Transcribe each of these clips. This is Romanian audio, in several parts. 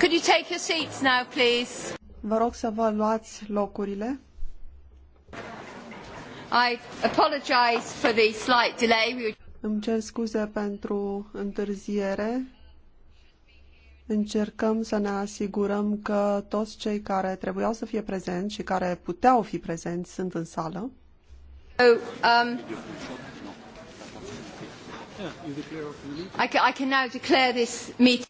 Could you take your seats now, please? Vă rog să vă luați locurile. I apologize for the slight delay. Îmi cer scuze pentru întârziere. Încercăm să ne asigurăm că toți cei care trebuiau să fie prezenți și care puteau fi prezenți sunt în sală. Oh, um, I can now declare this meeting.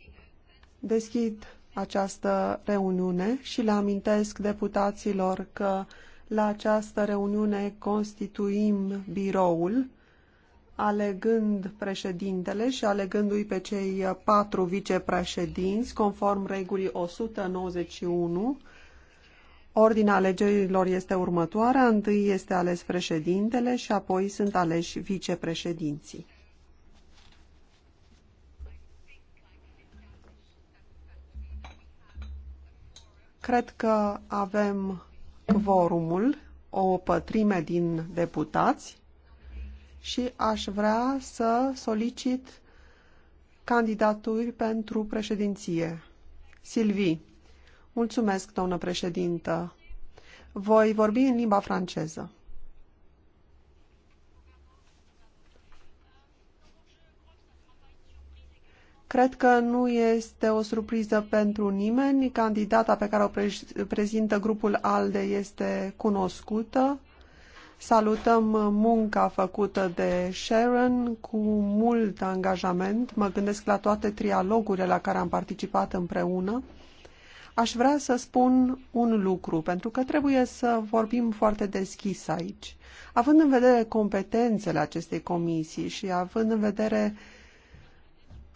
Deschid această reuniune și le amintesc deputaților că la această reuniune constituim biroul, alegând președintele și alegându-i pe cei patru vicepreședinți, conform regulii 191. Ordinea alegerilor este următoarea. Întâi este ales președintele și apoi sunt aleși vicepreședinții. Cred că avem quorumul, o pătrime din deputați și aș vrea să solicit candidaturi pentru președinție. Silvi, mulțumesc, doamnă președintă. Voi vorbi în limba franceză. Cred că nu este o surpriză pentru nimeni. Candidata pe care o prezintă grupul ALDE este cunoscută. Salutăm munca făcută de Sharon cu mult angajament. Mă gândesc la toate trialogurile la care am participat împreună. Aș vrea să spun un lucru, pentru că trebuie să vorbim foarte deschis aici. Având în vedere competențele acestei comisii și având în vedere uh,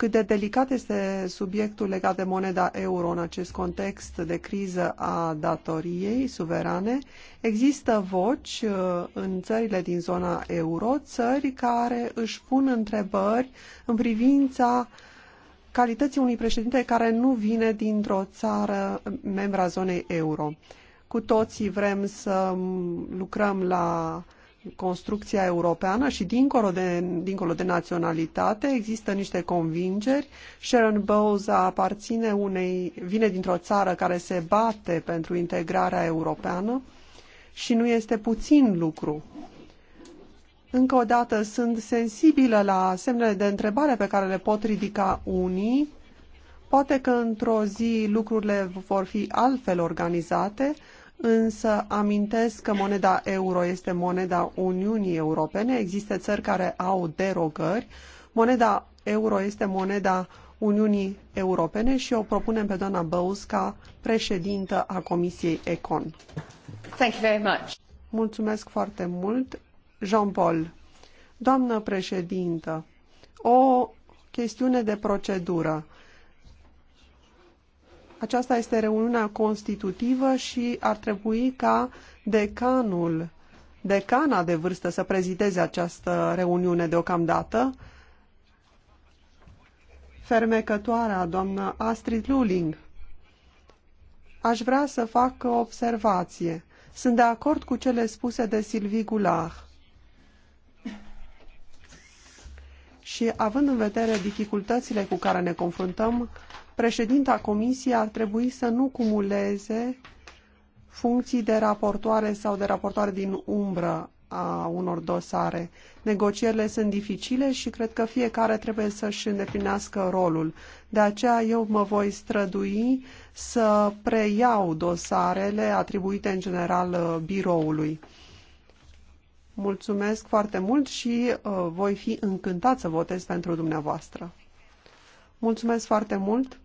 cât de delicat este subiectul legat de moneda euro în acest context de criză a datoriei suverane, există voci uh, în țările din zona euro, țări care își pun întrebări în privința calității unui președinte care nu vine dintr-o țară membra zonei euro. Cu toții vrem să lucrăm la construcția europeană și dincolo de, dincolo de naționalitate există niște convingeri. Sharon Bowes aparține unei, vine dintr-o țară care se bate pentru integrarea europeană și nu este puțin lucru. Încă o dată sunt sensibilă la semnele de întrebare pe care le pot ridica unii. Poate că într-o zi lucrurile vor fi altfel organizate, însă amintesc că moneda euro este moneda Uniunii Europene. Există țări care au derogări. Moneda euro este moneda Uniunii Europene și o propunem pe doamna Băus ca președintă a Comisiei Econ. Thank you very much. Mulțumesc foarte mult, Jean-Paul. Doamnă președintă, o chestiune de procedură. Aceasta este reuniunea constitutivă și ar trebui ca decanul, decana de vârstă să prezideze această reuniune deocamdată. Fermecătoarea doamnă Astrid Luling. Aș vrea să fac o observație. Sunt de acord cu cele spuse de Sylvie Goulart. și având în vedere dificultățile cu care ne confruntăm, președinta comisiei ar trebui să nu cumuleze funcții de raportoare sau de raportoare din umbră a unor dosare. Negocierile sunt dificile și cred că fiecare trebuie să-și îndeplinească rolul. De aceea eu mă voi strădui să preiau dosarele atribuite în general biroului. Mulțumesc foarte mult și uh, voi fi încântat să votez pentru dumneavoastră. Mulțumesc foarte mult.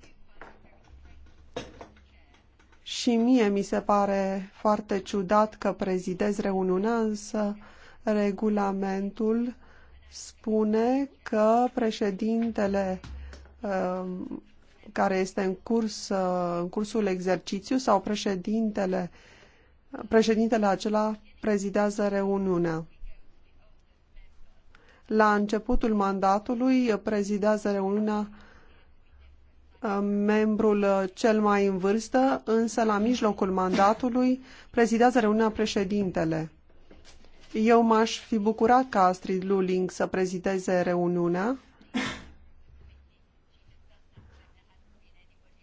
Și mie mi se pare foarte ciudat că prezidez reuniunea, însă regulamentul spune că președintele uh, care este în, curs, uh, în cursul exercițiu sau președintele, președintele acela prezidează reuniunea. La începutul mandatului prezidează reuniunea uh, membrul cel mai în vârstă, însă la mijlocul mandatului prezidează reuniunea președintele. Eu m-aș fi bucurat ca Astrid Luling să prezideze reuniunea,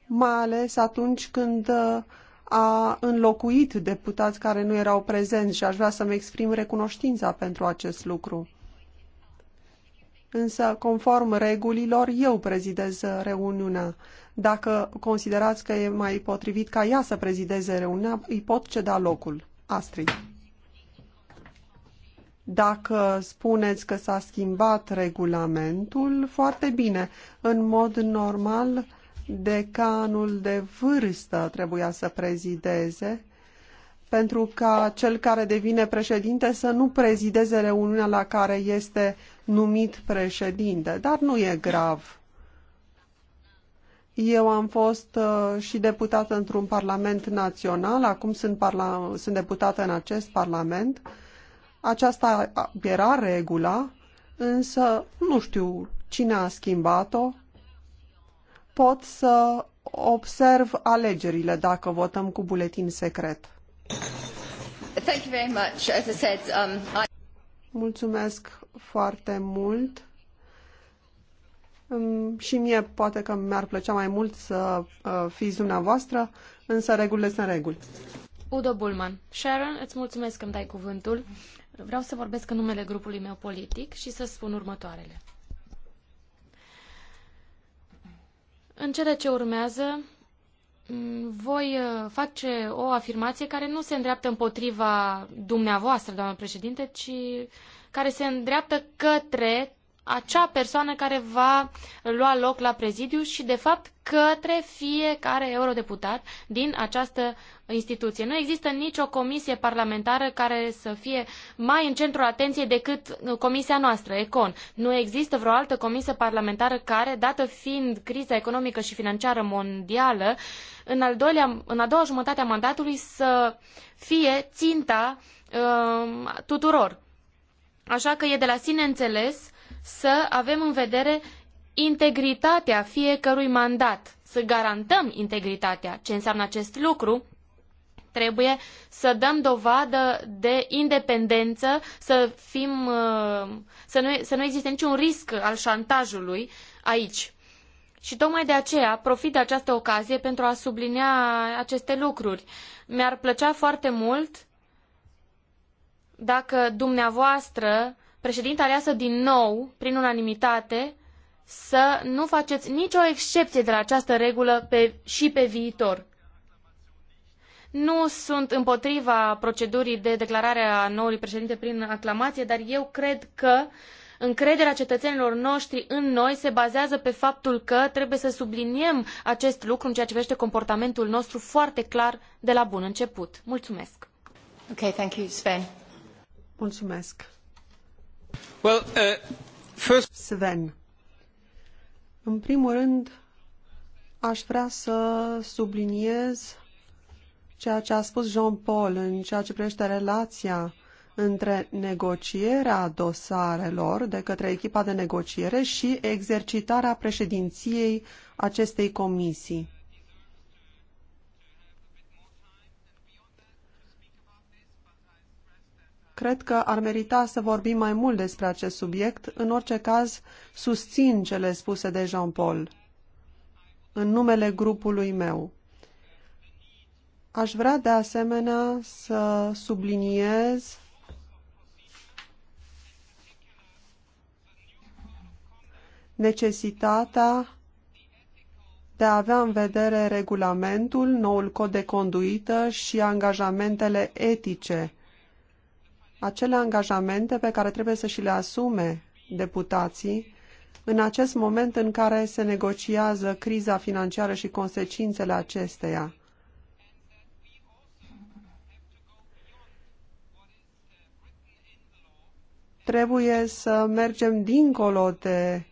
mai ales atunci când uh, a înlocuit deputați care nu erau prezenți și aș vrea să-mi exprim recunoștința pentru acest lucru. Însă, conform regulilor, eu prezidez reuniunea. Dacă considerați că e mai potrivit ca ea să prezideze reuniunea, îi pot ceda locul. Astrid. Dacă spuneți că s-a schimbat regulamentul, foarte bine. În mod normal, decanul de vârstă trebuia să prezideze, pentru ca cel care devine președinte să nu prezideze reuniunea la care este numit președinte. Dar nu e grav. Eu am fost uh, și deputată într-un parlament național, acum sunt, parla- sunt deputată în acest parlament. Aceasta era regula, însă nu știu cine a schimbat-o, pot să observ alegerile dacă votăm cu buletin secret. Um, mulțumesc foarte mult. Și mie poate că mi-ar plăcea mai mult să uh, fiți dumneavoastră, însă regulile sunt reguli. Udo Bulman. Sharon, îți mulțumesc că îmi dai cuvântul. Vreau să vorbesc în numele grupului meu politic și să spun următoarele. În cele ce urmează, voi uh, face o afirmație care nu se îndreaptă împotriva dumneavoastră, doamnă președinte, ci care se îndreaptă către acea persoană care va lua loc la prezidiu și, de fapt, către fiecare eurodeputat din această instituție. Nu există nicio comisie parlamentară care să fie mai în centrul atenției decât comisia noastră, ECON. Nu există vreo altă comisie parlamentară care, dată fiind criza economică și financiară mondială, în, al doilea, în a doua jumătate a mandatului să fie ținta uh, tuturor. Așa că e de la sine înțeles să avem în vedere integritatea fiecărui mandat, să garantăm integritatea. Ce înseamnă acest lucru? Trebuie să dăm dovadă de independență, să, fim, uh, să, nu, să nu existe niciun risc al șantajului aici. Și tocmai de aceea profit de această ocazie pentru a sublinia aceste lucruri. Mi-ar plăcea foarte mult dacă dumneavoastră președinte aleasă din nou, prin unanimitate, să nu faceți nicio excepție de la această regulă pe, și pe viitor. Nu sunt împotriva procedurii de declarare a noului preedinte prin aclamaie, dar eu cred că încrederea cetățenilor noștri în noi se bazează pe faptul că trebuie să subliniem acest lucru în ceea ce privete comportamentul nostru foarte clar de la bun început. Mulțumesc! Okay, thank you, Sven. Mulțumesc! Uh, Sven. În primul rând, aș vrea să subliniez ceea ce a spus Jean-Paul în ceea ce privește relația între negocierea dosarelor de către echipa de negociere și exercitarea președinției acestei comisii. Cred că ar merita să vorbim mai mult despre acest subiect. În orice caz, susțin cele spuse de Jean-Paul în numele grupului meu. Aș vrea de asemenea să subliniez necesitatea de a avea în vedere regulamentul, noul cod de conduită și angajamentele etice acele angajamente pe care trebuie să și le asume deputații în acest moment în care se negociază criza financiară și consecințele acesteia. Trebuie să mergem dincolo de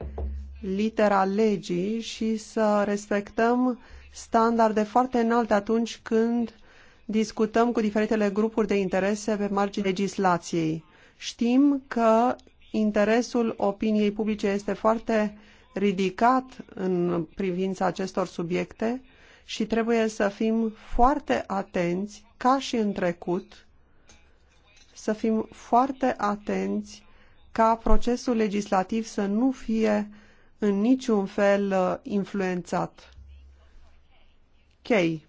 litera legii și să respectăm standarde foarte înalte atunci când discutăm cu diferitele grupuri de interese pe marginea legislației. Știm că interesul opiniei publice este foarte ridicat în privința acestor subiecte și trebuie să fim foarte atenți, ca și în trecut, să fim foarte atenți ca procesul legislativ să nu fie în niciun fel uh, influențat. Chei. Okay.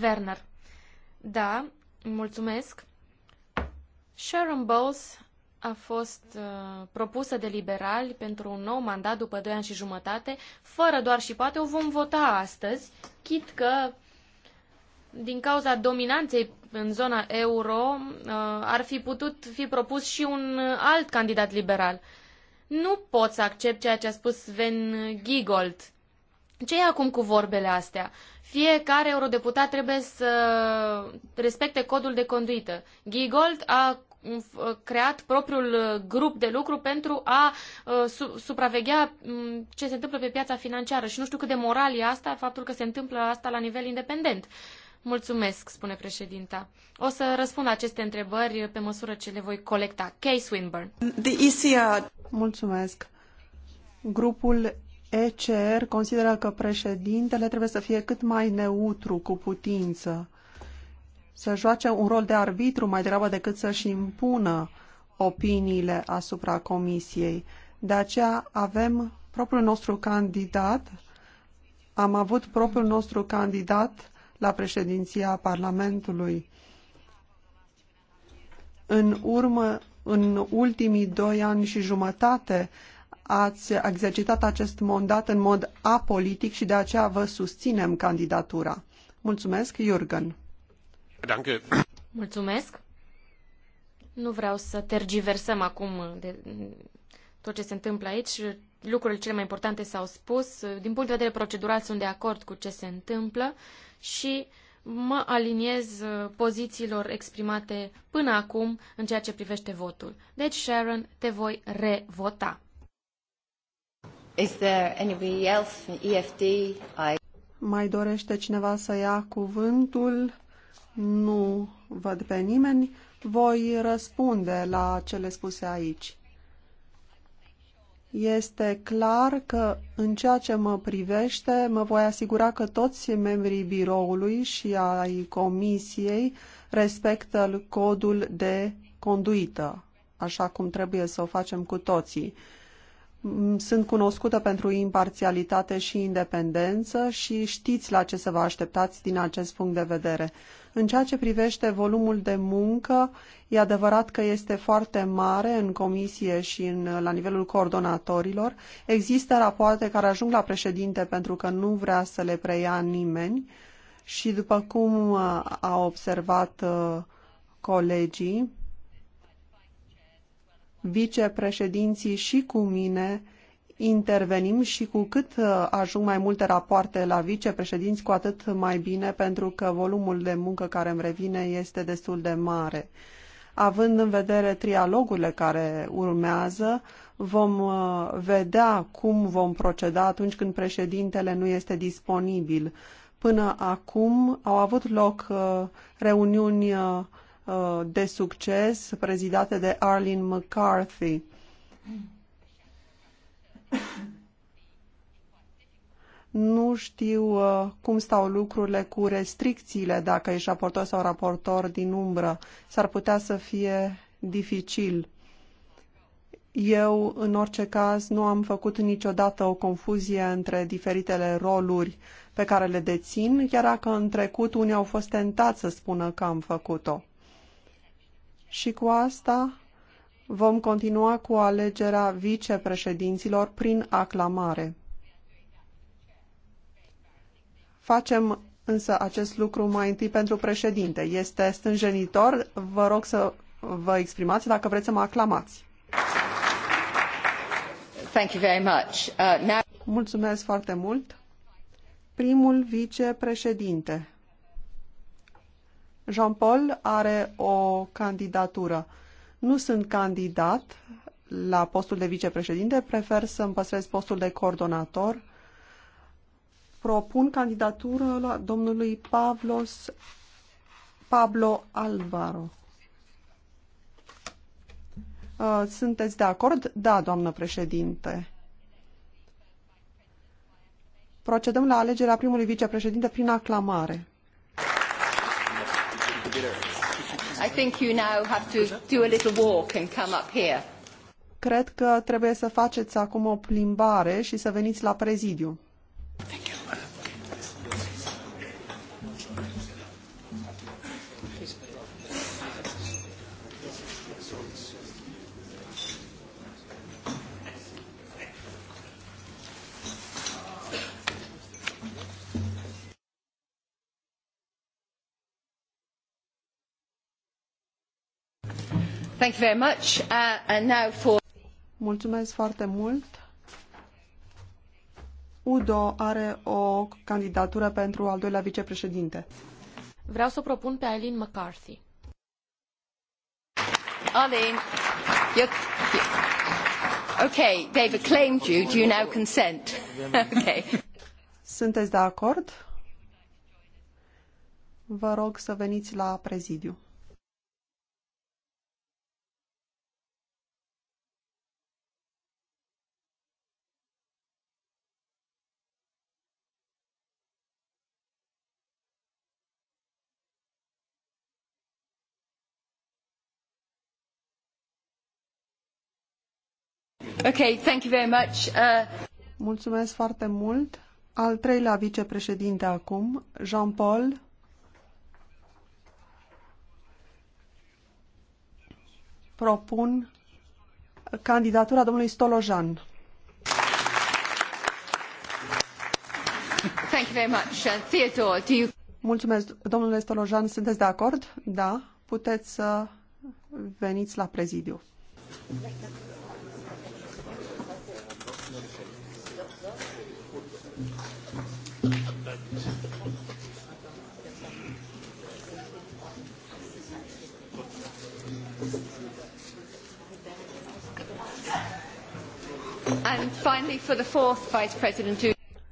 Werner. Da, mulțumesc. Sharon Bowles a fost uh, propusă de liberali pentru un nou mandat după doi ani și jumătate, fără doar și poate o vom vota astăzi, chit că din cauza dominanței în zona euro uh, ar fi putut fi propus și un alt candidat liberal. Nu pot să accept ceea ce a spus Sven Giegold ce e acum cu vorbele astea? Fiecare eurodeputat trebuie să respecte codul de conduită. Giegold a creat propriul uh, grup de lucru pentru a uh, su supraveghea ce se întâmplă pe piața financiară și nu știu cât de moral e asta, faptul că se întâmplă asta la nivel independent. Mulțumesc, spune președinta. O să răspund aceste întrebări pe măsură ce le voi colecta. Case Swinburne. The ECR. Mulțumesc. Grupul ECR consideră că președintele trebuie să fie cât mai neutru cu putință, să joace un rol de arbitru mai degrabă decât să-și impună opiniile asupra comisiei. De aceea avem propriul nostru candidat, am avut propriul nostru candidat la președinția Parlamentului. În urmă, în ultimii doi ani și jumătate, ați exercitat acest mandat în mod apolitic și de aceea vă susținem candidatura. Mulțumesc, Jürgen. Danke. Mulțumesc. Nu vreau să tergiversăm acum de tot ce se întâmplă aici. Lucrurile cele mai importante s-au spus. Din punct de vedere procedural sunt de acord cu ce se întâmplă și mă aliniez pozițiilor exprimate până acum în ceea ce privește votul. Deci, Sharon, te voi revota. Is there anybody else from EFD? I... Mai dorește cineva să ia cuvântul? Nu văd pe nimeni. Voi răspunde la cele spuse aici. Este clar că în ceea ce mă privește, mă voi asigura că toți membrii biroului și ai comisiei respectă codul de conduită, așa cum trebuie să o facem cu toții sunt cunoscută pentru imparțialitate și independență și știți la ce să vă așteptați din acest punct de vedere. În ceea ce privește volumul de muncă, e adevărat că este foarte mare în comisie și în, la nivelul coordonatorilor. Există rapoarte care ajung la președinte pentru că nu vrea să le preia nimeni și după cum a observat uh, colegii, vicepreședinții și cu mine intervenim și cu cât uh, ajung mai multe rapoarte la vicepreședinți, cu atât mai bine, pentru că volumul de muncă care îmi revine este destul de mare. Având în vedere trialogurile care urmează, vom uh, vedea cum vom proceda atunci când președintele nu este disponibil. Până acum au avut loc uh, reuniuni Uh, de succes prezidate de Arlene McCarthy. Nu știu uh, cum stau lucrurile cu restricțiile, dacă ești raportor sau raportor din umbră. S-ar putea să fie dificil. Eu, în orice caz, nu am făcut niciodată o confuzie între diferitele roluri pe care le dețin, chiar dacă în trecut unii au fost tentați să spună că am făcut-o și cu asta vom continua cu alegerea vicepreședinților prin aclamare. Facem însă acest lucru mai întâi pentru președinte. Este stânjenitor, vă rog să vă exprimați dacă vreți să mă aclamați. Thank you very much. Uh, now... Mulțumesc foarte mult. Primul vicepreședinte. Jean-Paul are o candidatură. Nu sunt candidat la postul de vicepreședinte, prefer să îmi păstrez postul de coordonator. Propun candidatură la domnului Pavlos, Pablo Alvaro. Uh, sunteți de acord? Da, doamnă președinte. Procedăm la alegerea primului vicepreședinte prin aclamare. Cred că trebuie să faceți acum o plimbare și să veniți la prezidiu. Uh, Mulțumesc foarte mult. Udo are o candidatură pentru al doilea vicepreședinte. Vreau să propun pe Eileen McCarthy. Eileen, you're... Okay, they've acclaimed you. Do you now consent? okay. Sunteți de acord? Vă rog să veniți la prezidiu. Okay, thank you very much. Uh... Mulțumesc foarte mult. Al treilea vicepreședinte acum, Jean-Paul. Propun candidatura domnului Stolojan. Thank you very much. Uh, Theodore, do you... Mulțumesc, domnule Stolojan, sunteți de acord? Da, puteți să veniți la prezidiu.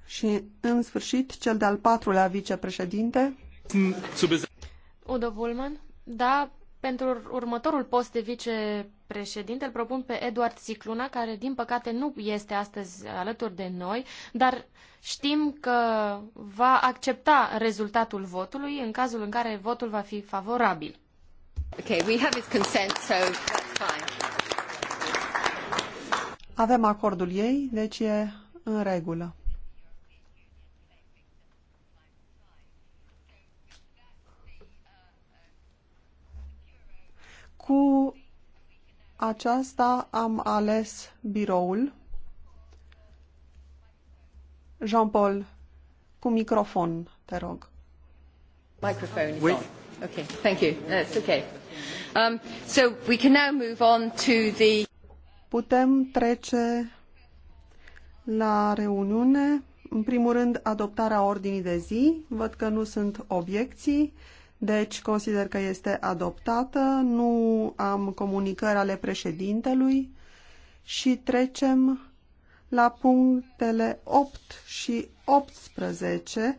Și în sfârșit cel de-al patrulea vicepreședinte. Udo Bulman, da, pentru următorul post de vicepreședinte îl propun pe Eduard Sicluna, care din păcate nu este astăzi alături de noi, dar știm că va accepta rezultatul votului în cazul în care votul va fi favorabil. Okay, we have his consent, so that's fine. Avem acordul ei, deci e în regulă. Cu aceasta am ales biroul. Jean-Paul, cu microfon, te rog. Microphone oui. Okay, thank you. That's okay. Um, so we can now move on to the Putem trece la reuniune. În primul rând, adoptarea ordinii de zi. Văd că nu sunt obiecții, deci consider că este adoptată. Nu am comunicări ale președintelui și trecem la punctele 8 și 18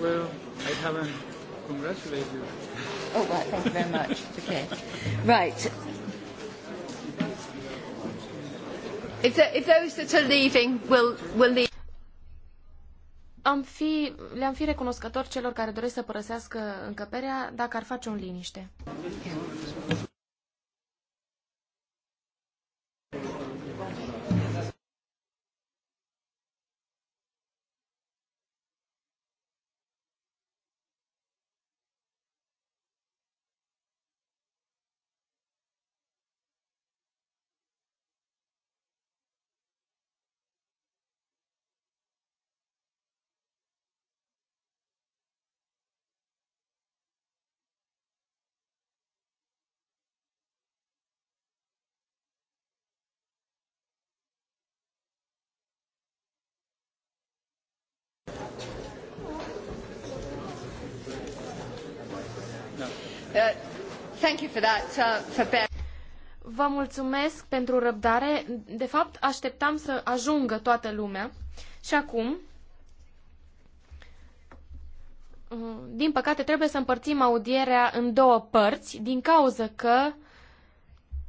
Well, I haven't congratulated you. Oh, right, thank you very much. okay. Right. If, the, if those that are leaving will, will leave. Am fi, le-am fi recunoscător celor care doresc să părăsească încăperea dacă ar face un liniște. Uh, Vă mulțumesc pentru răbdare. De fapt, așteptam să ajungă toată lumea. Și acum, uh, din păcate, trebuie să împărțim audierea în două părți, din cauza că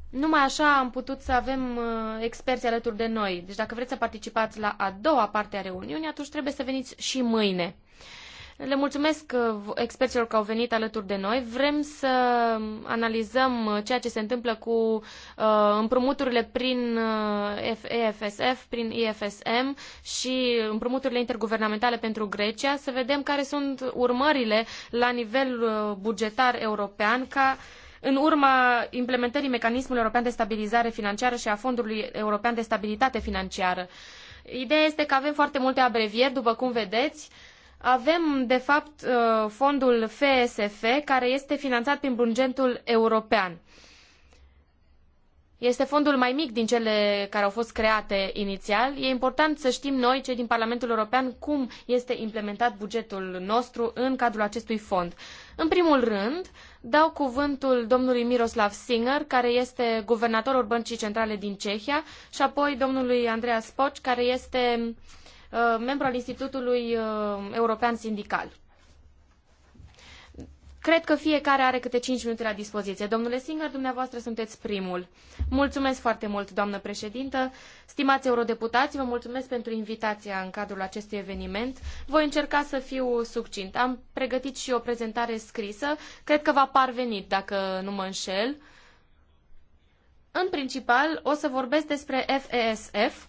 numai așa am putut să avem uh, experți alături de noi. Deci dacă vreți să participați la a doua parte a reuniunii, atunci trebuie să veniți și mâine. Le mulțumesc uh, experților că au venit alături de noi. Vrem să analizăm uh, ceea ce se întâmplă cu uh, împrumuturile prin EFSF, prin IFSM și împrumuturile interguvernamentale pentru Grecia, să vedem care sunt urmările la nivel bugetar european ca în urma implementării mecanismului european de stabilizare financiară și a fondului european de stabilitate financiară. Ideea este că avem foarte multe abrevieri, după cum vedeți, avem, de fapt, uh, fondul FSF, care este finanțat prin bugetul european. Este fondul mai mic din cele care au fost create inițial. E important să știm noi, cei din Parlamentul European, cum este implementat bugetul nostru în cadrul acestui fond. În primul rând, dau cuvântul domnului Miroslav Singer, care este guvernatorul Băncii Centrale din Cehia, și apoi domnului Andreas Poci, care este uh, Uh, membru al Institutului uh, European Sindical. Cred că fiecare are câte 5 minute la dispoziție. Domnule Singer, dumneavoastră sunteți primul. Mulțumesc foarte mult, doamnă președintă. Stimați eurodeputați, vă mulțumesc pentru invitația în cadrul acestui eveniment. Voi încerca să fiu succint. Am pregătit și o prezentare scrisă. Cred că va parvenit, dacă nu mă înșel. În principal, o să vorbesc despre FESF,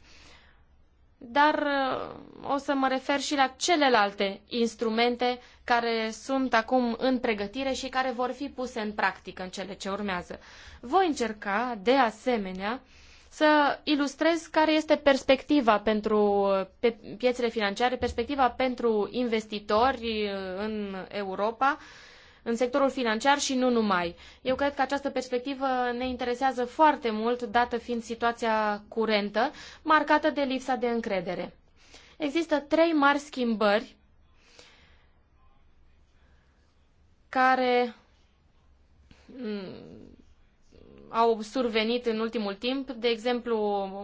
dar uh, o să mă refer și la celelalte instrumente care sunt acum în pregătire și care vor fi puse în practică în cele ce urmează. Voi încerca, de asemenea, să ilustrez care este perspectiva pentru uh, pe piețele financiare, perspectiva pentru investitori uh, în Europa în sectorul financiar și nu numai. Eu cred că această perspectivă ne interesează foarte mult, dată fiind situația curentă, marcată de lipsa de încredere. Există trei mari schimbări care mm, au survenit în ultimul timp, de exemplu,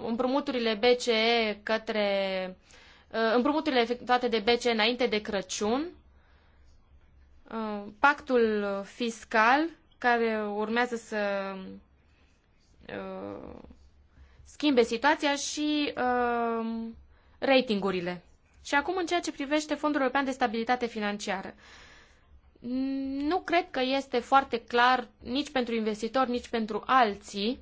împrumuturile BCE către uh, împrumuturile efectuate de BCE înainte de Crăciun, Uh, pactul fiscal care urmează să uh, schimbe situația și uh, ratingurile. Și acum în ceea ce privește Fondul European de Stabilitate Financiară. Nu cred că este foarte clar nici pentru investitori, nici pentru alții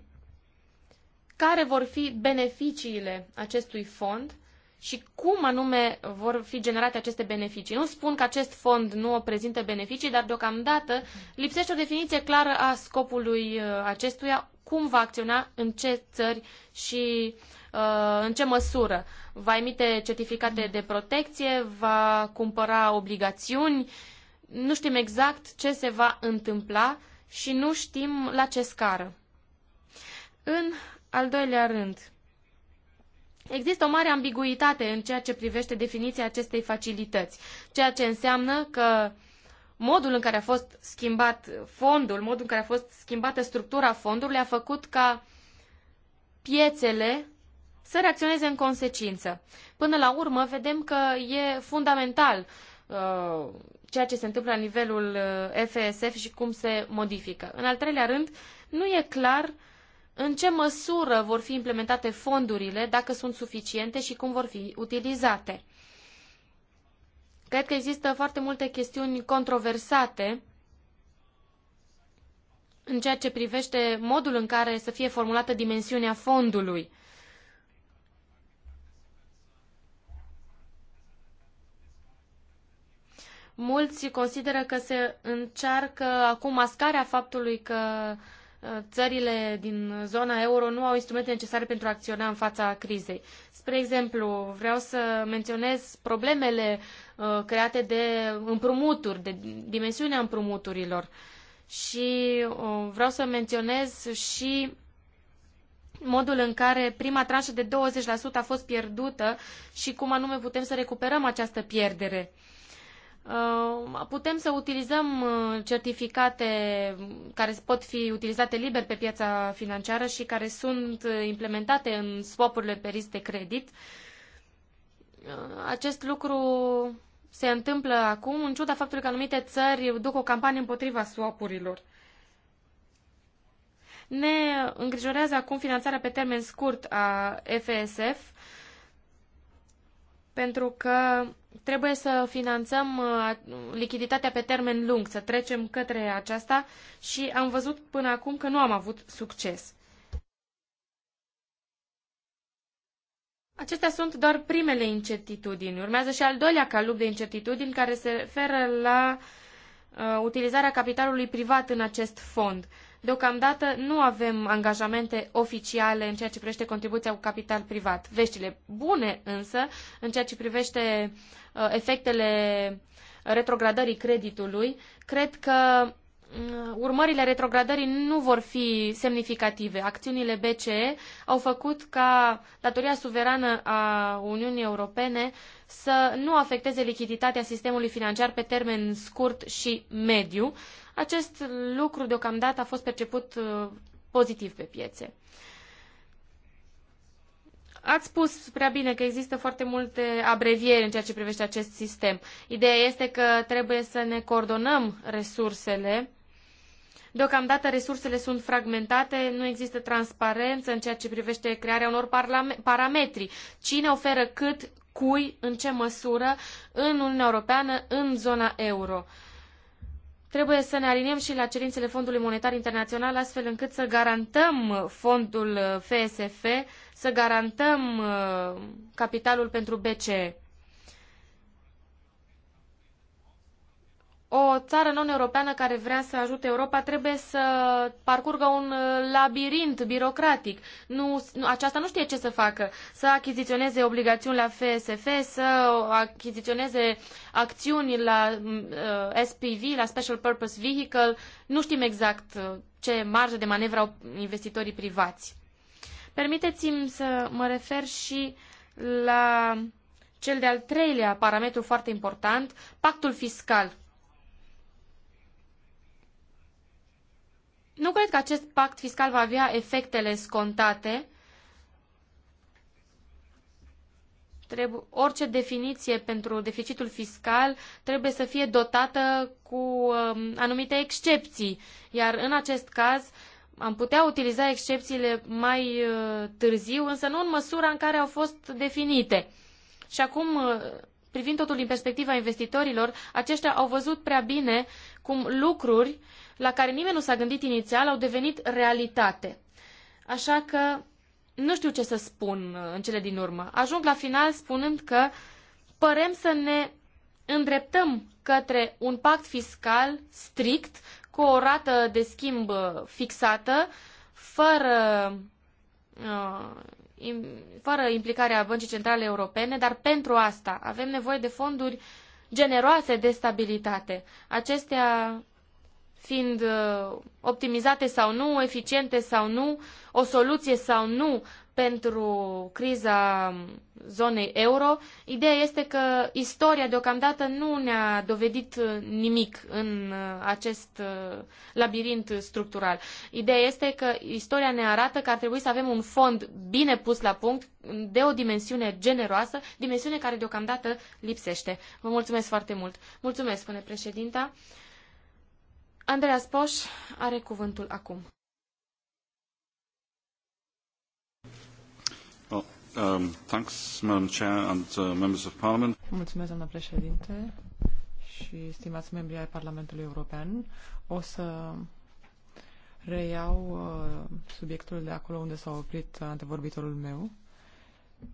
care vor fi beneficiile acestui fond și cum anume vor fi generate aceste beneficii. Nu spun că acest fond nu prezintă beneficii, dar deocamdată lipsește o definiție clară a scopului uh, acestuia, cum va acționa, în ce țări și uh, în ce măsură. Va emite certificate de protecție, va cumpăra obligațiuni, nu știm exact ce se va întâmpla și nu știm la ce scară. În al doilea rând, Există o mare ambiguitate în ceea ce privește definiția acestei facilități, ceea ce înseamnă că modul în care a fost schimbat fondul, modul în care a fost schimbată structura fondului a făcut ca piețele să reacționeze în consecință. Până la urmă, vedem că e fundamental uh, ceea ce se întâmplă la nivelul FSF uh, și cum se modifică. În al treilea rând, nu e clar în ce măsură vor fi implementate fondurile, dacă sunt suficiente și cum vor fi utilizate. Cred că există foarte multe chestiuni controversate în ceea ce privește modul în care să fie formulată dimensiunea fondului. Mulți consideră că se încearcă acum mascarea faptului că uh, țările din zona euro nu au instrumente necesare pentru a acționa în fața crizei. Spre exemplu, vreau să menționez problemele uh, create de împrumuturi, de dimensiunea împrumuturilor. Și uh, vreau să menționez și modul în care prima tranșă de 20% a fost pierdută și cum anume putem să recuperăm această pierdere. Uh, putem să utilizăm uh, certificate care pot fi utilizate liber pe piața financiară și care sunt uh, implementate în swapurile pe risc de credit. Acest lucru se întâmplă acum, în ciuda faptului că anumite țări duc o campanie împotriva swapurilor. Ne îngrijorează acum finanțarea pe termen scurt a FSF, pentru că trebuie să finanțăm uh, lichiditatea pe termen lung, să trecem către aceasta și am văzut până acum că nu am avut succes. Acestea sunt doar primele incertitudini. Urmează și al doilea calup de incertitudini care se referă la uh, utilizarea capitalului privat în acest fond. Deocamdată nu avem angajamente oficiale în ceea ce privește contribuția cu capital privat. Veștile bune însă, în ceea ce privește Uh, efectele retrogradării creditului, cred că uh, urmările retrogradării nu vor fi semnificative. Acțiunile BCE au făcut ca datoria suverană a Uniunii Europene să nu afecteze lichiditatea sistemului financiar pe termen scurt și mediu. Acest lucru deocamdată a fost perceput uh, pozitiv pe piețe. Ați spus prea bine că există foarte multe abrevieri în ceea ce privește acest sistem. Ideea este că trebuie să ne coordonăm resursele. Deocamdată resursele sunt fragmentate, nu există transparență în ceea ce privește crearea unor parametri. Cine oferă cât, cui, în ce măsură, în Uniunea Europeană, în zona euro. Trebuie să ne aliniem și la cerințele Fondului Monetar Internațional, astfel încât să garantăm fondul FSF, uh, să garantăm uh, capitalul pentru BCE. o țară non-europeană care vrea să ajute Europa trebuie să parcurgă un uh, labirint birocratic. Nu, nu, aceasta nu știe ce să facă. Să achiziționeze obligațiuni la FSF, să achiziționeze acțiuni la uh, SPV, la Special Purpose Vehicle. Nu știm exact uh, ce marjă de manevră au investitorii privați. Permiteți-mi să mă refer și la cel de-al treilea parametru foarte important, pactul fiscal Nu cred că acest pact fiscal va avea efectele scontate. Trebu- orice definiție pentru deficitul fiscal trebuie să fie dotată cu um, anumite excepții, iar în acest caz am putea utiliza excepțiile mai uh, târziu, însă nu în măsura în care au fost definite. Și acum, uh, privind totul din perspectiva investitorilor, aceștia au văzut prea bine cum lucruri uh, la care nimeni nu s-a gândit inițial au devenit realitate. Așa că nu știu ce să spun uh, în cele din urmă. Ajung la final spunând că părem să ne îndreptăm către un pact fiscal strict, cu o rată de schimb uh, fixată, fără, uh, fără implicarea Băncii Centrale Europene, dar pentru asta avem nevoie de fonduri generoase de stabilitate. Acestea fiind uh, optimizate sau nu, eficiente sau nu, o soluție sau nu pentru criza zonei euro. Ideea este că istoria deocamdată nu ne-a dovedit uh, nimic în uh, acest labirint structural. Ideea este că istoria ne arată că ar trebui să avem un fond bine pus la punct, de o dimensiune generoasă, dimensiune care deocamdată lipsește. Vă mulțumesc foarte mult. Mulțumesc, spune președinta. Andreas Poș are cuvântul acum. Um, uh, Mulțumesc, doamnă președinte și stimați membri ai Parlamentului European. O să reiau uh, subiectul de acolo unde s-a oprit antevorbitorul meu.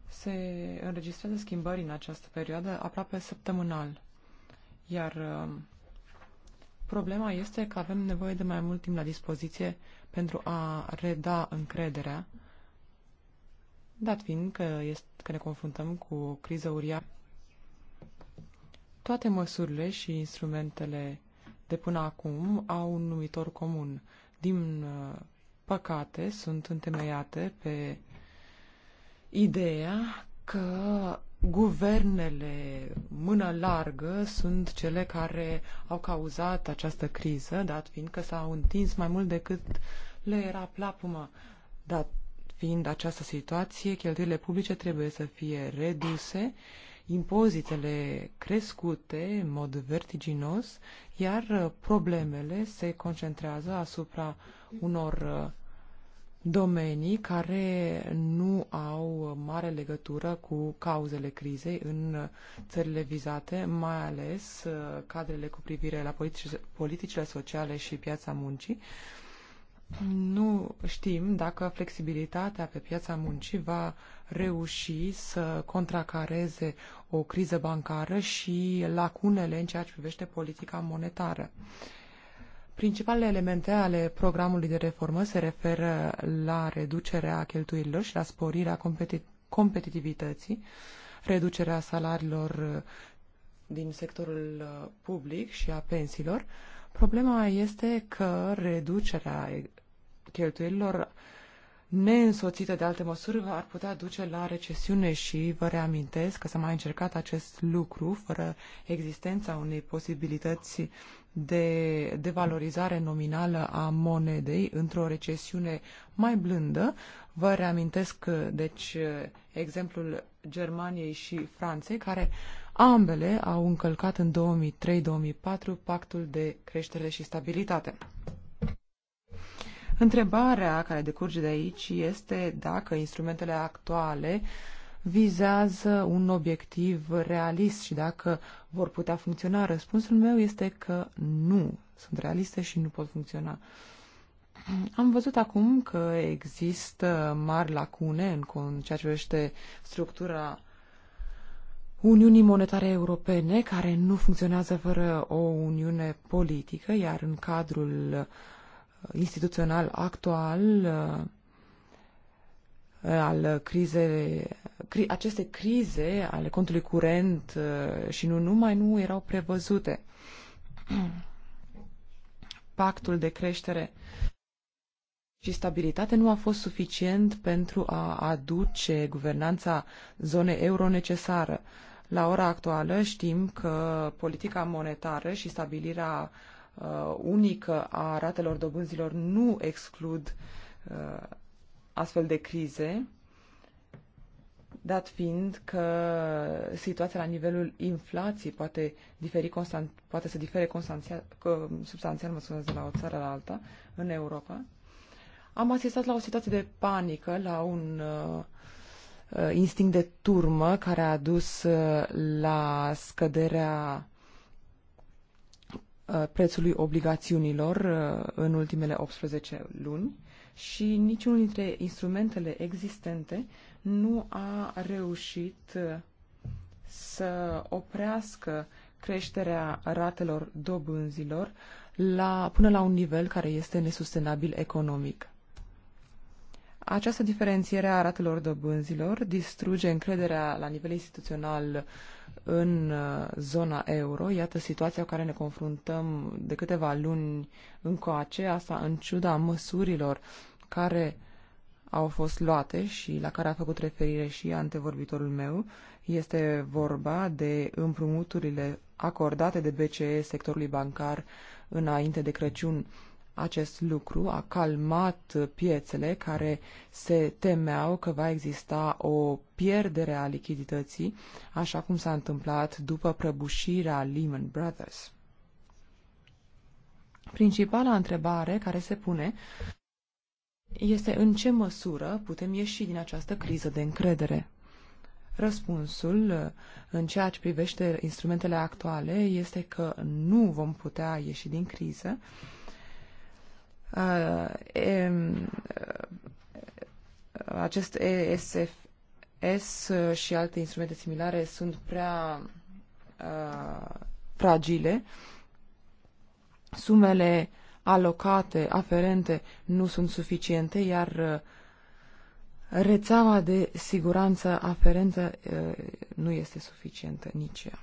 Se înregistrează schimbări în această perioadă aproape săptămânal, iar uh, Problema este că avem nevoie de mai mult timp la dispoziție pentru a reda încrederea, dat fiind că, este, că ne confruntăm cu o criză uriașă. Toate măsurile și instrumentele de până acum au un numitor comun. Din uh, păcate, sunt întemeiate pe ideea că guvernele mână largă sunt cele care au cauzat această criză, dat fiind că s-au întins mai mult decât le era plapumă. Dat fiind această situație, cheltuielile publice trebuie să fie reduse, impozitele crescute în mod vertiginos, iar problemele se concentrează asupra unor domenii care nu au mare legătură cu cauzele crizei în țările vizate, mai ales uh, cadrele cu privire la politicile sociale și piața muncii. Nu știm dacă flexibilitatea pe piața muncii va reuși să contracareze o criză bancară și lacunele în ceea ce privește politica monetară. Uh, Principalele elemente ale programului de reformă se referă la reducerea cheltuielilor și la sporirea competi- competitivității, reducerea salariilor uh, din sectorul uh, public și a pensiilor. Problema este că reducerea cheltuielilor neînsoțită de alte măsuri ar putea duce la recesiune și vă reamintesc că s-a mai încercat acest lucru fără existența unei posibilități de devalorizare nominală a monedei într-o recesiune mai blândă. Vă reamintesc, deci, exemplul Germaniei și Franței, care ambele au încălcat în 2003-2004 pactul de creștere și stabilitate. Întrebarea care decurge de aici este dacă instrumentele actuale vizează un obiectiv realist și dacă vor putea funcționa. Răspunsul meu este că nu, sunt realiste și nu pot funcționa. Am văzut acum că există mari lacune în ceea ce privește structura Uniunii Monetare Europene, care nu funcționează fără o uniune politică, iar în cadrul uh, instituțional actual uh, al crizei, aceste crize ale contului curent uh, și nu numai nu erau prevăzute. Pactul de creștere și stabilitate nu a fost suficient pentru a aduce guvernanța zonei euro necesară. La ora actuală știm că politica monetară și stabilirea Uh, unică a ratelor dobânzilor nu exclud uh, astfel de crize, dat fiind că situația la nivelul inflației poate, diferi constant, poate să difere substanțial mă de la o țară la alta în Europa. Am asistat la o situație de panică, la un uh, uh instinct de turmă care a dus uh, la scăderea Uh, prețului obligațiunilor uh, în ultimele 18 luni și niciunul dintre instrumentele existente nu a reușit uh, să oprească creșterea ratelor dobânzilor la, până la un nivel care este nesustenabil economic. Această diferențiere a ratelor dobânzilor distruge încrederea la nivel instituțional în uh, zona euro. Iată situația cu care ne confruntăm de câteva luni încoace, asta în ciuda măsurilor care au fost luate și la care a făcut referire și antevorbitorul meu. Este vorba de împrumuturile acordate de BCE sectorului bancar înainte de Crăciun acest lucru a calmat piețele care se temeau că va exista o pierdere a lichidității, așa cum s-a întâmplat după prăbușirea Lehman Brothers. Principala întrebare care se pune este în ce măsură putem ieși din această criză de încredere. Răspunsul uh, în ceea ce privește instrumentele actuale este că nu vom putea ieși din criză Uh, uh, acest ESFS și alte instrumente similare sunt prea uh, fragile. Sumele alocate, aferente, nu sunt suficiente, iar rețeaua de siguranță aferentă nu este suficientă nici ea.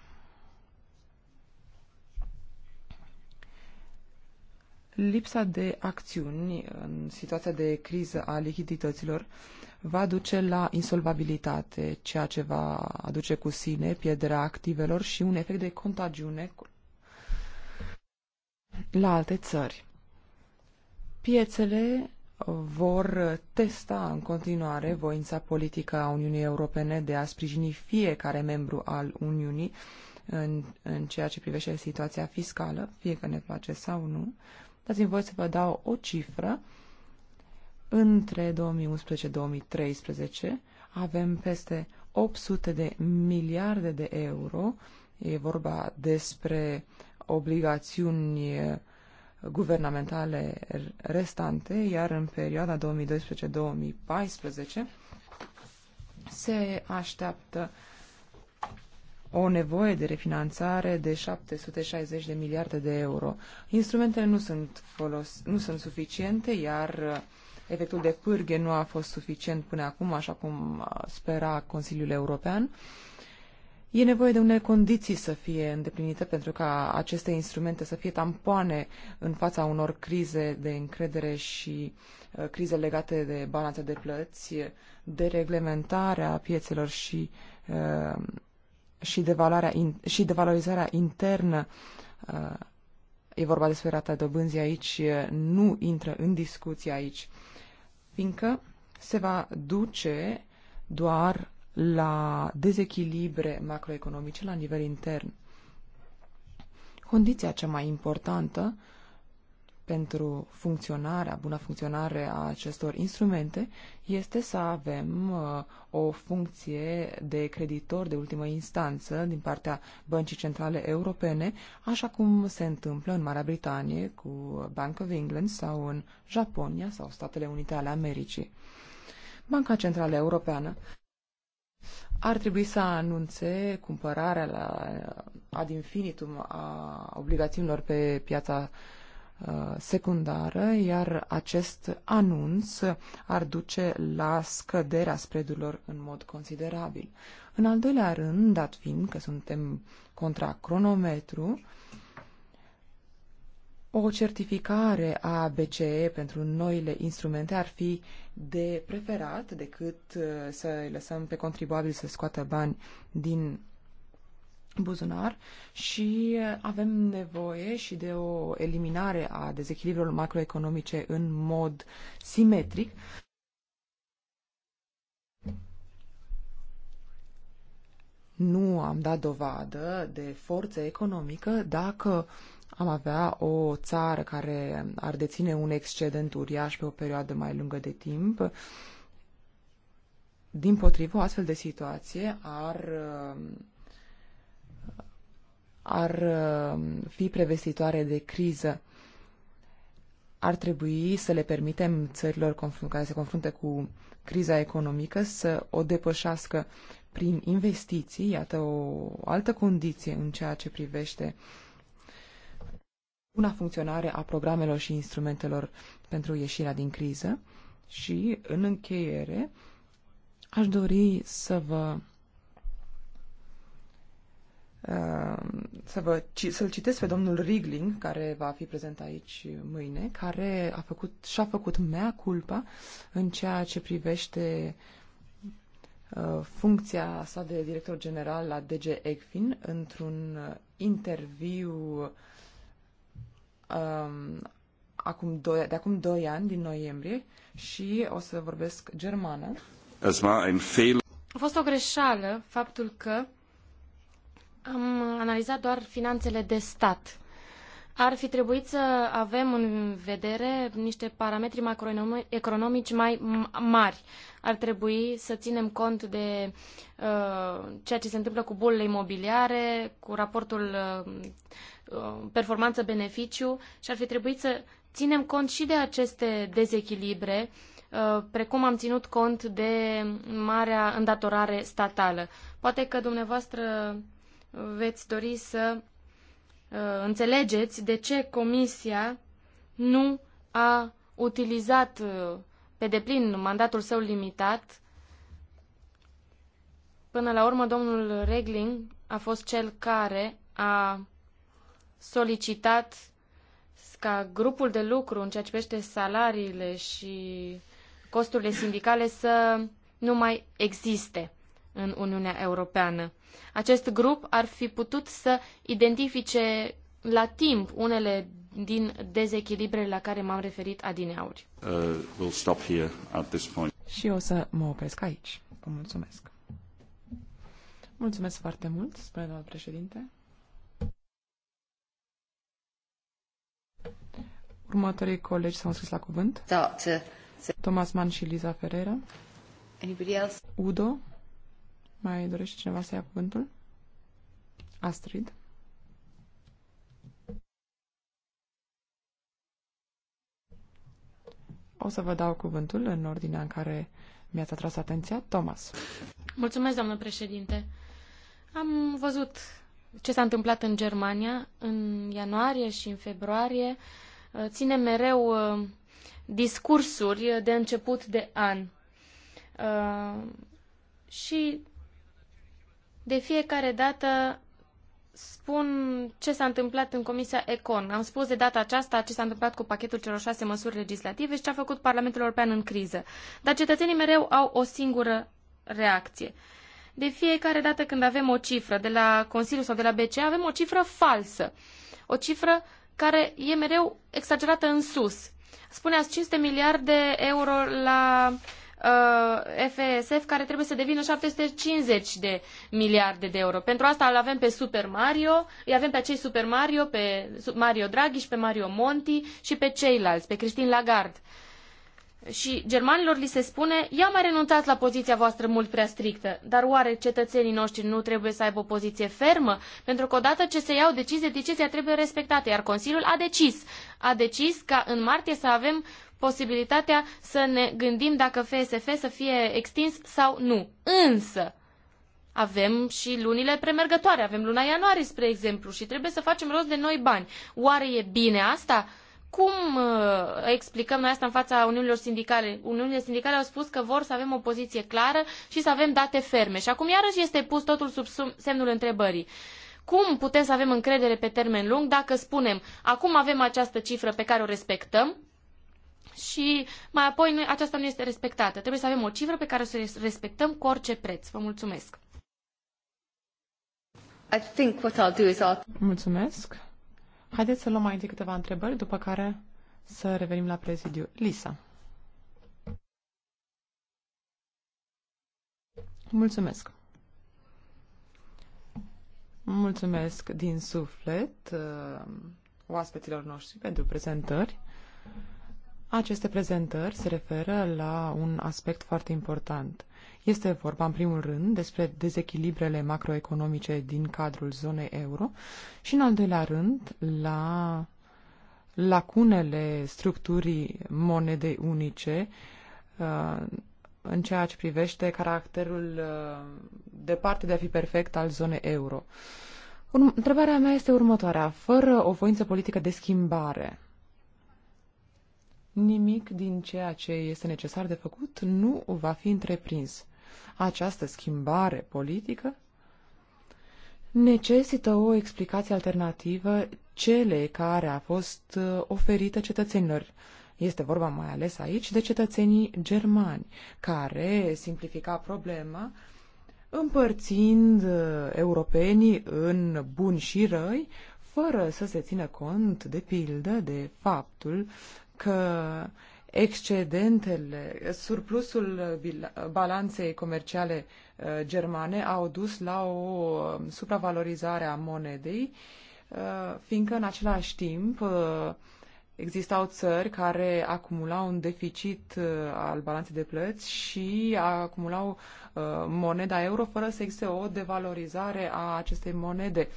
Lipsa de acțiuni în situația de criză a lichidităților va duce la insolvabilitate, ceea ce va aduce cu sine pierderea activelor și un efect de contagiune la alte țări. Piețele vor testa în continuare voința politică a Uniunii Europene de a sprijini fiecare membru al Uniunii în, în ceea ce privește situația fiscală, fie că ne place sau nu, Dați-mi voi să vă dau o cifră. Între 2011-2013 avem peste 800 de miliarde de euro. E vorba despre obligațiuni guvernamentale restante, iar în perioada 2012-2014 se așteaptă o nevoie de refinanțare de 760 de miliarde de euro. Instrumentele nu sunt, folos, nu sunt suficiente, iar uh, efectul de pârghe nu a fost suficient până acum, așa cum uh, spera Consiliul European. E nevoie de unele condiții să fie îndeplinite pentru ca aceste instrumente să fie tampoane în fața unor crize de încredere și uh, crize legate de balanța de plăți, de reglementarea piețelor și uh, și, devalarea in, și devalorizarea internă, uh, e vorba despre rata dobânzii aici, uh, nu intră în discuție aici, fiindcă se va duce doar la dezechilibre macroeconomice la nivel intern. Condiția cea mai importantă pentru funcționarea, bună funcționare a acestor instrumente este să avem uh, o funcție de creditor de ultimă instanță din partea Băncii Centrale Europene, așa cum se întâmplă în Marea Britanie cu Bank of England sau în Japonia sau Statele Unite ale Americii. Banca Centrală Europeană ar trebui să anunțe cumpărarea la uh, ad infinitum a obligațiunilor pe piața uh, secundară, iar acest anunț ar duce la scăderea spreadurilor în mod considerabil. În al doilea rând, dat fiind că suntem contra cronometru, o certificare a BCE pentru noile instrumente ar fi de preferat decât uh, să îi lăsăm pe contribuabil să scoată bani din buzunar și avem nevoie și de o eliminare a dezechilibrelor macroeconomice în mod simetric. Nu am dat dovadă de forță economică dacă am avea o țară care ar deține un excedent uriaș pe o perioadă mai lungă de timp. Din potrivă, o astfel de situație ar ar uh, fi prevestitoare de criză. Ar trebui să le permitem țărilor care se confruntă cu criza economică să o depășească prin investiții, iată o altă condiție în ceea ce privește una funcționare a programelor și instrumentelor pentru ieșirea din criză. Și, în încheiere, aș dori să vă Uh, să vă, să-l citesc pe domnul Rigling, care va fi prezent aici mâine, care a făcut, și-a făcut mea culpa în ceea ce privește uh, funcția sa de director general la DG ECFIN într-un uh, interviu um, acum doi, de acum 2 ani, din noiembrie, și o să vorbesc germană. A fost o greșeală faptul că am analizat doar finanțele de stat. Ar fi trebuit să avem în vedere niște parametri macroeconomici mai mari. Ar trebui să ținem cont de uh, ceea ce se întâmplă cu bolile imobiliare, cu raportul uh, uh, performanță-beneficiu și ar fi trebuit să ținem cont și de aceste dezechilibre, uh, precum am ținut cont de marea îndatorare statală. Poate că dumneavoastră veți dori să uh, înțelegeți de ce Comisia nu a utilizat uh, pe deplin mandatul său limitat. Până la urmă, domnul Regling a fost cel care a solicitat ca grupul de lucru în ceea ce privește salariile și costurile sindicale să nu mai existe în Uniunea Europeană. Acest grup ar fi putut să identifice la timp unele din dezechilibrele la care m-am referit adineauri. Uh, we'll stop here at this point. Și o să mă opresc aici. Vă mulțumesc. Mulțumesc foarte mult, spune domnul președinte. Următorii colegi s-au scris la cuvânt. Da, Thomas Mann și Liza Ferreira. Anybody else? Udo. Mai dorește cineva să ia cuvântul? Astrid. O să vă dau cuvântul în ordinea în care mi-ați atras atenția. Thomas. Mulțumesc, doamnă președinte. Am văzut ce s-a întâmplat în Germania în ianuarie și în februarie. Ține mereu uh, discursuri de început de an. Uh, și de fiecare dată spun ce s-a întâmplat în Comisia Econ. Am spus de data aceasta ce s-a întâmplat cu pachetul celor șase măsuri legislative și ce a făcut Parlamentul European în criză. Dar cetățenii mereu au o singură reacție. De fiecare dată când avem o cifră de la Consiliu sau de la BCE, avem o cifră falsă. O cifră care e mereu exagerată în sus. Spuneați 500 miliarde euro la FSF uh, care trebuie să devină 750 de miliarde de euro. Pentru asta îl avem pe Super Mario, îi avem pe acei Super Mario, pe Mario Draghi și pe Mario Monti și pe ceilalți, pe Christine Lagarde. Uh, și germanilor li se spune, i-am mai renunțat la poziția voastră mult prea strictă, dar oare cetățenii noștri nu trebuie să aibă o poziție fermă? Pentru că odată ce se iau decizie, decizia trebuie respectată, iar Consiliul a decis. A decis ca în martie să avem posibilitatea să ne gândim dacă FSF să fie extins sau nu. Însă, avem și lunile premergătoare, avem luna ianuarie, spre exemplu, și trebuie să facem rost de noi bani. Oare e bine asta? Cum uh, explicăm noi asta în fața Uniunilor Sindicale? Uniunile Sindicale au spus că vor să avem o poziție clară și să avem date ferme. Și acum iarăși este pus totul sub semnul întrebării. Cum putem să avem încredere pe termen lung dacă spunem acum avem această cifră pe care o respectăm și mai apoi nu, aceasta nu este respectată. Trebuie să avem o cifră pe care să o respectăm cu orice preț. Vă mulțumesc! I think what I'll do is I'll... Mulțumesc! Haideți să luăm mai întâi câteva întrebări, după care să revenim la prezidiu. Lisa. Mulțumesc. Mulțumesc din suflet uh, oaspeților noștri pentru prezentări. Aceste prezentări se referă la un aspect foarte important. Este vorba, în primul rând, despre dezechilibrele macroeconomice din cadrul zonei euro și, în al doilea rând, la lacunele structurii monedei unice uh, în ceea ce privește caracterul uh, departe de a fi perfect al zonei euro. Întrebarea mea este următoarea. Fără o voință politică de schimbare, nimic din ceea ce este necesar de făcut nu va fi întreprins. Această schimbare politică necesită o explicație alternativă cele care a fost uh, oferită cetățenilor. Este vorba mai ales aici de cetățenii germani, care simplifica problema împărțind uh, europenii în buni și răi, fără să se țină cont, de pildă, de faptul că excedentele, surplusul balanței comerciale uh, germane au dus la o um, supravalorizare a monedei, uh, fiindcă în același timp uh, existau țări care acumulau un deficit al balanței de plăți și acumulau moneda euro fără să existe o devalorizare a acestei monede.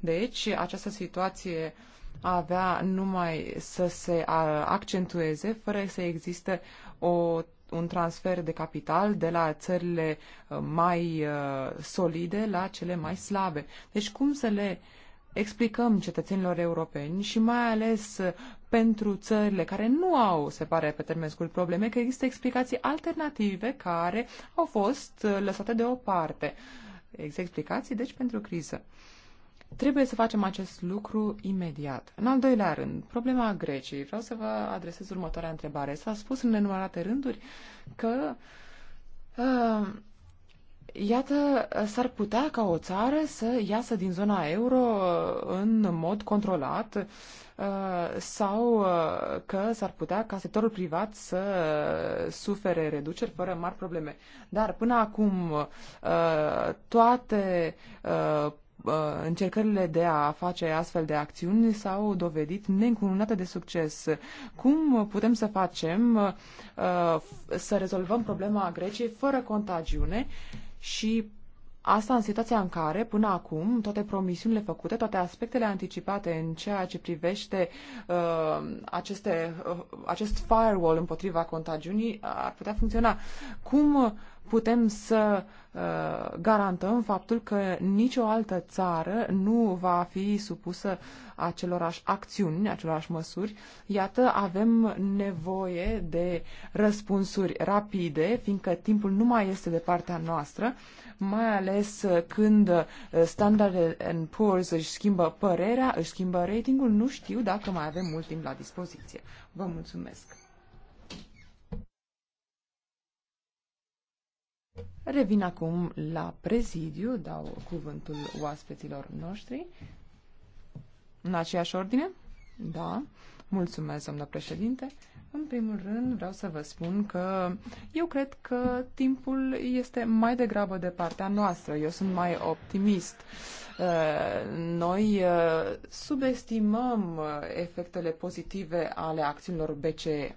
Deci, această situație avea numai să se accentueze fără să existe o, un transfer de capital de la țările uh, mai uh, solide la cele mai slabe. Deci cum să le explicăm cetățenilor europeni și mai ales uh, pentru țările care nu au, se pare, pe termen scurt probleme, că există explicații alternative care au fost lăsate deoparte. Există explicații, deci, pentru criză. Trebuie să facem acest lucru imediat. În al doilea rând, problema Greciei. Vreau să vă adresez următoarea întrebare. S-a spus în nenumărate rânduri că uh, Iată, s-ar putea ca o țară să iasă din zona euro în mod controlat uh, sau uh, că s-ar putea ca sectorul privat să sufere reduceri fără mari probleme. Dar până acum uh, toate Uh, încercările de a face astfel de acțiuni s-au dovedit neîncununate de succes. Cum putem să facem uh, să rezolvăm problema Greciei fără contagiune și Asta în situația în care, până acum, toate promisiunile făcute, toate aspectele anticipate în ceea ce privește uh, aceste, acest firewall împotriva contagiunii ar putea funcționa. Cum putem să uh, garantăm faptul că nicio altă țară nu va fi supusă acelorași acțiuni, acelorași măsuri. Iată, avem nevoie de răspunsuri rapide, fiindcă timpul nu mai este de partea noastră, mai ales când uh, Standard Poor's își schimbă părerea, își schimbă ratingul, nu știu dacă mai avem mult timp la dispoziție. Vă mulțumesc! Revin acum la prezidiu, dau cuvântul oaspeților noștri. În aceeași ordine? Da. Mulțumesc, domnule președinte. În primul rând, vreau să vă spun că eu cred că timpul este mai degrabă de partea noastră. Eu sunt mai optimist. Uh, noi uh, subestimăm uh, efectele pozitive ale acțiunilor BCE.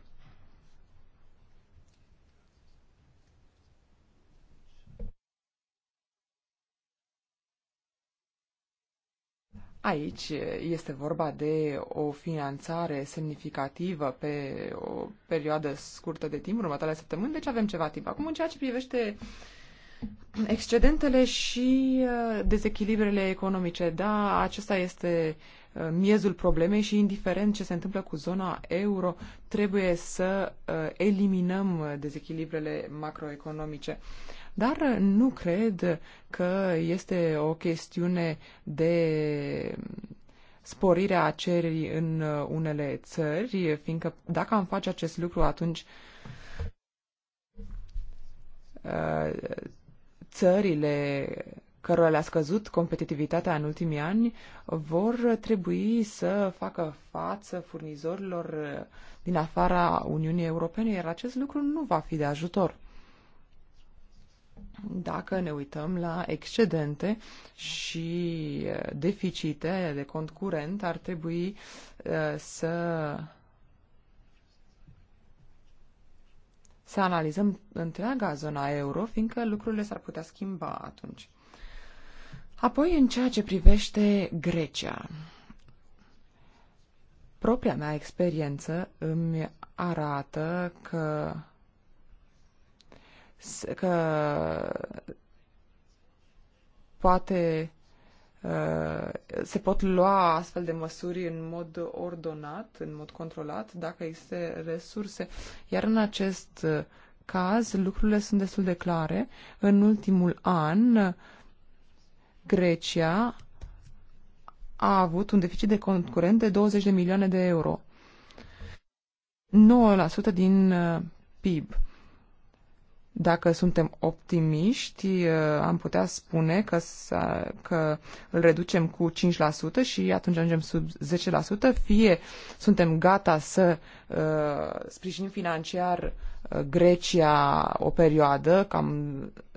Aici este vorba de o finanțare semnificativă pe o perioadă scurtă de timp, următoarele săptămâni, deci avem ceva timp. Acum, în ceea ce privește excedentele și uh, dezechilibrele economice, da, acesta este uh, miezul problemei și indiferent ce se întâmplă cu zona euro, trebuie să uh, eliminăm dezechilibrele macroeconomice. Dar nu cred că este o chestiune de sporirea cererii în unele țări, fiindcă dacă am face acest lucru, atunci uh, țările cărora le-a scăzut competitivitatea în ultimii ani vor trebui să facă față furnizorilor din afara Uniunii Europene, iar acest lucru nu va fi de ajutor dacă ne uităm la excedente și eh, deficite de cont curent, ar trebui eh, să să analizăm întreaga zona euro, fiindcă lucrurile s-ar putea schimba atunci. Apoi, în ceea ce privește Grecia, propria mea experiență îmi arată că că poate uh, se pot lua astfel de măsuri în mod ordonat, în mod controlat, dacă există resurse. Iar în acest uh, caz, lucrurile sunt destul de clare. În ultimul an, Grecia a avut un deficit de concurent de 20 de milioane de euro. 9% din uh, PIB. Dacă suntem optimiști, uh, am putea spune că, că îl reducem cu 5% și atunci ajungem sub 10%, fie suntem gata să uh, sprijinim financiar uh, Grecia o perioadă, cam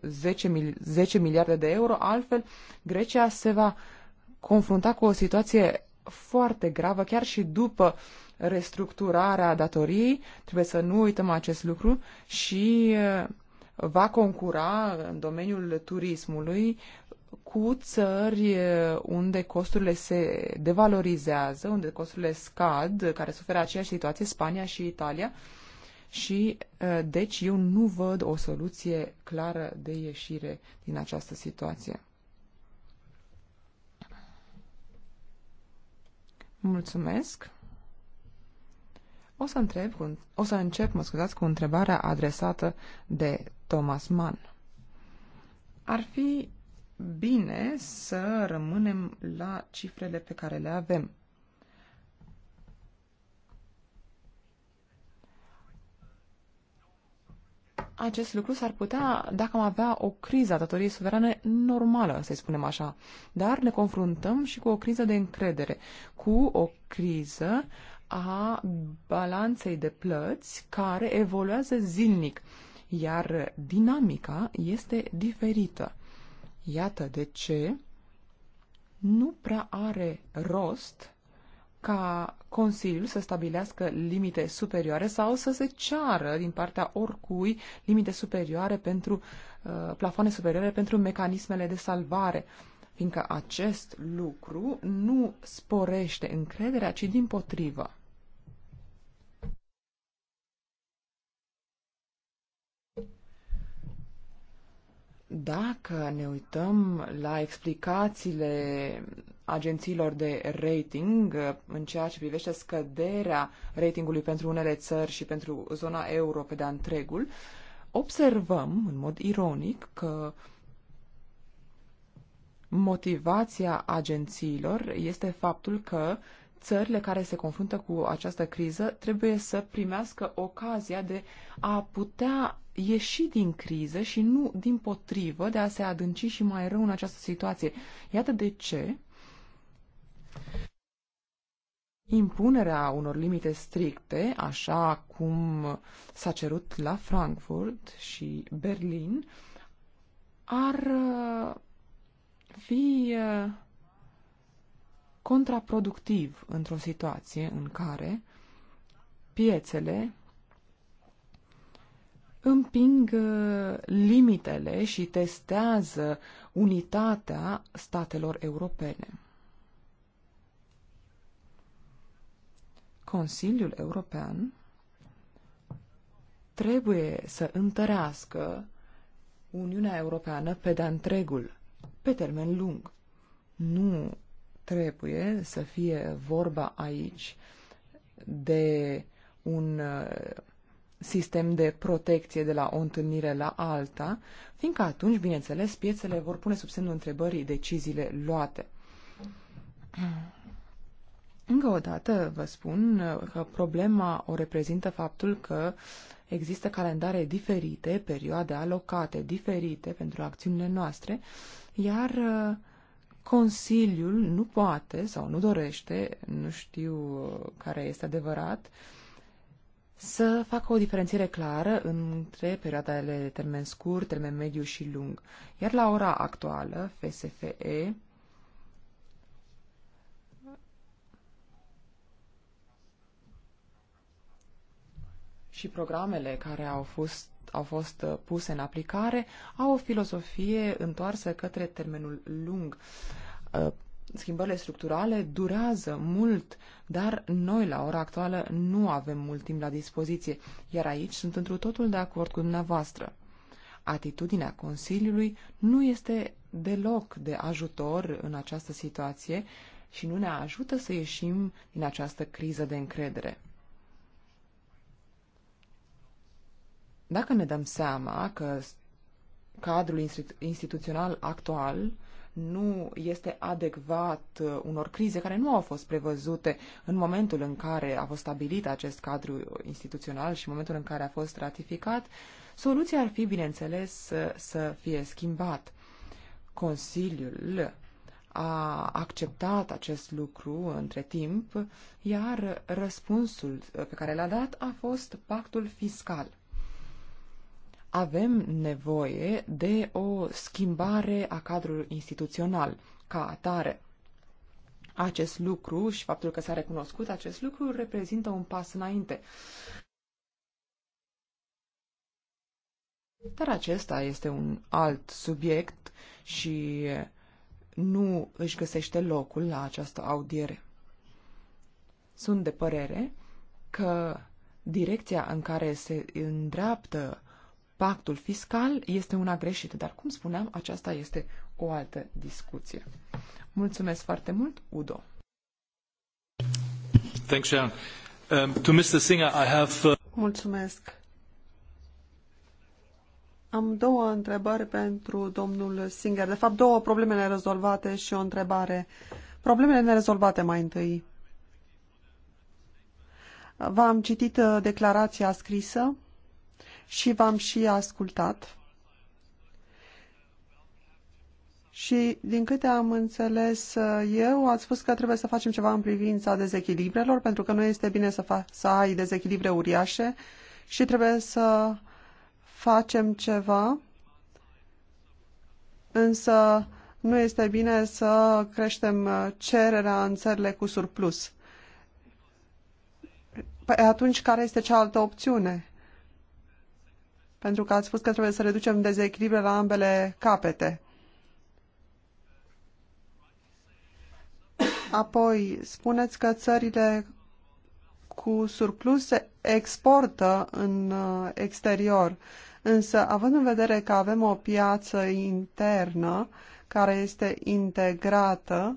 10, mil- 10 miliarde de euro, altfel Grecia se va confrunta cu o situație foarte gravă, chiar și după restructurarea datoriei, trebuie să nu uităm acest lucru și uh, va concura în domeniul turismului cu țări unde costurile se devalorizează, unde costurile scad, care suferă aceeași situație, Spania și Italia. Și deci eu nu văd o soluție clară de ieșire din această situație. Mulțumesc. O să, întreb, o să încep, mă scuzați, cu întrebarea adresată de Thomas Mann. Ar fi bine să rămânem la cifrele pe care le avem. acest lucru s-ar putea dacă am avea o criză a datoriei suverane normală, să spunem așa. Dar ne confruntăm și cu o criză de încredere, cu o criză a balanței de plăți care evoluează zilnic iar dinamica este diferită. Iată de ce nu prea are rost ca Consiliul să stabilească limite superioare sau să se ceară din partea oricui limite superioare pentru uh, plafoane superioare pentru mecanismele de salvare, fiindcă acest lucru nu sporește încrederea, ci din potrivă. Dacă ne uităm la explicațiile agențiilor de rating uh, în ceea ce privește scăderea ratingului pentru unele țări și pentru zona euro pe de întregul, observăm, în mod ironic, că motivația agențiilor este faptul că țările care se confruntă cu această criză trebuie să primească ocazia de a putea ieși din criză și nu din potrivă de a se adânci și mai rău în această situație. Iată de ce impunerea unor limite stricte, așa cum s-a cerut la Frankfurt și Berlin, ar uh, fi uh, contraproductiv într-o situație în care piețele împing uh, limitele și testează unitatea statelor europene. Consiliul European trebuie să întărească Uniunea Europeană pe de întregul, pe termen lung. Nu trebuie să fie vorba aici de un uh, sistem de protecție de la o întâlnire la alta, fiindcă atunci, bineînțeles, piețele vor pune sub semnul întrebării deciziile luate. Încă o dată vă spun că problema o reprezintă faptul că există calendare diferite, perioade alocate diferite pentru acțiunile noastre, iar uh, Consiliul nu poate sau nu dorește, nu știu uh, care este adevărat, uh, să facă o diferențiere clară între perioadele de termen scurt, termen mediu și lung. Iar la ora actuală, FSFE și programele care au fost, au fost uh, puse în aplicare au o filozofie întoarsă către termenul lung uh, schimbările structurale durează mult, dar noi la ora actuală nu avem mult timp la dispoziție, iar aici sunt întru totul de acord cu dumneavoastră. Atitudinea Consiliului nu este deloc de ajutor în această situație și nu ne ajută să ieșim din această criză de încredere. Dacă ne dăm seama că cadrul instituțional actual nu este adecvat uh, unor crize care nu au fost prevăzute în momentul în care a fost stabilit acest cadru instituțional și în momentul în care a fost ratificat, soluția ar fi, bineînțeles, să, să fie schimbat. Consiliul a acceptat acest lucru între timp, iar răspunsul pe care l-a dat a fost pactul fiscal avem nevoie de o schimbare a cadrului instituțional ca atare. Acest lucru și faptul că s-a recunoscut acest lucru reprezintă un pas înainte. Dar acesta este un alt subiect și nu își găsește locul la această audiere. Sunt de părere că direcția în care se îndreaptă pactul fiscal este una greșită, dar cum spuneam, aceasta este o altă discuție. Mulțumesc foarte mult, Udo. Thanks, Sharon. Um, to Mr. Singer, I have... Uh... Mulțumesc. Am două întrebări pentru domnul Singer. De fapt, două probleme nerezolvate și o întrebare. Problemele nerezolvate mai întâi. V-am citit uh, declarația scrisă și v-am și ascultat. Și din câte am înțeles uh, eu, ați spus că trebuie să facem ceva în privința dezechilibrelor, pentru că nu este bine să, fa- să ai dezechilibre uriașe și trebuie să facem ceva, însă nu este bine să creștem uh, cererea în țările cu surplus. Păi atunci care este cealaltă opțiune? pentru că ați spus că trebuie să reducem dezechilibre la ambele capete. Apoi, spuneți că țările cu surplus se exportă în uh, exterior, însă având în vedere că avem o piață internă care este integrată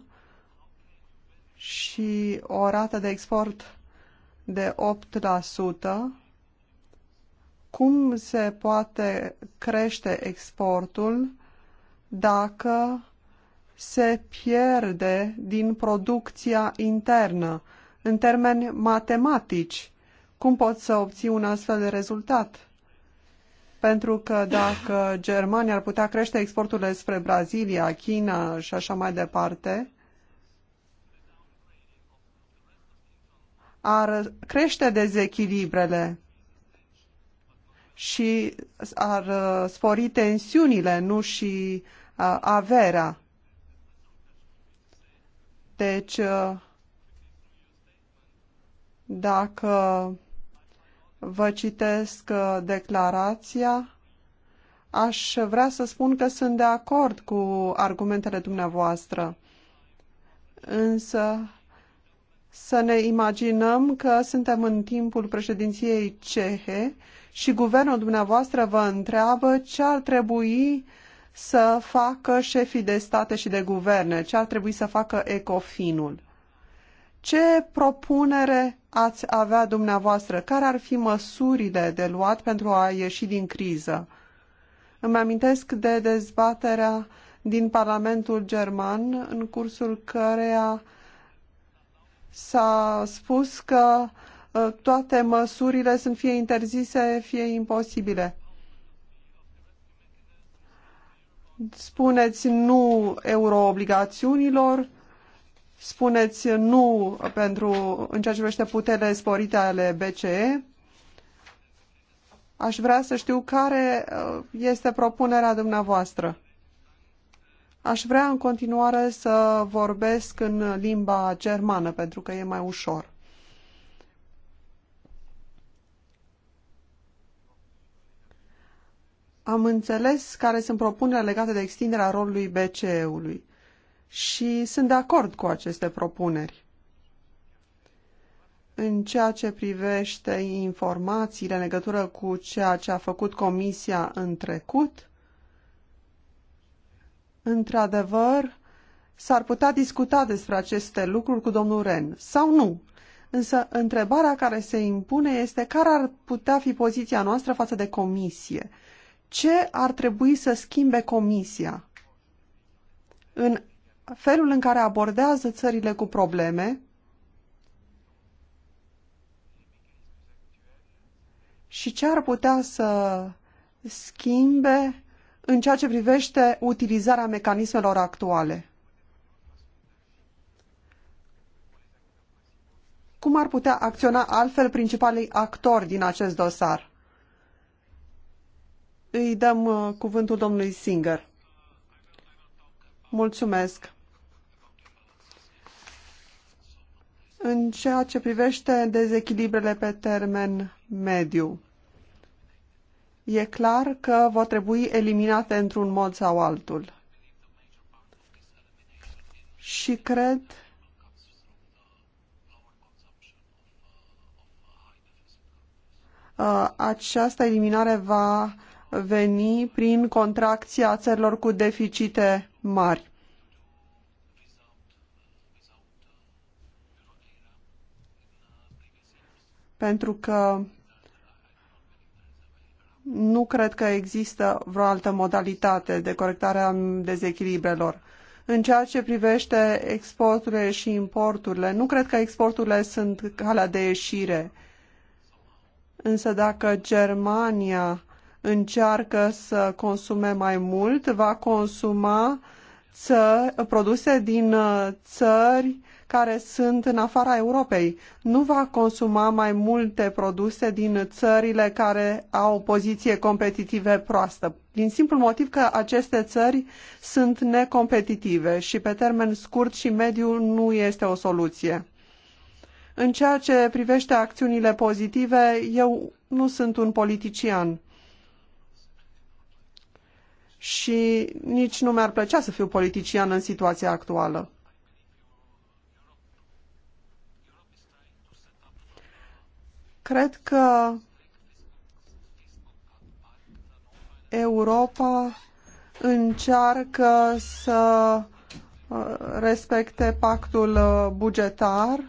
și o rată de export de cum se poate crește exportul dacă se pierde din producția internă. În termeni matematici, cum poți să obții un astfel de rezultat? Pentru că dacă Germania ar putea crește exporturile spre Brazilia, China și așa mai departe, ar crește dezechilibrele și ar uh, spori tensiunile, nu și uh, averea. Deci, uh, dacă vă citesc declarația, aș vrea să spun că sunt de acord cu argumentele dumneavoastră. Însă, să ne imaginăm că suntem în timpul președinției cehe și guvernul dumneavoastră vă întreabă ce ar trebui să facă șefii de state și de guverne, ce ar trebui să facă ecofinul. Ce propunere ați avea dumneavoastră? Care ar fi măsurile de luat pentru a ieși din criză? Îmi amintesc de dezbaterea din Parlamentul German, în cursul căreia s-a spus că uh, Uh, toate măsurile sunt fie interzise, fie imposibile. Spuneți nu euroobligațiunilor, spuneți nu pentru în ceea ce privește puterile sporite ale BCE. Aș vrea să știu care uh, este propunerea dumneavoastră. Aș vrea în continuare să vorbesc în limba germană, pentru că e mai ușor. Am înțeles care sunt propunerile legate de extinderea rolului BCE-ului și sunt de acord cu aceste propuneri. În ceea ce privește informațiile în legătură cu ceea ce a făcut Comisia în trecut, într-adevăr, s-ar putea discuta despre aceste lucruri cu domnul Ren, sau nu. Însă întrebarea care se impune este care ar putea fi poziția noastră față de Comisie – ce ar trebui să schimbe Comisia în felul în care abordează țările cu probleme și ce ar putea să schimbe în ceea ce privește utilizarea mecanismelor actuale. Cum ar putea acționa altfel principalii actori din acest dosar? îi dăm uh, cuvântul domnului Singer. Mulțumesc. În ceea ce privește dezechilibrele pe termen mediu, e clar că vor trebui eliminate într-un mod sau altul. Și cred uh, această eliminare va veni prin contracția țărilor cu deficite mari. Pentru că nu cred că există vreo altă modalitate de corectare a dezechilibrelor. În ceea ce privește exporturile și importurile, nu cred că exporturile sunt calea de ieșire. Însă dacă Germania încearcă să consume mai mult, va consuma ță, produse din uh, țări care sunt în afara Europei. Nu va consuma mai multe produse din țările care au o poziție competitive proastă, din simplul motiv că aceste țări sunt necompetitive și pe termen scurt și mediu nu este o soluție. În ceea ce privește acțiunile pozitive, eu nu sunt un politician și nici nu mi-ar plăcea să fiu politician în situația actuală. Cred că Europa încearcă să uh, respecte pactul uh, bugetar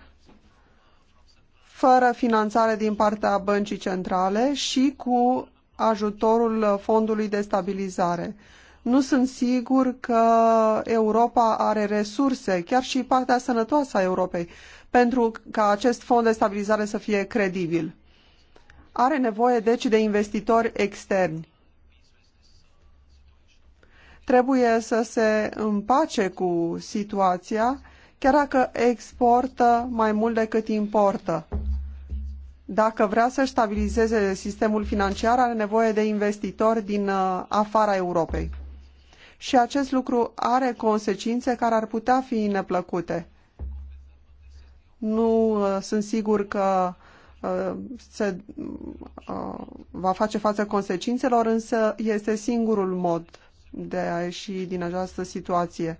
fără finanțare din partea băncii centrale și cu ajutorul uh, fondului de stabilizare. Nu sunt sigur că Europa are resurse, chiar și partea sănătoasă a Europei, pentru ca acest fond de stabilizare să fie credibil. Are nevoie, deci, de investitori externi. Trebuie să se împace cu situația, chiar dacă exportă mai mult decât importă. Dacă vrea să stabilizeze sistemul financiar, are nevoie de investitori din uh, afara Europei. Și acest lucru are consecințe care ar putea fi neplăcute. Nu uh, sunt sigur că uh, se va face față consecințelor, însă este singurul mod de a ieși din această situație.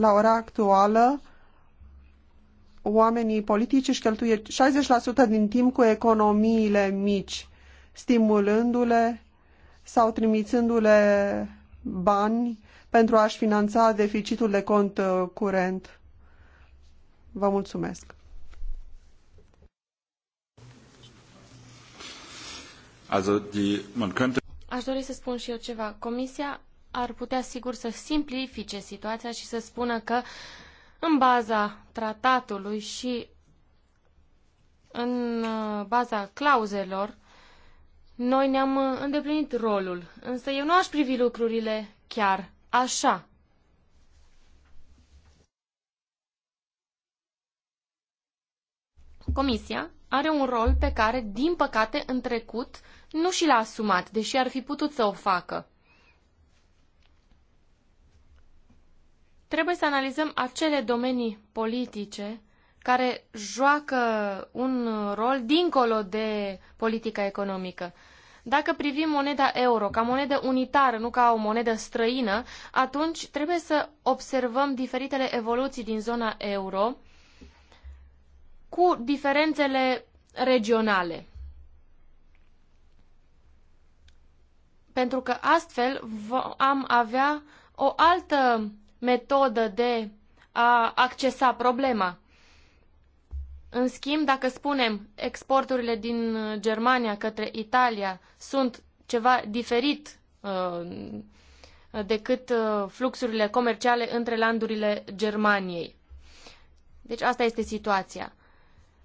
la ora actuală, oamenii politici își cheltuie 60% din timp cu economiile mici, stimulându-le sau trimițându-le bani pentru a-și finanța deficitul de cont uh, curent. Vă mulțumesc! Aș dori să spun și eu ceva. Comisia ar putea sigur să simplifice situația și să spună că în baza tratatului și în uh, baza clauzelor noi ne-am uh, îndeplinit rolul, însă eu nu aș privi lucrurile chiar așa. Comisia are un rol pe care, din păcate, în trecut nu și l-a asumat, deși ar fi putut să o facă. Trebuie să analizăm acele domenii politice care joacă un rol dincolo de politica economică. Dacă privim moneda euro ca monedă unitară, nu ca o monedă străină, atunci trebuie să observăm diferitele evoluții din zona euro cu diferențele regionale. Pentru că astfel am avea o altă metodă de a accesa problema. În schimb, dacă spunem exporturile din Germania către Italia sunt ceva diferit uh, decât uh, fluxurile comerciale între landurile Germaniei. Deci asta este situația.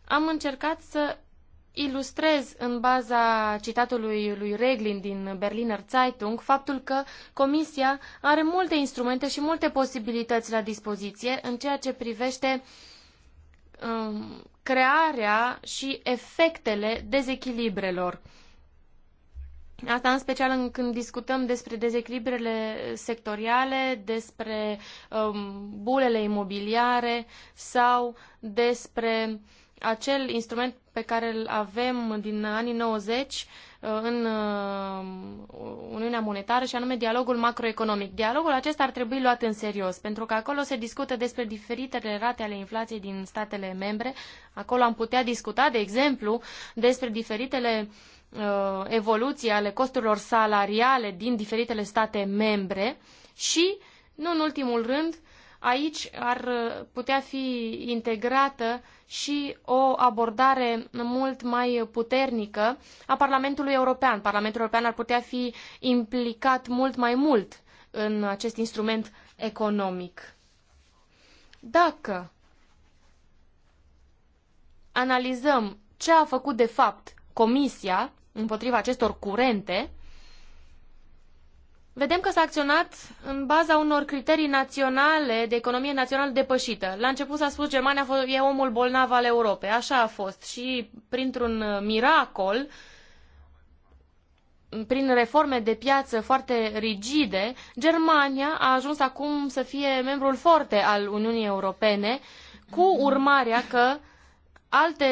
Am încercat să ilustrez în baza citatului lui Reglin din Berliner Zeitung faptul că Comisia are multe instrumente și multe posibilități la dispoziție în ceea ce privește um, crearea și efectele dezechilibrelor. Asta în special în, când discutăm despre dezechilibrele sectoriale, despre um, bulele imobiliare sau despre uh, acel instrument pe care îl avem din anii 90 uh, în uh, Uniunea Monetară și anume dialogul macroeconomic. Dialogul acesta ar trebui luat în serios, pentru că acolo se discută despre diferitele rate ale inflației din statele membre. Acolo am putea discuta, de exemplu, despre diferitele uh, evoluții ale costurilor salariale din diferitele state membre și, nu în ultimul rând, uh, Aici ar uh, putea fi integrată și o abordare mult mai puternică a Parlamentului European. Parlamentul European ar putea fi implicat mult mai mult în acest instrument economic. Dacă analizăm ce a făcut de fapt Comisia împotriva acestor curente, Vedem că s-a acționat în baza unor criterii naționale, de economie națională depășită. La început s-a spus Germania e omul bolnav al Europei. Așa a fost. Și printr-un miracol, prin reforme de piață foarte rigide, Germania a ajuns acum să fie membrul forte al Uniunii Europene, cu urmarea că alte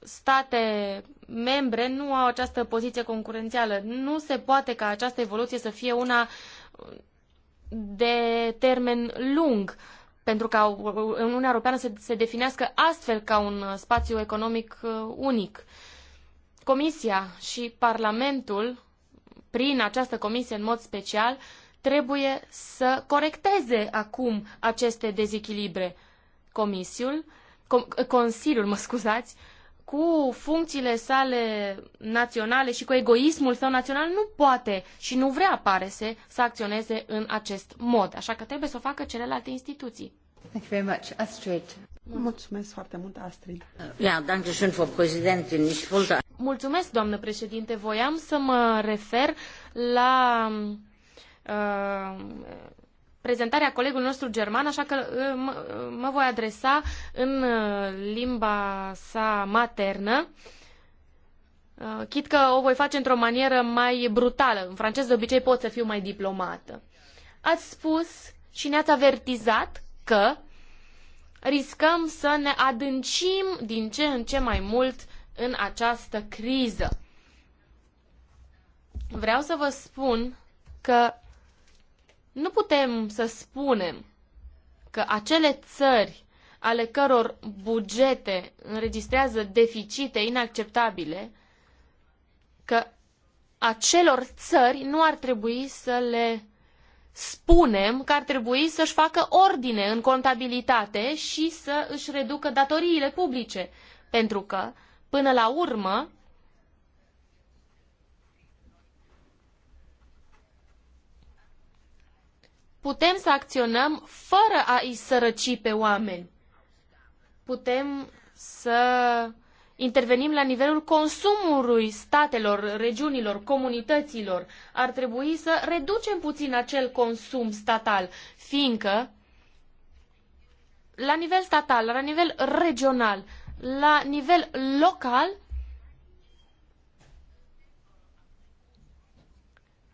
state membre nu au această poziție concurențială. Nu se poate ca această evoluție să fie una de termen lung, pentru ca Uniunea Europeană să se definească astfel ca un spațiu economic uh, unic. Comisia și Parlamentul, prin această comisie în mod special, trebuie să corecteze acum aceste dezechilibre. Comisiul, Consiliul, mă scuzați, uh, cu funcțiile sale naționale și cu egoismul său național nu poate și nu vrea, pare se, să acționeze în acest mod. Așa că trebuie să o facă celelalte instituții. Thank you very much. Astrid. Mulțumesc foarte mult, Astrid. Ja, danke schön, Frau Präsidentin. Ich wollte... Mulțumesc, doamnă președinte. Voiam să mă refer la uh, prezentarea colegului nostru german, așa că uh, uh, mă voi adresa în uh, limba sa maternă, chit că o voi face într-o manieră mai brutală. În francez de obicei pot să fiu mai diplomată. Ați spus și ne-ați avertizat că riscăm să ne adâncim din ce în ce mai mult în această criză. Vreau să vă spun că nu putem să spunem că acele țări ale căror bugete înregistrează deficite inacceptabile, că acelor țări nu ar trebui să le spunem că ar trebui să-și facă ordine în contabilitate și să își reducă datoriile publice. Pentru că, până la urmă, putem să acționăm fără a-i sărăci pe oameni. Putem să intervenim la nivelul consumului statelor, regiunilor, comunităților. Ar trebui să reducem puțin acel consum statal, fiindcă la nivel statal, la nivel regional, la nivel local,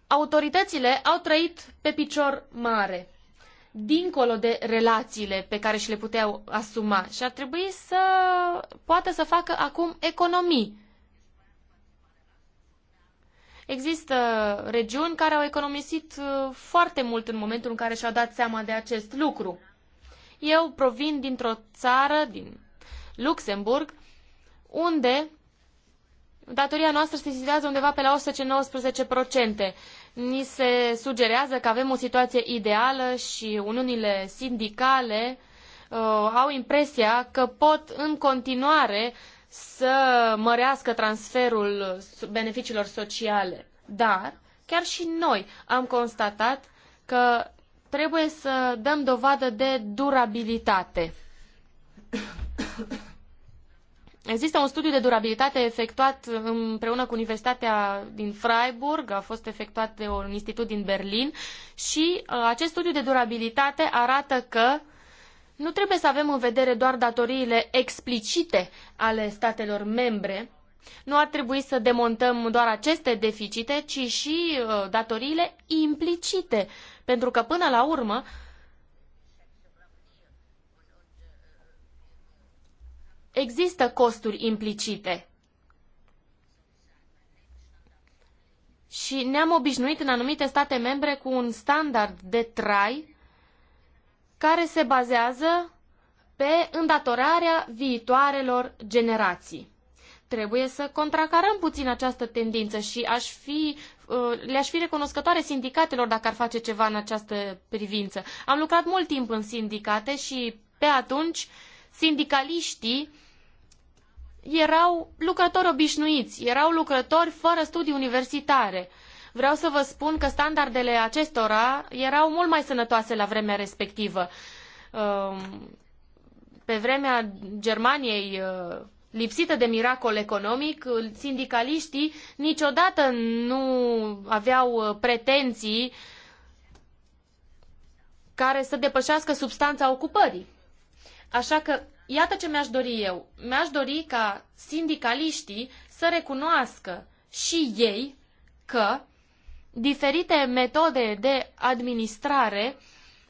autoritățile au trăit pe picior mare, dincolo de relațiile pe care și le puteau asuma și ar trebui să poată să facă acum economii. Există regiuni care au economisit uh, foarte mult în momentul în care și-au dat seama de acest lucru. Eu provin dintr-o țară, din Luxemburg, unde datoria noastră se situează undeva pe la 119% ni se sugerează că avem o situație ideală și uniunile sindicale uh, au impresia că pot în continuare să mărească transferul beneficiilor sociale. Dar chiar și noi am constatat că trebuie să dăm dovadă de durabilitate. Există un studiu de durabilitate efectuat împreună cu Universitatea din Freiburg, a fost efectuat de un institut din Berlin și uh, acest studiu de durabilitate arată că nu trebuie să avem în vedere doar datoriile explicite ale statelor membre, nu ar trebui să demontăm doar aceste deficite, ci și uh, datoriile implicite, pentru că până la urmă există costuri implicite. Și ne-am obișnuit în anumite state membre cu un standard de trai care se bazează pe îndatorarea viitoarelor generații. Trebuie să contracarăm puțin această tendință și aș fi, uh, le-aș fi recunoscătoare sindicatelor dacă ar face ceva în această privință. Am lucrat mult timp în sindicate și pe atunci sindicaliștii erau lucrători obișnuiți, erau lucrători fără studii universitare. Vreau să vă spun că standardele acestora erau mult mai sănătoase la vremea respectivă. Um, pe vremea Germaniei uh, lipsită de miracol economic, sindicaliștii niciodată nu aveau uh, pretenții care să depășească substanța ocupării. Așa că Iată ce mi-aș dori eu. Mi-aș dori ca sindicaliștii să recunoască și ei că diferite metode de administrare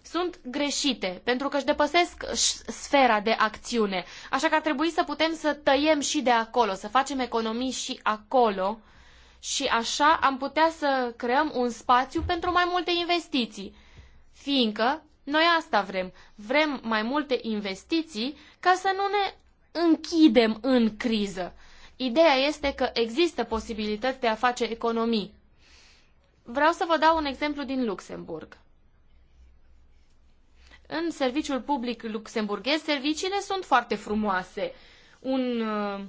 sunt greșite, pentru că își depăsesc sfera de acțiune. Așa că ar trebui să putem să tăiem și de acolo, să facem economii și acolo și așa am putea să creăm un spațiu pentru mai multe investiții, fiindcă noi asta vrem. Vrem mai multe investiții ca să nu ne închidem în criză. Ideea este că există posibilități de a face economii. Vreau să vă dau un exemplu din Luxemburg. În serviciul public luxemburghez, serviciile sunt foarte frumoase. Un uh,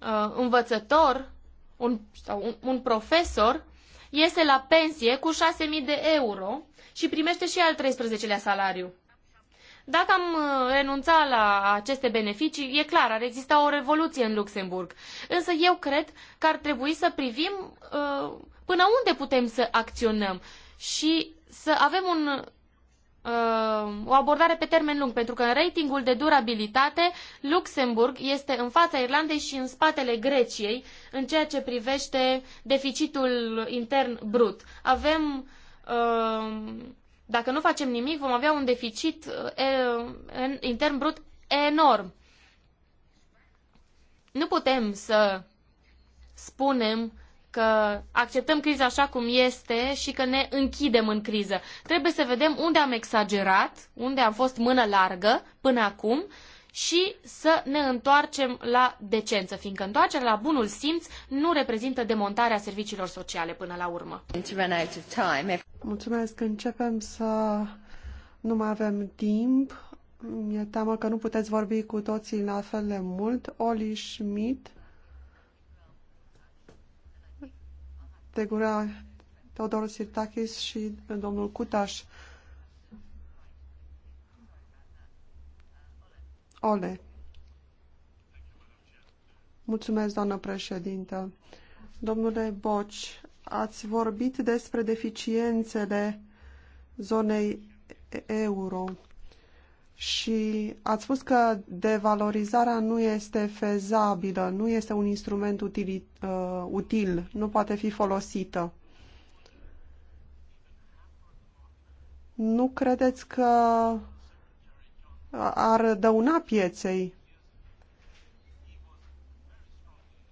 uh, învățător un, sau un, un profesor iese la pensie cu 6.000 de euro și primește și al 13-lea salariu. Dacă am uh, renunța la aceste beneficii, e clar, ar exista o revoluție în Luxemburg. Însă eu cred că ar trebui să privim uh, până unde putem să acționăm și să avem un uh, o abordare pe termen lung, pentru că în ratingul de durabilitate Luxemburg este în fața Irlandei și în spatele Greciei în ceea ce privește deficitul intern brut. Avem Ehm, dacă nu facem nimic, vom avea un deficit eh, eh, intern brut enorm. Nu putem să spunem că acceptăm criza așa cum este și că ne închidem în criză. Trebuie să vedem unde am exagerat, unde am fost mână largă până acum și să ne întoarcem la decență, fiindcă întoarcerea la bunul simț nu reprezintă demontarea serviciilor sociale până la urmă. Mulțumesc, începem să nu mai avem timp. Mi-e teamă că nu puteți vorbi cu toții la fel de mult. Oli Schmidt, Tegura Teodor Sirtakis și domnul Cutaș Ole. Mulțumesc, doamnă președintă. Domnule Boci, ați vorbit despre deficiențele zonei euro și ați spus că devalorizarea nu este fezabilă, nu este un instrument util, uh, util nu poate fi folosită. Nu credeți că ar dăuna pieței.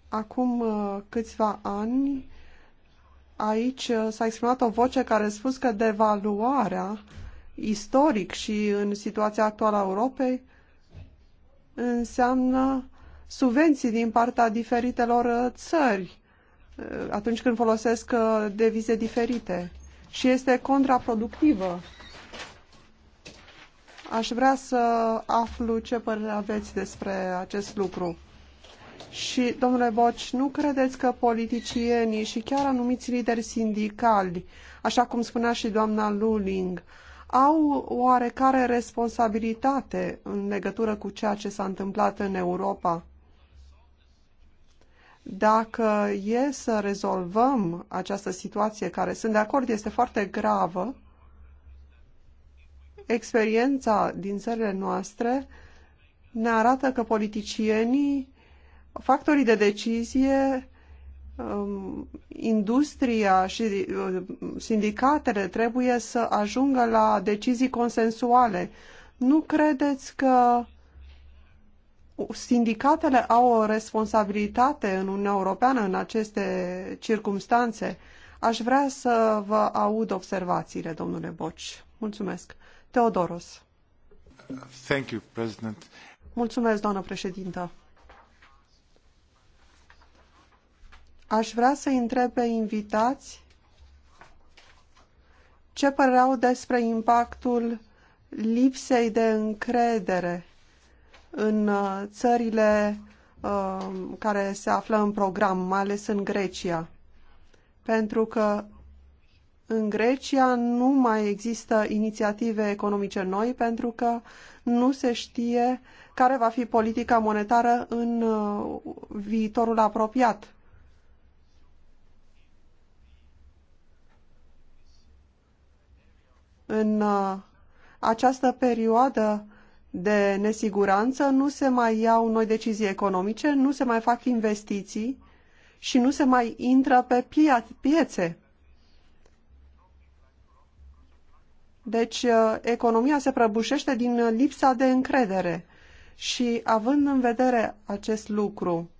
Acum uh, câțiva ani, aici uh, s-a exprimat o voce care a spus că devaluarea istoric și în situația actuală a Europei înseamnă subvenții din partea diferitelor uh, țări atunci când folosesc devize diferite și este contraproductivă Aș vrea să aflu ce părere aveți despre acest lucru. Și, domnule Boci, nu credeți că politicienii și chiar anumiți lideri sindicali, așa cum spunea și doamna Luling, au oarecare responsabilitate în legătură cu ceea ce s-a întâmplat în Europa? Dacă e să rezolvăm această situație, care sunt de acord, este foarte gravă, experiența din țările noastre ne arată că politicienii, factorii de decizie, um, industria și uh, sindicatele trebuie să ajungă la decizii consensuale. Nu credeți că sindicatele au o responsabilitate în Uniunea Europeană în aceste circumstanțe? Aș vrea să vă aud observațiile, domnule Boci. Mulțumesc. Teodoros. Thank you, President. Mulțumesc, doamnă președintă. Aș vrea să întreb pe invitați ce părere au despre impactul lipsei de încredere în uh, țările uh, care se află în program, mai ales în Grecia. Pentru că în Grecia nu mai există inițiative economice noi pentru că nu se știe care va fi politica monetară în uh, viitorul apropiat. În uh, această perioadă de nesiguranță nu se mai iau noi decizii economice, nu se mai fac investiții și nu se mai intră pe piețe. Deci, uh, economia se prăbușește din lipsa de încredere. Și având în vedere acest lucru,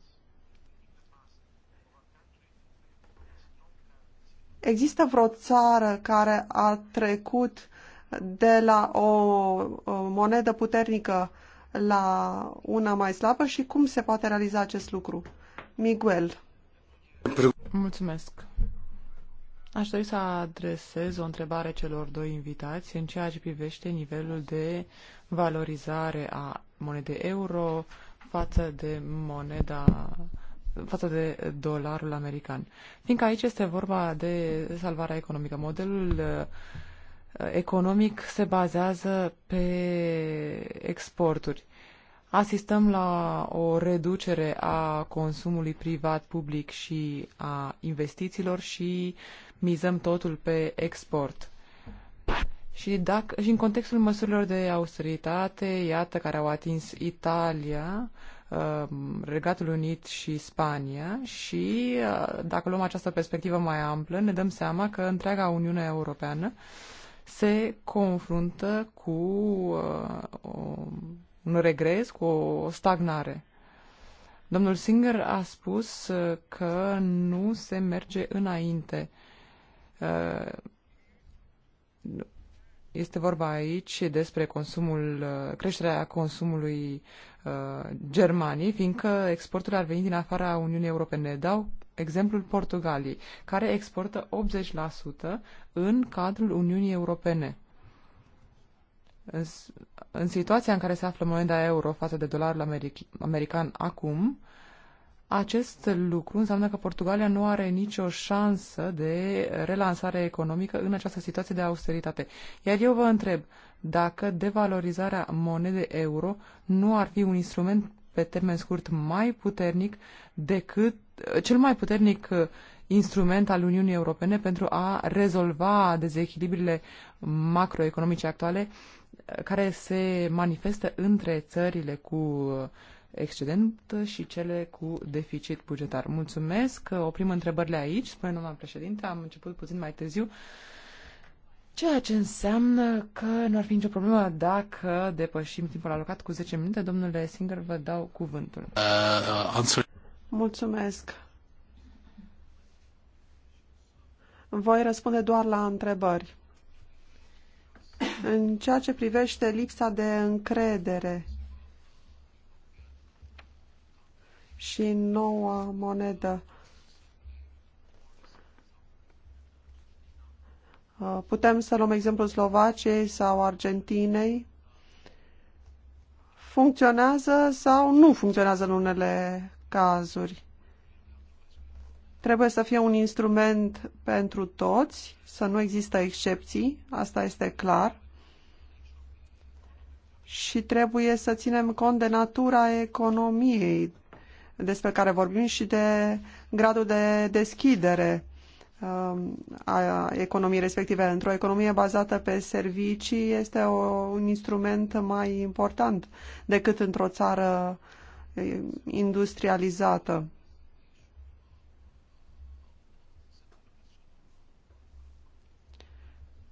există vreo țară care a trecut de la o monedă puternică la una mai slabă și cum se poate realiza acest lucru? Miguel. Mulțumesc. Aș dori să adresez o întrebare celor doi invitați în ceea ce privește nivelul de valorizare a monedei euro față de moneda față de dolarul american. Fiindcă aici este vorba de salvarea economică. Modelul uh, economic se bazează pe exporturi. Asistăm la o reducere a consumului privat, public și a investițiilor și uh, mizăm totul pe export. Și, dacă, și în contextul măsurilor de austeritate, iată, care au atins Italia, uh, Regatul Unit și Spania și uh, dacă luăm această perspectivă mai amplă, ne dăm seama că întreaga Uniune Europeană se confruntă cu uh, un regres, cu o stagnare. Domnul Singer a spus că nu se merge înainte Uh, este vorba aici despre consumul, uh, creșterea consumului uh, Germaniei, fiindcă exporturile ar veni din afara Uniunii Europene. Dau exemplul Portugaliei, care exportă 80% în cadrul Uniunii Europene. În, situația în care se află moneda euro față de dolarul american acum, acest lucru înseamnă că Portugalia nu are nicio șansă de relansare economică în această situație de austeritate. Iar eu vă întreb dacă devalorizarea monedei euro nu ar fi un instrument pe termen scurt mai puternic decât cel mai puternic uh, instrument al Uniunii Europene pentru a rezolva dezechilibrile macroeconomice actuale uh, care se manifestă între țările cu uh, excedent și cele cu deficit bugetar. Mulțumesc, oprim întrebările aici, spune doamna președinte, am început puțin mai târziu. Ceea ce înseamnă că nu ar fi nicio problemă dacă depășim timpul alocat cu 10 minute. Domnule Singer, vă dau cuvântul. Uh, uh Mulțumesc. Voi răspunde doar la întrebări. În ceea ce privește lipsa de încredere și noua monedă. Uh, putem să luăm exemplul Slovaciei sau Argentinei. Funcționează sau nu funcționează în unele cazuri. Trebuie să fie un instrument pentru toți, să nu există excepții, asta este clar. Și trebuie să ținem cont de natura economiei, despre care vorbim și de gradul de deschidere um, a economiei respective. Într-o economie bazată pe servicii este o, un instrument mai important decât într-o țară industrializată.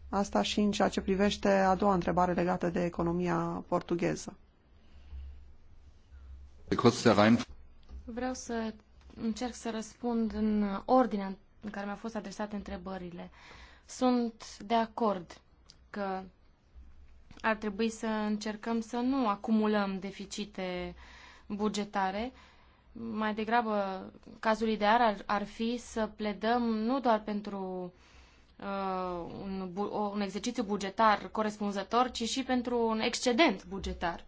Asta și în ceea ce privește a doua întrebare legată de economia portugheză. Vreau să încerc să răspund în ordinea în care mi-au fost adresate întrebările. Sunt de acord că ar trebui să încercăm să nu acumulăm deficite bugetare. Mai degrabă, cazul ideal ar, ar fi să pledăm nu doar pentru uh, un, un exercițiu bugetar corespunzător, ci și pentru un excedent bugetar.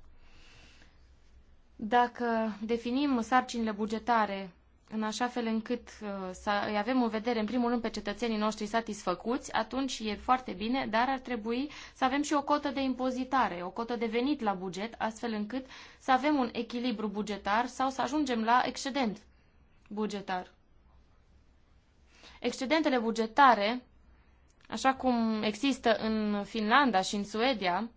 Dacă definim sarcinile bugetare în așa fel încât uh, să îi avem în vedere, în primul rând, pe cetățenii noștri satisfăcuți, atunci e foarte bine, dar ar trebui să avem și o cotă de impozitare, o cotă de venit la buget, astfel încât să avem un echilibru bugetar sau să ajungem la excedent bugetar. Excedentele bugetare, așa cum există în Finlanda și în Suedia,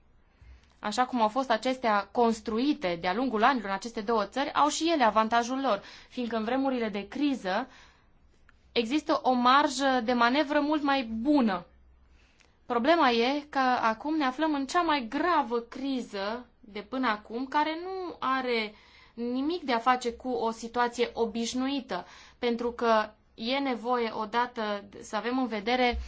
așa cum au fost acestea construite de-a lungul anilor în aceste două țări, au și ele avantajul lor, fiindcă în vremurile de criză există o marjă de manevră mult mai bună. Problema e că acum ne aflăm în cea mai gravă criză de până acum, care nu are nimic de a face cu o situație obișnuită, pentru că e nevoie odată să avem în vedere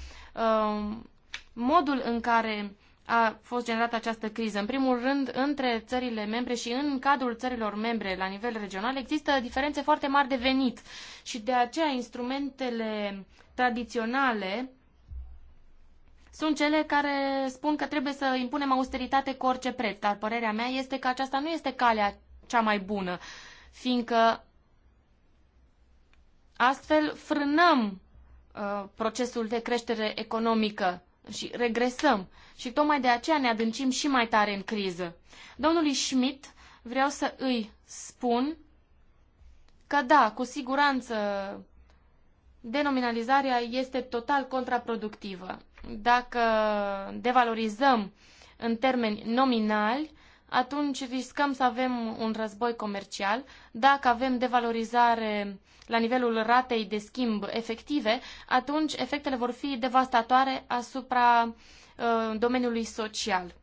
um, modul în care a fost generată această criză. În primul rând, între țările membre și în cadrul țărilor membre la nivel regional există diferențe foarte mari de venit și de aceea instrumentele tradiționale sunt cele care spun că trebuie să impunem austeritate cu orice preț, dar părerea mea este că aceasta nu este calea cea mai bună, fiindcă astfel frânăm uh, procesul de creștere economică și regresăm. Și tocmai de aceea ne adâncim și mai tare în criză. Domnului Schmidt vreau să îi spun că da, cu siguranță denominalizarea este total contraproductivă. Dacă devalorizăm în termeni nominali, atunci riscăm să avem un război comercial. Dacă avem devalorizare la nivelul ratei de schimb efective, atunci efectele vor fi devastatoare asupra uh, domeniului social.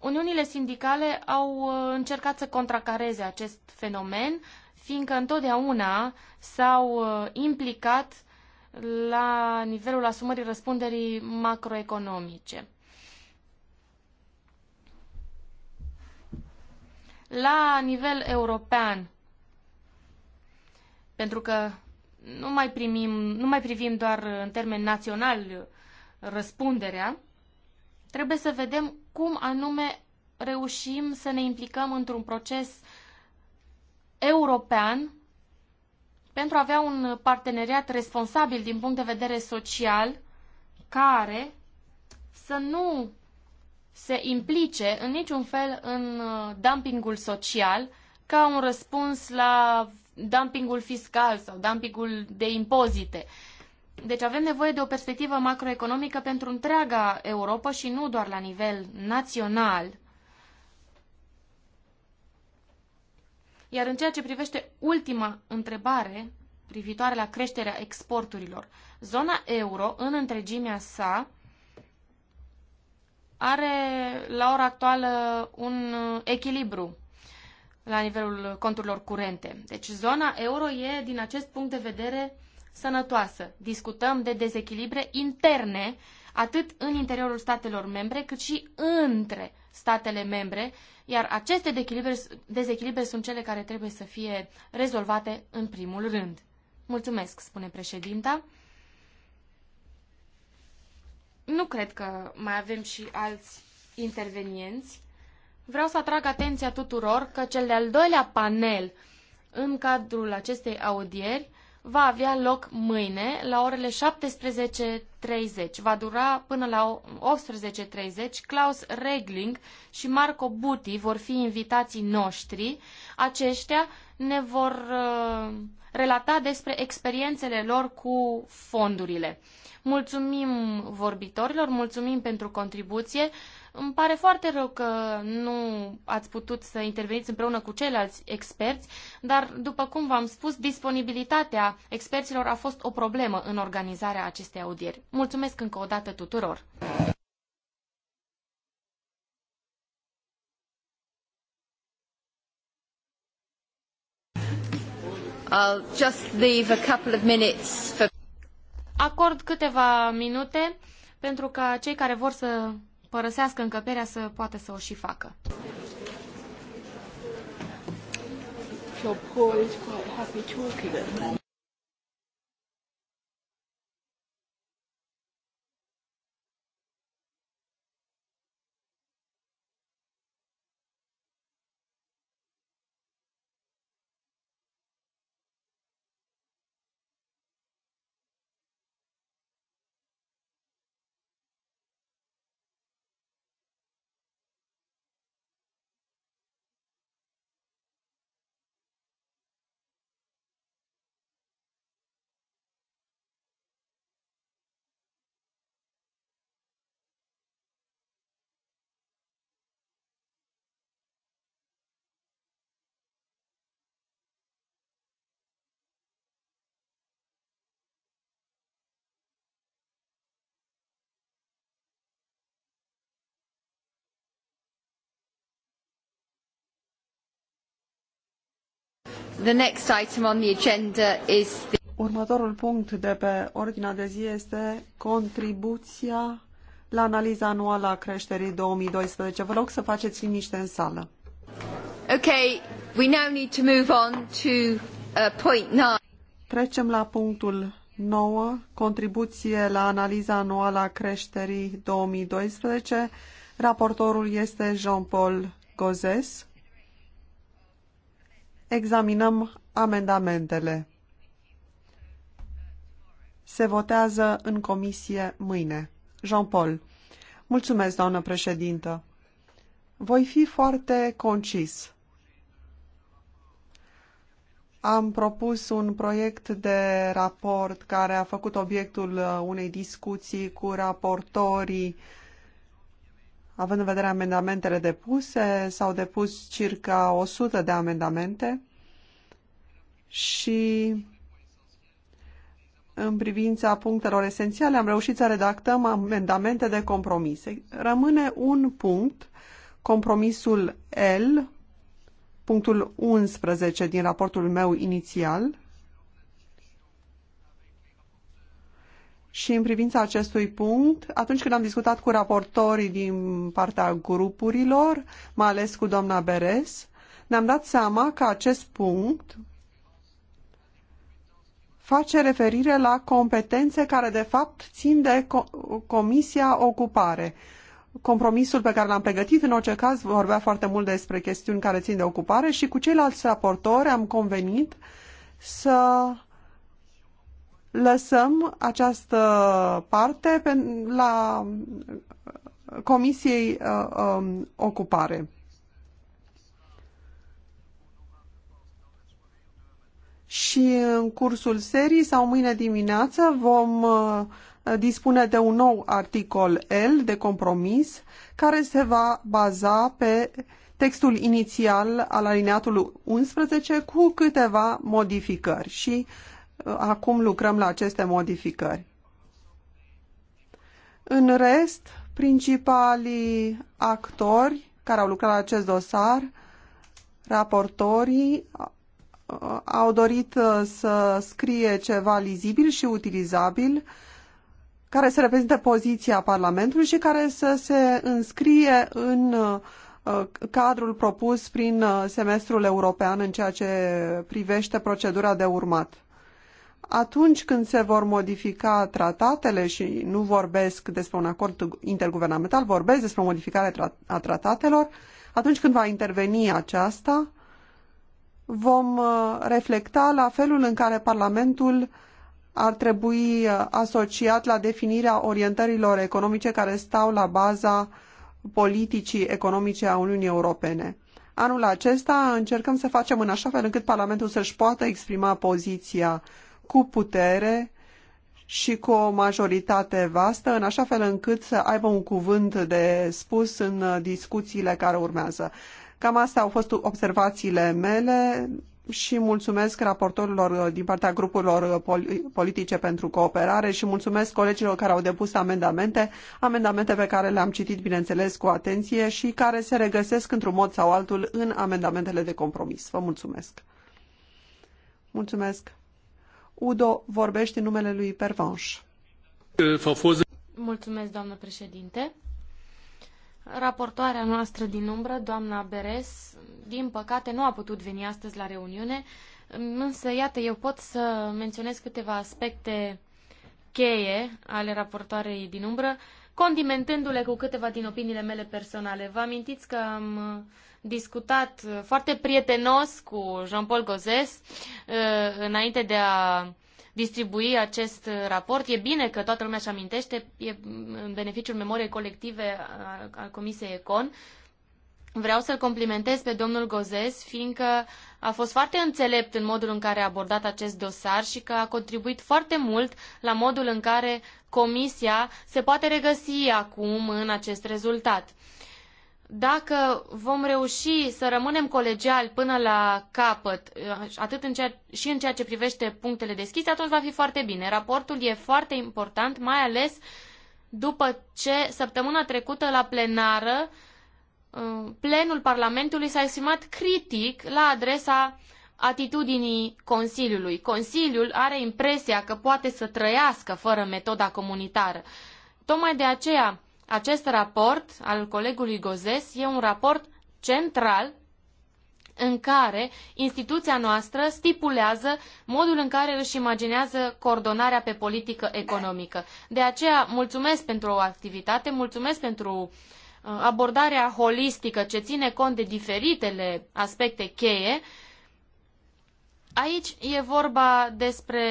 Uniunile sindicale au uh, încercat să contracareze acest fenomen, fiindcă întotdeauna s-au uh, implicat la nivelul asumării răspunderii macroeconomice. la nivel european. Pentru că nu mai, primim, nu mai privim doar în termen național răspunderea, trebuie să vedem cum anume reușim să ne implicăm într-un proces european pentru a avea un parteneriat responsabil din punct de vedere social care să nu se implice în niciun fel în uh, dumpingul social ca un răspuns la dumpingul fiscal sau dumpingul de impozite. Deci avem nevoie de o perspectivă macroeconomică pentru întreaga Europa și nu doar la nivel național. Iar în ceea ce privește ultima întrebare privitoare la creșterea exporturilor, zona euro în întregimea sa are la ora actuală un uh, echilibru la nivelul conturilor curente. Deci zona euro e, din acest punct de vedere, sănătoasă. Discutăm de dezechilibre interne, atât în interiorul statelor membre, cât și între statele membre, iar aceste dezechilibre, dezechilibre sunt cele care trebuie să fie rezolvate în primul rând. Mulțumesc, spune președinta. Nu cred că mai avem și alți intervenienți. Vreau să atrag atenția tuturor că cel de-al doilea panel în cadrul acestei audieri va avea loc mâine la orele 17.30. Va dura până la 18.30. Klaus Regling și Marco Buti vor fi invitații noștri. Aceștia ne vor uh, relata despre experiențele lor cu fondurile. Mulțumim vorbitorilor, mulțumim pentru contribuție. Îmi pare foarte rău că nu ați putut să interveniți împreună cu ceilalți experți, dar, după cum v-am spus, disponibilitatea experților a fost o problemă în organizarea acestei audieri. Mulțumesc încă o dată tuturor! I'll just leave a couple of minutes for... Acord câteva minute pentru ca cei care vor să părăsească încăperea să poată să o și facă. is quite happy talking Următorul punct de pe ordinea de zi este contribuția la analiza anuală a creșterii 2012. Vă rog să faceți liniște în sală. Okay, we now need to move on to uh, point nine. Trecem la punctul 9, contribuție la analiza anuală a creșterii 2012. Raportorul este Jean-Paul Gozes examinăm amendamentele. Se votează în comisie mâine. Jean-Paul. Mulțumesc, doamnă președintă. Voi fi foarte concis. Am propus un proiect de raport care a făcut obiectul uh, unei discuții cu raportorii Având în vedere amendamentele depuse, s-au depus circa 100 de amendamente și în privința punctelor esențiale am reușit să redactăm amendamente de compromis. Rămâne un punct, compromisul L, punctul 11 din raportul meu inițial, și în privința acestui punct, atunci când am discutat cu raportorii din partea grupurilor, mai ales cu doamna Beres, ne-am dat seama că acest punct face referire la competențe care de fapt țin de Comisia Ocupare. Compromisul pe care l-am pregătit în orice caz vorbea foarte mult despre chestiuni care țin de ocupare și cu ceilalți raportori am convenit să lăsăm această parte pe, la Comisiei uh, um, Ocupare. Și în cursul serii sau mâine dimineață vom uh, dispune de un nou articol L de compromis care se va baza pe textul inițial al alineatului 11 cu câteva modificări și uh, acum lucrăm la aceste modificări. În rest, principalii actori care au lucrat la acest dosar, raportorii, uh, au dorit uh, să scrie ceva lizibil și utilizabil care să reprezinte poziția Parlamentului și care să se înscrie în uh, cadrul propus prin semestrul european în ceea ce privește procedura de urmat atunci când se vor modifica tratatele și nu vorbesc despre un acord interguvernamental, vorbesc despre o modificare a tratatelor, atunci când va interveni aceasta, vom uh, reflecta la felul în care Parlamentul ar trebui uh, asociat la definirea orientărilor economice care stau la baza politicii economice a Uniunii Europene. Anul acesta încercăm să facem în așa fel încât Parlamentul să-și poată exprima poziția cu putere și cu o majoritate vastă, în așa fel încât să aibă un cuvânt de spus în discuțiile care urmează. Cam astea au fost observațiile mele și mulțumesc raportorilor din partea grupurilor politice pentru cooperare și mulțumesc colegilor care au depus amendamente, amendamente pe care le-am citit, bineînțeles, cu atenție și care se regăsesc într-un mod sau altul în amendamentele de compromis. Vă mulțumesc! Mulțumesc! Udo vorbește numele lui Pervanș. Mulțumesc, doamnă președinte. Raportoarea noastră din umbră, doamna Beres, din păcate nu a putut veni astăzi la reuniune, însă, iată, eu pot să menționez câteva aspecte cheie ale raportoarei din umbră, condimentându-le cu câteva din opiniile mele personale. Vă amintiți că am discutat uh, foarte prietenos cu Jean-Paul Gozes uh, înainte de a distribui acest uh, raport. E bine că toată lumea își amintește, e mm, în beneficiul memoriei colective al Comisiei Econ. Vreau să-l complimentez pe domnul Gozes, fiindcă a fost foarte înțelept în modul în care a abordat acest dosar și că a contribuit foarte mult la modul în care Comisia se poate regăsi acum în acest rezultat dacă vom reuși să rămânem colegiali până la capăt, uh, atât în ceea, și în ceea ce privește punctele deschise, atunci va fi foarte bine. Raportul e foarte important, mai ales după ce săptămâna trecută la plenară uh, plenul Parlamentului s-a exprimat critic la adresa atitudinii Consiliului. Consiliul are impresia că poate să trăiască fără metoda comunitară. Tocmai de aceea acest raport al colegului Gozes e un raport central în care instituția noastră stipulează modul în care își imaginează coordonarea pe politică economică. De aceea mulțumesc pentru o activitate, mulțumesc pentru uh, abordarea holistică ce ține cont de diferitele aspecte cheie. Aici e vorba despre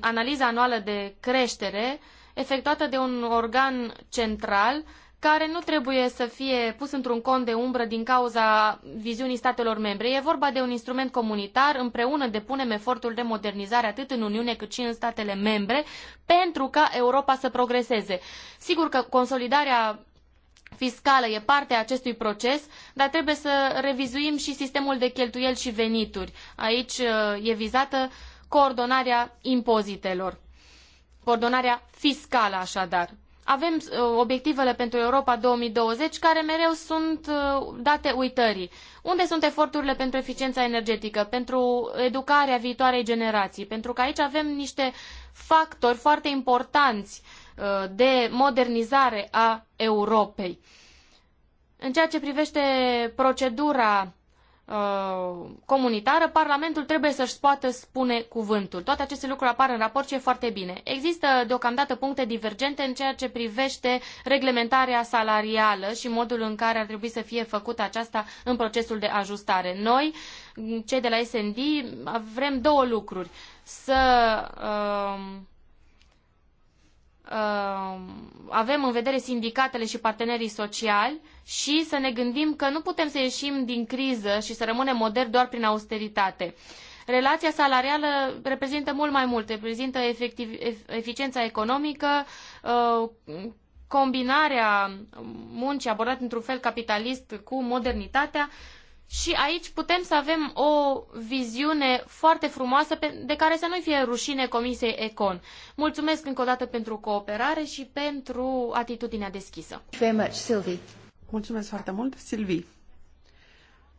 analiza anuală de creștere uh, efectuată de un organ central care nu trebuie să fie pus într-un cont de umbră din cauza viziunii statelor membre. E vorba de un instrument comunitar, împreună depunem efortul de modernizare atât în Uniune cât și în statele membre pentru ca Europa să progreseze. Sigur că consolidarea fiscală e parte a acestui proces, dar trebuie să revizuim și sistemul de cheltuieli și venituri. Aici uh, e vizată coordonarea impozitelor coordonarea fiscală, așadar. Avem uh, obiectivele pentru Europa 2020, care mereu sunt uh, date uitării. Unde sunt eforturile pentru eficiența energetică, pentru educarea viitoarei generații? Pentru că aici avem niște factori foarte importanți uh, de modernizare a Europei. În ceea ce privește procedura Uh, comunitară, Parlamentul trebuie să-și poată spune cuvântul. Toate aceste lucruri apar în raport și e foarte bine. Există deocamdată puncte divergente în ceea ce privește reglementarea salarială și modul în care ar trebui să fie făcută aceasta în procesul de ajustare. Noi, cei de la SND, vrem două lucruri. Să... Uh, Uh, avem în vedere sindicatele și partenerii sociali și să ne gândim că nu putem să ieșim din criză și să rămânem moderni doar prin austeritate. Relația salarială reprezintă mult mai mult, reprezintă efectiv, eficiența economică, uh, combinarea muncii abordate într-un fel capitalist cu modernitatea și aici putem să avem o viziune foarte frumoasă de care să nu fie rușine Comisiei Econ. Mulțumesc încă o dată pentru cooperare și pentru atitudinea deschisă. Very much, Sylvie. Mulțumesc foarte mult, Silvi.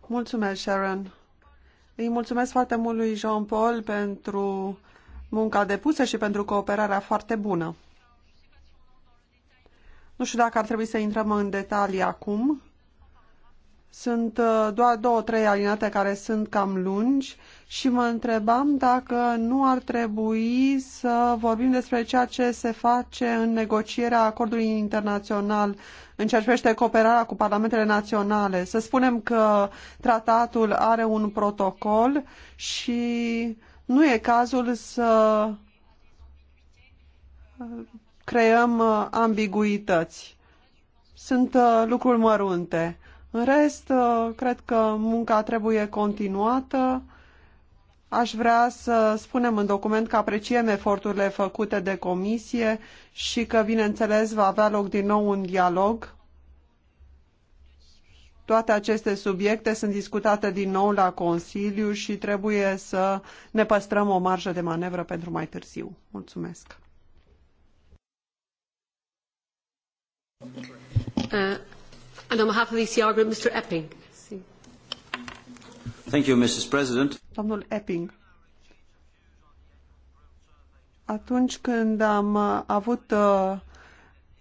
Mulțumesc, Sharon. Îi mulțumesc foarte mult lui Jean-Paul pentru munca depusă și pentru cooperarea foarte bună. Nu știu dacă ar trebui să intrăm în detalii acum, sunt uh, doar două, trei alinate care sunt cam lungi și mă întrebam dacă nu ar trebui să vorbim despre ceea ce se face în negocierea acordului internațional în ceea ce privește cooperarea cu parlamentele naționale. Să spunem că tratatul are un protocol și nu e cazul să uh, creăm uh, ambiguități. Sunt lucruri mărunte. În rest, uh, cred că munca trebuie continuată. Aș vrea să spunem în document că apreciem eforturile făcute de comisie și că, bineînțeles, va avea loc din nou un dialog. Toate aceste subiecte sunt discutate din nou la Consiliu și trebuie să ne păstrăm o marjă de manevră pentru mai târziu. Mulțumesc! Uh. And Epping. Domnul Epping. Atunci când am uh, avut uh,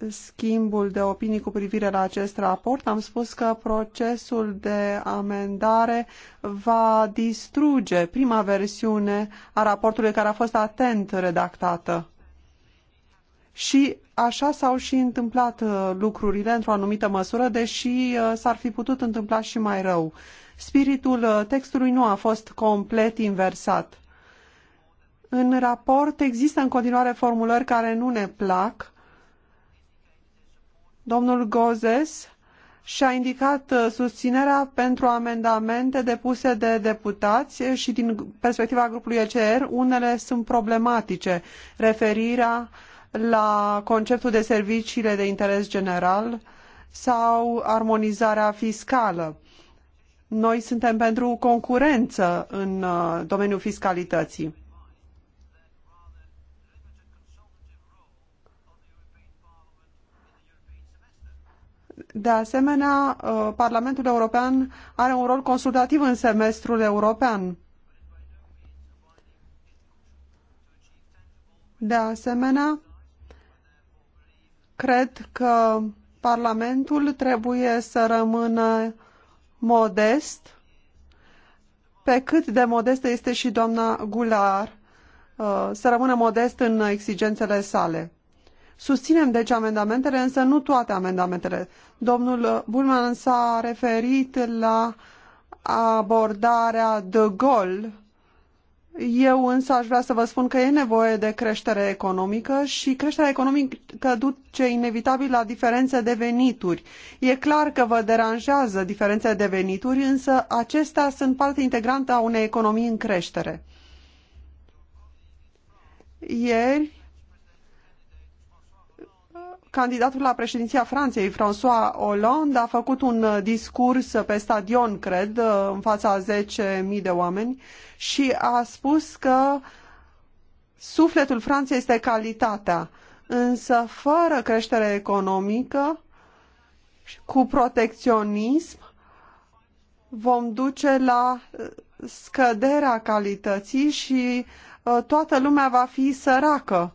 schimbul de opinii cu privire la acest raport, am spus că procesul de amendare va distruge prima versiune a raportului care a fost atent redactată și Așa s-au și întâmplat uh, lucrurile într-o anumită măsură, deși uh, s-ar fi putut întâmpla și mai rău. Spiritul uh, textului nu a fost complet inversat. În raport există în continuare formulări care nu ne plac. Domnul Gozes și-a indicat susținerea pentru amendamente depuse de deputați și din perspectiva grupului ECR, unele sunt problematice. Referirea uh, la conceptul de serviciile de interes general sau armonizarea fiscală. Noi suntem pentru concurență în uh, domeniul fiscalității. De asemenea, uh, Parlamentul European are un rol consultativ în semestrul european. De asemenea, Cred că Parlamentul trebuie să rămână modest, pe cât de modestă este și doamna Gular, uh, să rămână modest în exigențele sale. Susținem deci amendamentele, însă nu toate amendamentele. Domnul Bulman s-a referit la abordarea de Gaulle eu însă aș vrea să vă spun că e nevoie de creștere economică și creșterea economică duce inevitabil la diferențe de venituri. E clar că vă deranjează diferențe de venituri, însă acestea sunt parte integrantă a unei economii în creștere. Ieri candidatul la președinția Franței, François Hollande, a făcut un uh, discurs pe stadion, cred, uh, în fața 10.000 de oameni și a spus că sufletul Franței este calitatea, însă fără creștere economică, cu protecționism, vom duce la uh, scăderea calității și toată lumea va fi săracă.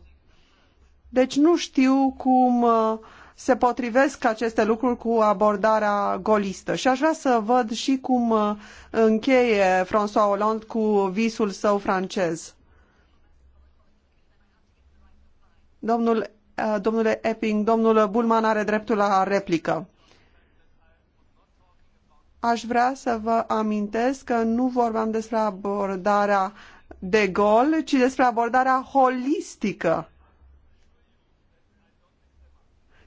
Deci nu știu cum uh, se potrivesc aceste lucruri cu abordarea golistă. Și aș vrea să văd și cum uh, încheie François Hollande cu visul său francez. Domnul, uh, domnule Epping, domnul Bulman are dreptul la replică. Aș vrea să vă amintesc că nu vorbeam despre abordarea de gol, ci despre abordarea holistică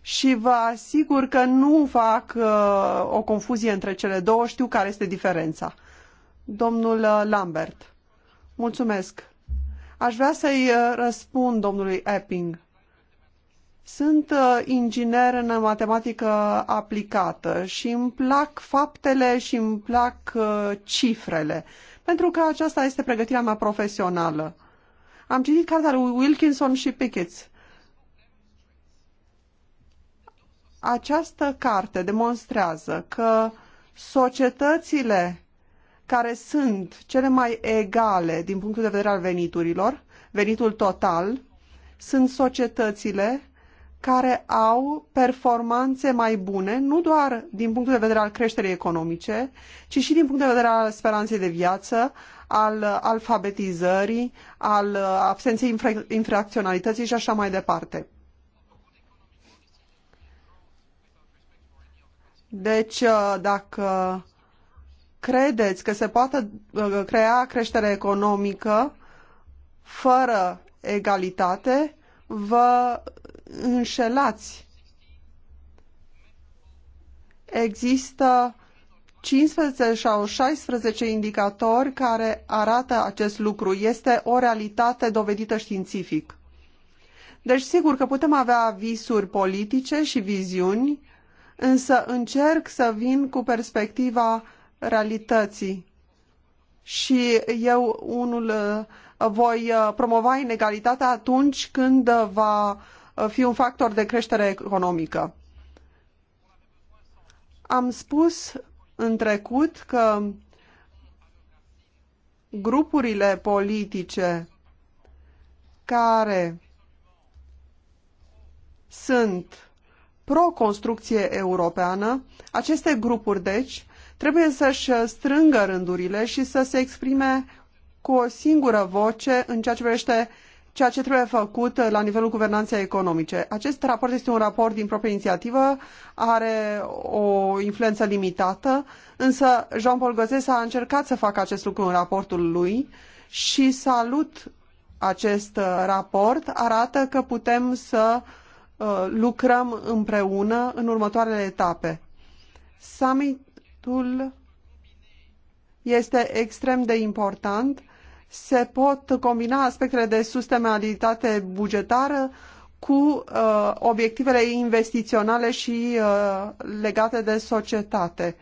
și vă asigur că nu fac uh, o confuzie între cele două, știu care este diferența. Domnul uh, Lambert, mulțumesc. Aș vrea să-i uh, răspund domnului Epping. Sunt uh, inginer în matematică aplicată și îmi plac faptele și îmi plac cifrele, pentru că aceasta este pregătirea mea profesională. Am citit cartea lui Wilkinson și Pickett Această carte demonstrează că societățile care sunt cele mai egale din punctul de vedere al veniturilor, venitul total, sunt societățile care au performanțe mai bune, nu doar din punctul de vedere al creșterii economice, ci și din punct de vedere al speranței de viață, al alfabetizării, al absenței infracționalității și așa mai departe. Deci, uh, dacă credeți că se poate uh, crea creștere economică fără egalitate, vă înșelați. Există 15 sau 16 indicatori care arată acest lucru. Este o realitate dovedită științific. Deci, sigur că putem avea visuri politice și viziuni, însă încerc să vin cu perspectiva realității. Și eu unul uh, voi uh, promova inegalitatea atunci când uh, va fi un factor de creștere economică. Am spus în trecut că grupurile politice care sunt pro-construcție europeană, aceste grupuri, deci, trebuie să-și strângă rândurile și să se exprime cu o singură voce în ceea ce privește ceea ce trebuie făcut la nivelul guvernanței economice. Acest raport este un raport din proprie inițiativă, are o influență limitată, însă Jean-Paul Gozes a încercat să facă acest lucru în raportul lui și salut acest raport, arată că putem să uh, Uh, lucrăm împreună în următoarele etape. Summitul este extrem de important. Se pot combina aspectele de sustenabilitate bugetară cu uh, obiectivele investiționale și uh, legate de societate.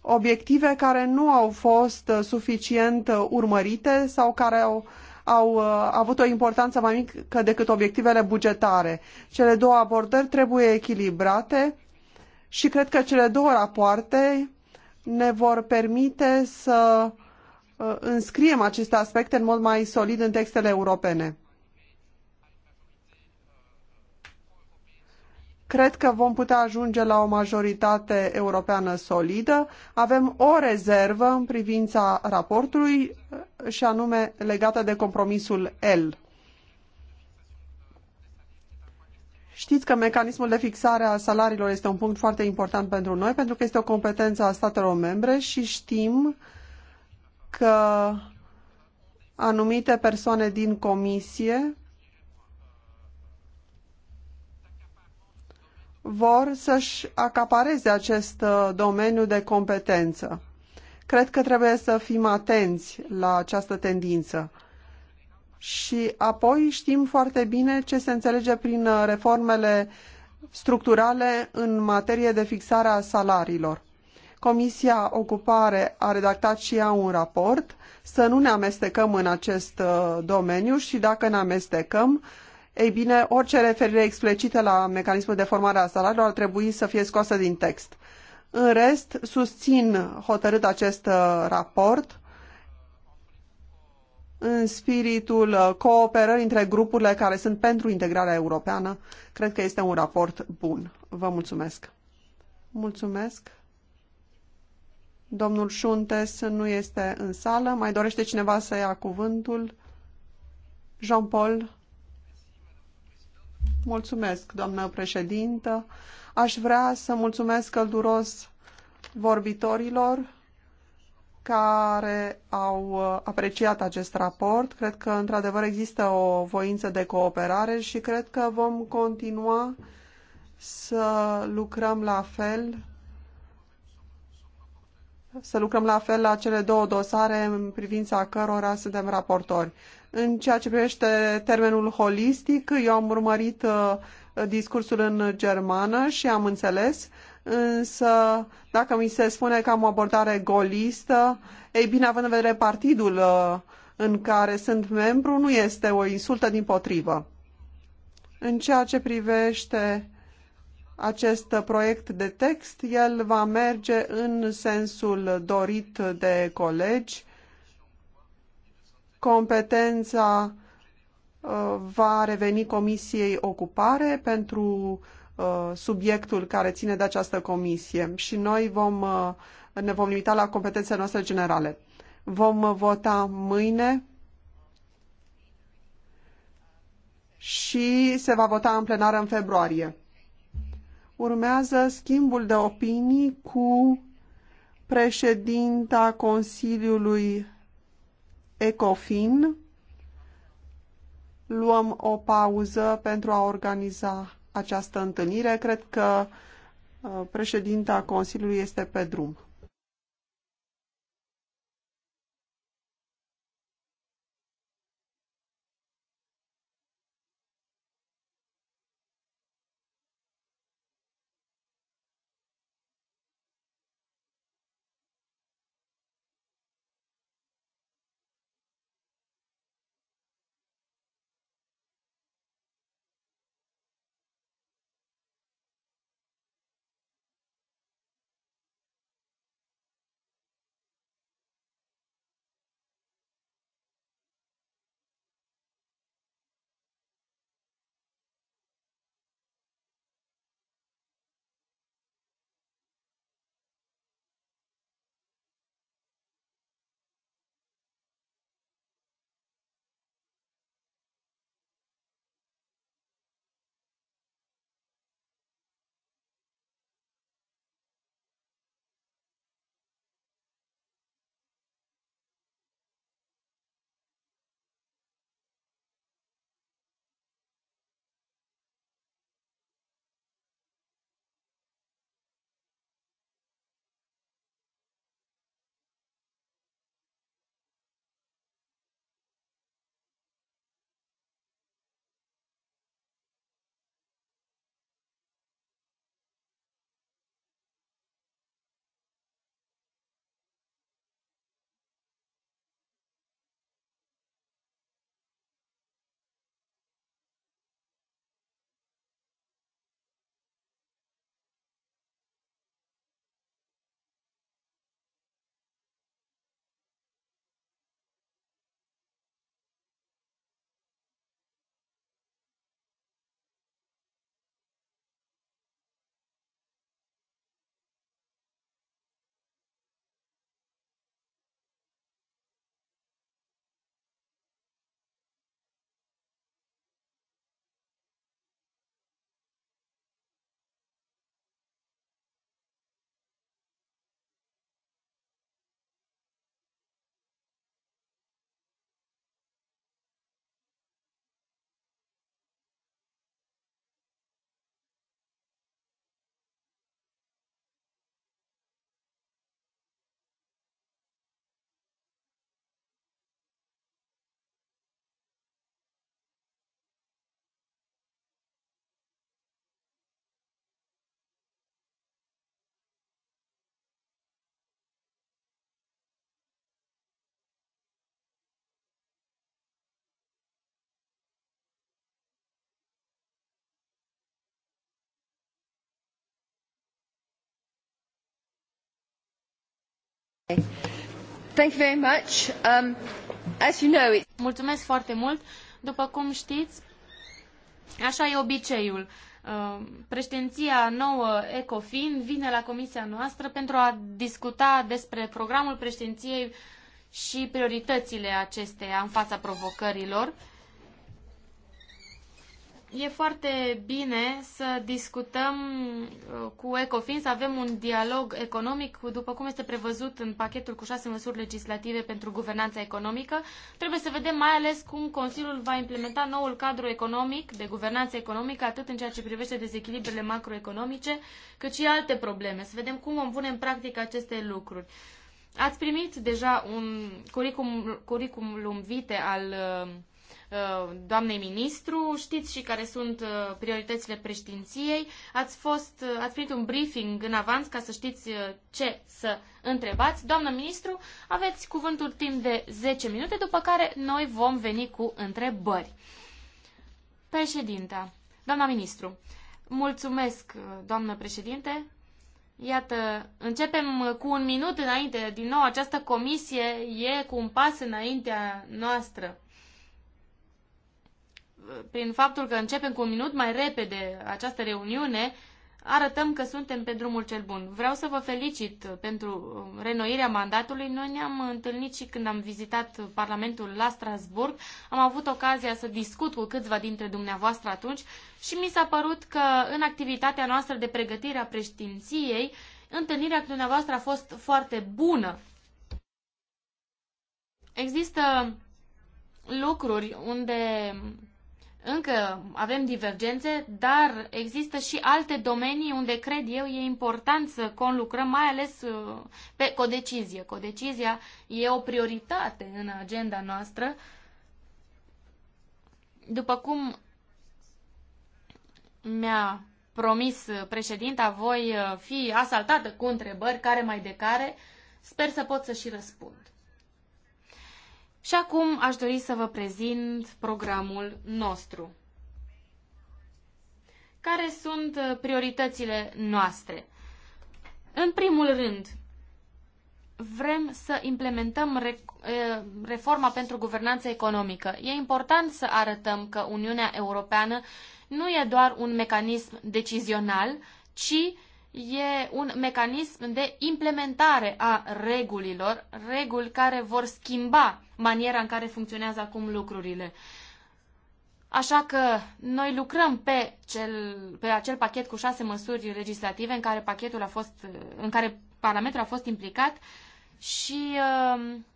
Obiective care nu au fost uh, suficient uh, urmărite sau care au uh, au uh, avut o importanță mai mică decât obiectivele bugetare. Cele două abordări trebuie echilibrate și cred că cele două rapoarte ne vor permite să uh, înscriem aceste aspecte în mod mai solid în textele europene. Cred că vom putea ajunge la o majoritate europeană solidă. Avem o rezervă în privința raportului și anume legată de compromisul L. Știți că mecanismul de fixare a salariilor este un punct foarte important pentru noi, pentru că este o competență a statelor membre și știm că anumite persoane din comisie vor să-și acapareze acest uh, domeniu de competență. Cred că trebuie să fim atenți la această tendință. Și apoi știm foarte bine ce se înțelege prin uh, reformele structurale în materie de fixare a salariilor. Comisia Ocupare a redactat și ea un raport, să nu ne amestecăm în acest uh, domeniu și dacă ne amestecăm, ei bine, orice referire explicită la mecanismul de formare a salariilor ar trebui să fie scoasă din text. În rest, susțin hotărât acest uh, raport în spiritul uh, cooperării între grupurile care sunt pentru integrarea europeană. Cred că este un raport bun. Vă mulțumesc. Mulțumesc. Domnul Șuntes nu este în sală. Mai dorește cineva să ia cuvântul? Jean-Paul. Mulțumesc, doamnă președintă. Aș vrea să mulțumesc călduros vorbitorilor care au uh, apreciat acest raport. Cred că, într-adevăr, există o voință de cooperare și cred că vom continua să lucrăm la fel să lucrăm la fel la cele două dosare în privința cărora suntem raportori. În ceea ce privește termenul holistic, eu am urmărit uh, discursul în germană și am înțeles, însă dacă mi se spune că am o abordare golistă, ei bine, având în vedere partidul uh, în care sunt membru, nu este o insultă din potrivă. În ceea ce privește acest proiect de text, el va merge în sensul dorit de colegi. Competența va reveni Comisiei Ocupare pentru uh, subiectul care ține de această comisie și noi vom, uh, ne vom limita la competențele noastre generale. Vom uh, vota mâine și se va vota în plenară în februarie. Urmează schimbul de opinii cu președinta Consiliului ECOFIN, luăm o pauză pentru a organiza această întâlnire. Cred că uh, președinta Consiliului este pe drum. Um, Mulțumesc foarte mult. După cum știți, așa e obiceiul. Um, președinția nouă ECOFIN vine la comisia noastră pentru a discuta despre programul președinției și prioritățile acesteia în fața provocărilor e foarte bine să discutăm uh, cu Ecofin, să avem un dialog economic, după cum este prevăzut în pachetul cu șase măsuri legislative pentru guvernanța economică. Trebuie să vedem mai ales cum Consiliul va implementa noul cadru economic de guvernanță economică, atât în ceea ce privește dezechilibrele macroeconomice, cât și alte probleme. Să vedem cum vom pune în practică aceste lucruri. Ați primit deja un curriculum, curriculum vite al uh, Uh, doamnei ministru, știți și care sunt uh, prioritățile preștinției. Ați, fost, uh, ați primit un briefing în avans ca să știți ce să întrebați. Doamnă ministru, aveți cuvântul timp de 10 minute, după care noi vom veni cu întrebări. Președinta, doamna ministru, mulțumesc, doamnă președinte, Iată, începem cu un minut înainte. Din nou, această comisie e cu un pas înaintea noastră prin faptul că începem cu un minut mai repede această reuniune, arătăm că suntem pe drumul cel bun. Vreau să vă felicit pentru um, renoirea mandatului. Noi ne-am întâlnit și când am vizitat Parlamentul la Strasburg. Am avut ocazia să discut cu câțiva dintre dumneavoastră atunci și mi s-a părut că în activitatea noastră de pregătire a preștinției, întâlnirea cu dumneavoastră a fost foarte bună. Există lucruri unde încă avem divergențe, dar există și alte domenii unde cred eu e important să conlucrăm, mai ales uh, pe codecizie. Codecizia e o prioritate în agenda noastră. După cum mi-a promis președinta, voi uh, fi asaltată cu întrebări, care mai de care. Sper să pot să și răspund. Și acum aș dori să vă prezint programul nostru. Care sunt uh, prioritățile noastre? În primul rând, vrem să implementăm uh, reforma pentru guvernanță economică. E important să arătăm că Uniunea Europeană nu e doar un mecanism decizional, ci e un mecanism de implementare a regulilor, reguli care vor schimba maniera în care funcționează acum lucrurile. Așa că noi lucrăm pe, cel, pe acel pachet cu șase măsuri legislative în care, pachetul a fost, în care Parlamentul a fost implicat și, um,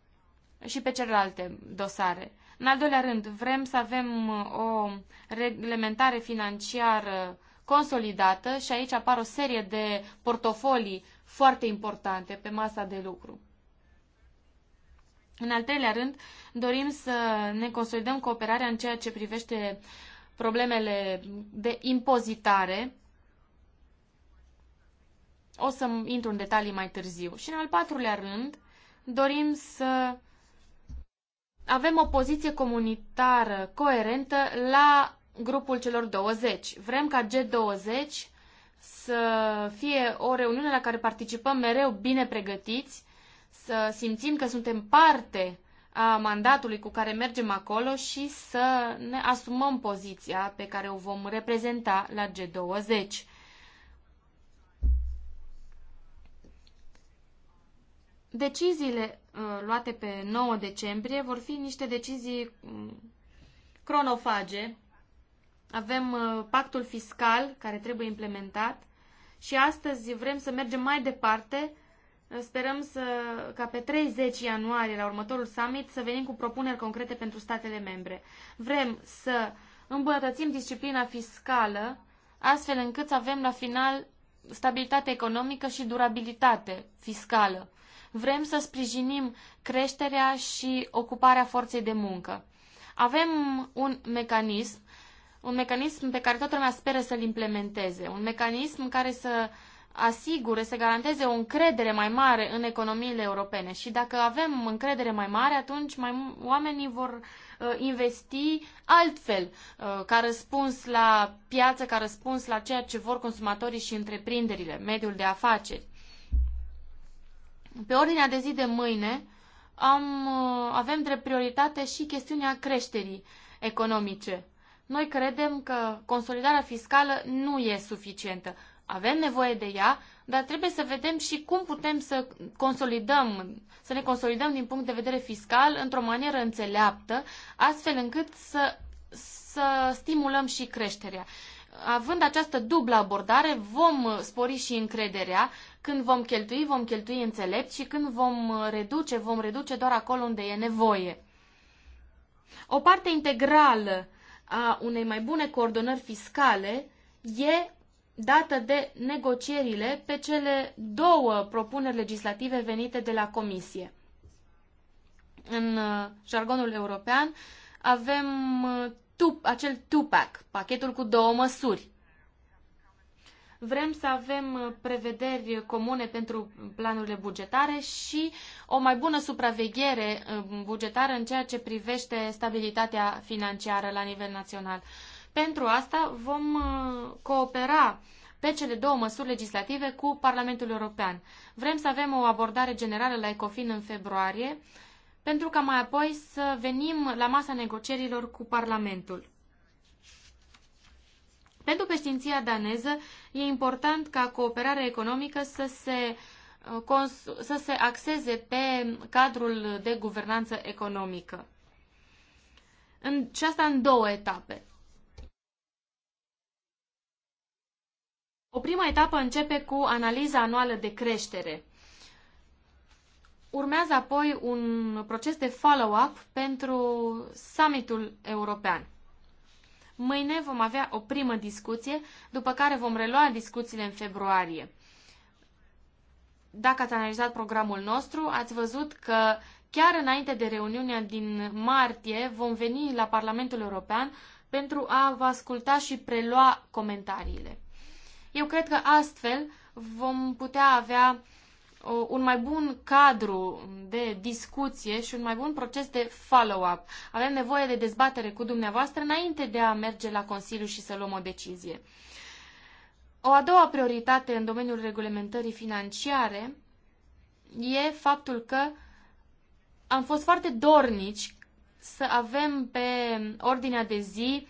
și pe celelalte dosare. În al doilea rând, vrem să avem uh, o reglementare financiară consolidată și aici apar o serie de portofolii foarte importante pe masa de lucru. În al treilea rând, dorim să ne consolidăm cooperarea în ceea ce privește problemele de impozitare. O să intru în detalii mai târziu. Și în al patrulea rând, dorim să avem o poziție comunitară coerentă la grupul celor 20. Vrem ca G20 să fie o reuniune la care participăm mereu bine pregătiți să simțim că suntem parte a mandatului cu care mergem acolo și să ne asumăm poziția pe care o vom reprezenta la G20. Deciziile uh, luate pe 9 decembrie vor fi niște decizii um, cronofage. Avem uh, pactul fiscal care trebuie implementat și astăzi vrem să mergem mai departe Sperăm să, ca pe 30 ianuarie, la următorul summit, să venim cu propuneri concrete pentru statele membre. Vrem să îmbunătățim disciplina fiscală, astfel încât să avem la final stabilitate economică și durabilitate fiscală. Vrem să sprijinim creșterea și ocuparea forței de muncă. Avem un mecanism, un mecanism pe care toată lumea speră să-l implementeze, un mecanism care să uh, asigure, să garanteze o încredere mai mare în economiile europene. Și dacă avem încredere mai mare, atunci mai oamenii vor uh, investi altfel, uh, ca răspuns la piață, ca răspuns la ceea ce vor consumatorii și întreprinderile, mediul de afaceri. Pe ordinea de zi de mâine am, uh, avem drept prioritate și chestiunea creșterii economice. Noi credem că consolidarea fiscală nu e suficientă. Avem nevoie de ea, dar trebuie să vedem și cum putem să consolidăm, să ne consolidăm din punct de vedere fiscal într-o manieră înțeleaptă, astfel încât să, să stimulăm și creșterea. Având această dublă abordare, vom spori și încrederea. Când vom cheltui, vom cheltui înțelept și când vom reduce, vom reduce doar acolo unde e nevoie. O parte integrală a unei mai bune coordonări fiscale e dată de negocierile pe cele două propuneri legislative venite de la Comisie. În uh, jargonul european avem uh, tup, acel tupac, pachetul cu două măsuri. Vrem să avem uh, prevederi comune pentru planurile bugetare și o mai bună supraveghere bugetară în ceea ce privește stabilitatea financiară la nivel național. Pentru asta vom uh, coopera pe cele două măsuri legislative cu Parlamentul European. Vrem să avem o abordare generală la ECOFIN în februarie, pentru ca mai apoi să venim la masa negocierilor cu Parlamentul. Pentru peștiinția daneză e important ca cooperarea economică să se, uh, să se axeze pe cadrul de guvernanță economică. În, și asta în două etape. O prima etapă începe cu analiza anuală de creștere. Urmează apoi un proces de follow-up pentru summitul european. Mâine vom avea o primă discuție, după care vom relua discuțiile în februarie. Dacă ați analizat programul nostru, ați văzut că chiar înainte de reuniunea din martie vom veni la Parlamentul European pentru a vă asculta și prelua comentariile. Eu cred că astfel vom putea avea un mai bun cadru de discuție și un mai bun proces de follow-up. Avem nevoie de dezbatere cu dumneavoastră înainte de a merge la Consiliu și să luăm o decizie. O a doua prioritate în domeniul reglementării financiare e faptul că am fost foarte dornici să avem pe ordinea de zi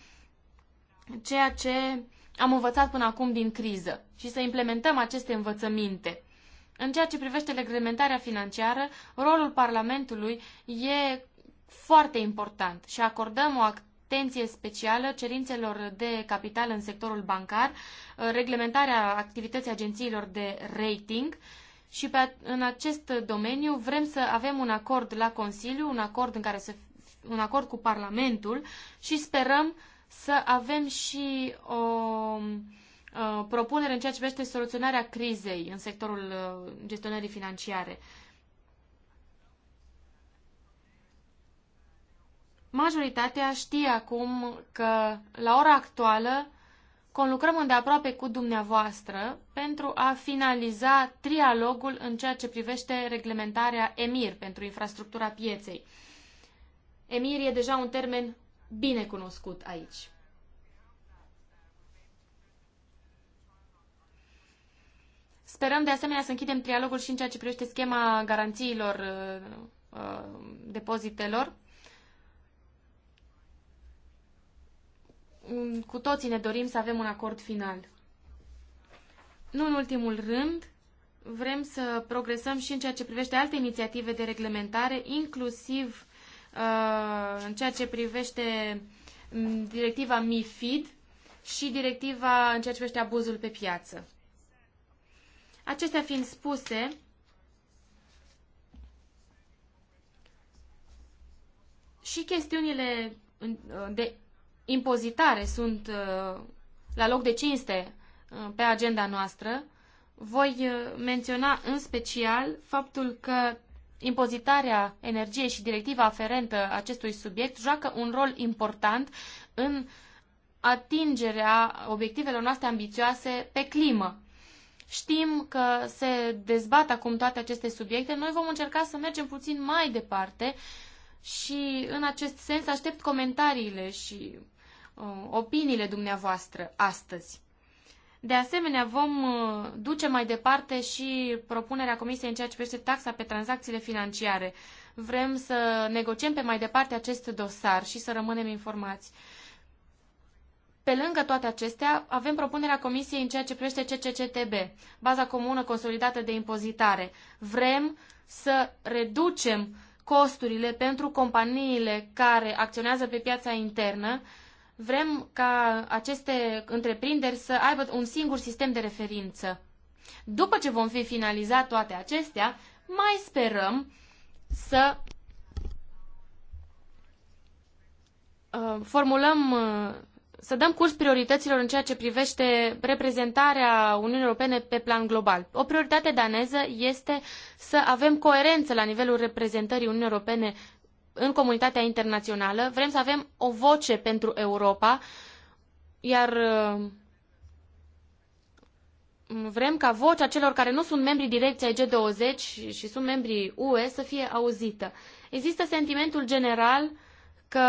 ceea ce am învățat până acum din criză și să implementăm aceste învățăminte. În ceea ce privește reglementarea financiară, rolul Parlamentului e foarte important și acordăm o atenție specială cerințelor de capital în sectorul bancar, reglementarea activității agențiilor de rating și pe, în acest domeniu vrem să avem un acord la Consiliu, un acord în care să un acord cu Parlamentul și sperăm să avem și o propunere în ceea ce privește soluționarea crizei în sectorul uh, gestionării financiare. Majoritatea știe acum că, la ora actuală, conlucrăm îndeaproape cu dumneavoastră pentru a finaliza trialogul în ceea ce privește reglementarea EMIR pentru infrastructura pieței. EMIR e deja un termen bine cunoscut aici. Sperăm de asemenea să închidem trialogul și în ceea ce privește schema garanțiilor uh, uh depozitelor. Cu toții ne dorim să avem un acord final. Nu în ultimul rând, vrem să progresăm și în ceea ce privește alte inițiative de reglementare, inclusiv Uh, în ceea ce privește mm, directiva MIFID și directiva în ceea ce privește abuzul pe piață. Acestea fiind spuse, și chestiunile uh, de impozitare sunt uh, la loc de cinste pe agenda noastră. Voi menționa în special faptul că impozitarea energiei și directiva aferentă acestui subiect joacă un rol important în atingerea obiectivelor noastre ambițioase pe climă. Știm că se dezbat acum toate aceste subiecte. Noi vom încerca să mergem puțin mai departe și în acest sens aștept comentariile și uh, opiniile dumneavoastră astăzi. De asemenea, vom uh, duce mai departe și propunerea Comisiei în ceea ce privește taxa pe tranzacțiile financiare. Vrem să negociem pe mai departe acest dosar și să rămânem informați. Pe lângă toate acestea, avem propunerea Comisiei în ceea ce privește CCCTB, baza comună consolidată de impozitare. Vrem să reducem costurile pentru companiile care acționează pe piața internă Vrem ca aceste întreprinderi să aibă un singur sistem de referință. După ce vom fi finalizat toate acestea, mai sperăm să uh, formulăm, uh, să dăm curs priorităților în ceea ce privește reprezentarea Uniunii Europene pe plan global. O prioritate daneză este să avem coerență la nivelul reprezentării Uniunii Europene în comunitatea internațională, vrem să avem o voce pentru Europa, iar uh, vrem ca vocea celor care nu sunt membri direcției G20 și sunt membri UE să fie auzită. Există sentimentul general că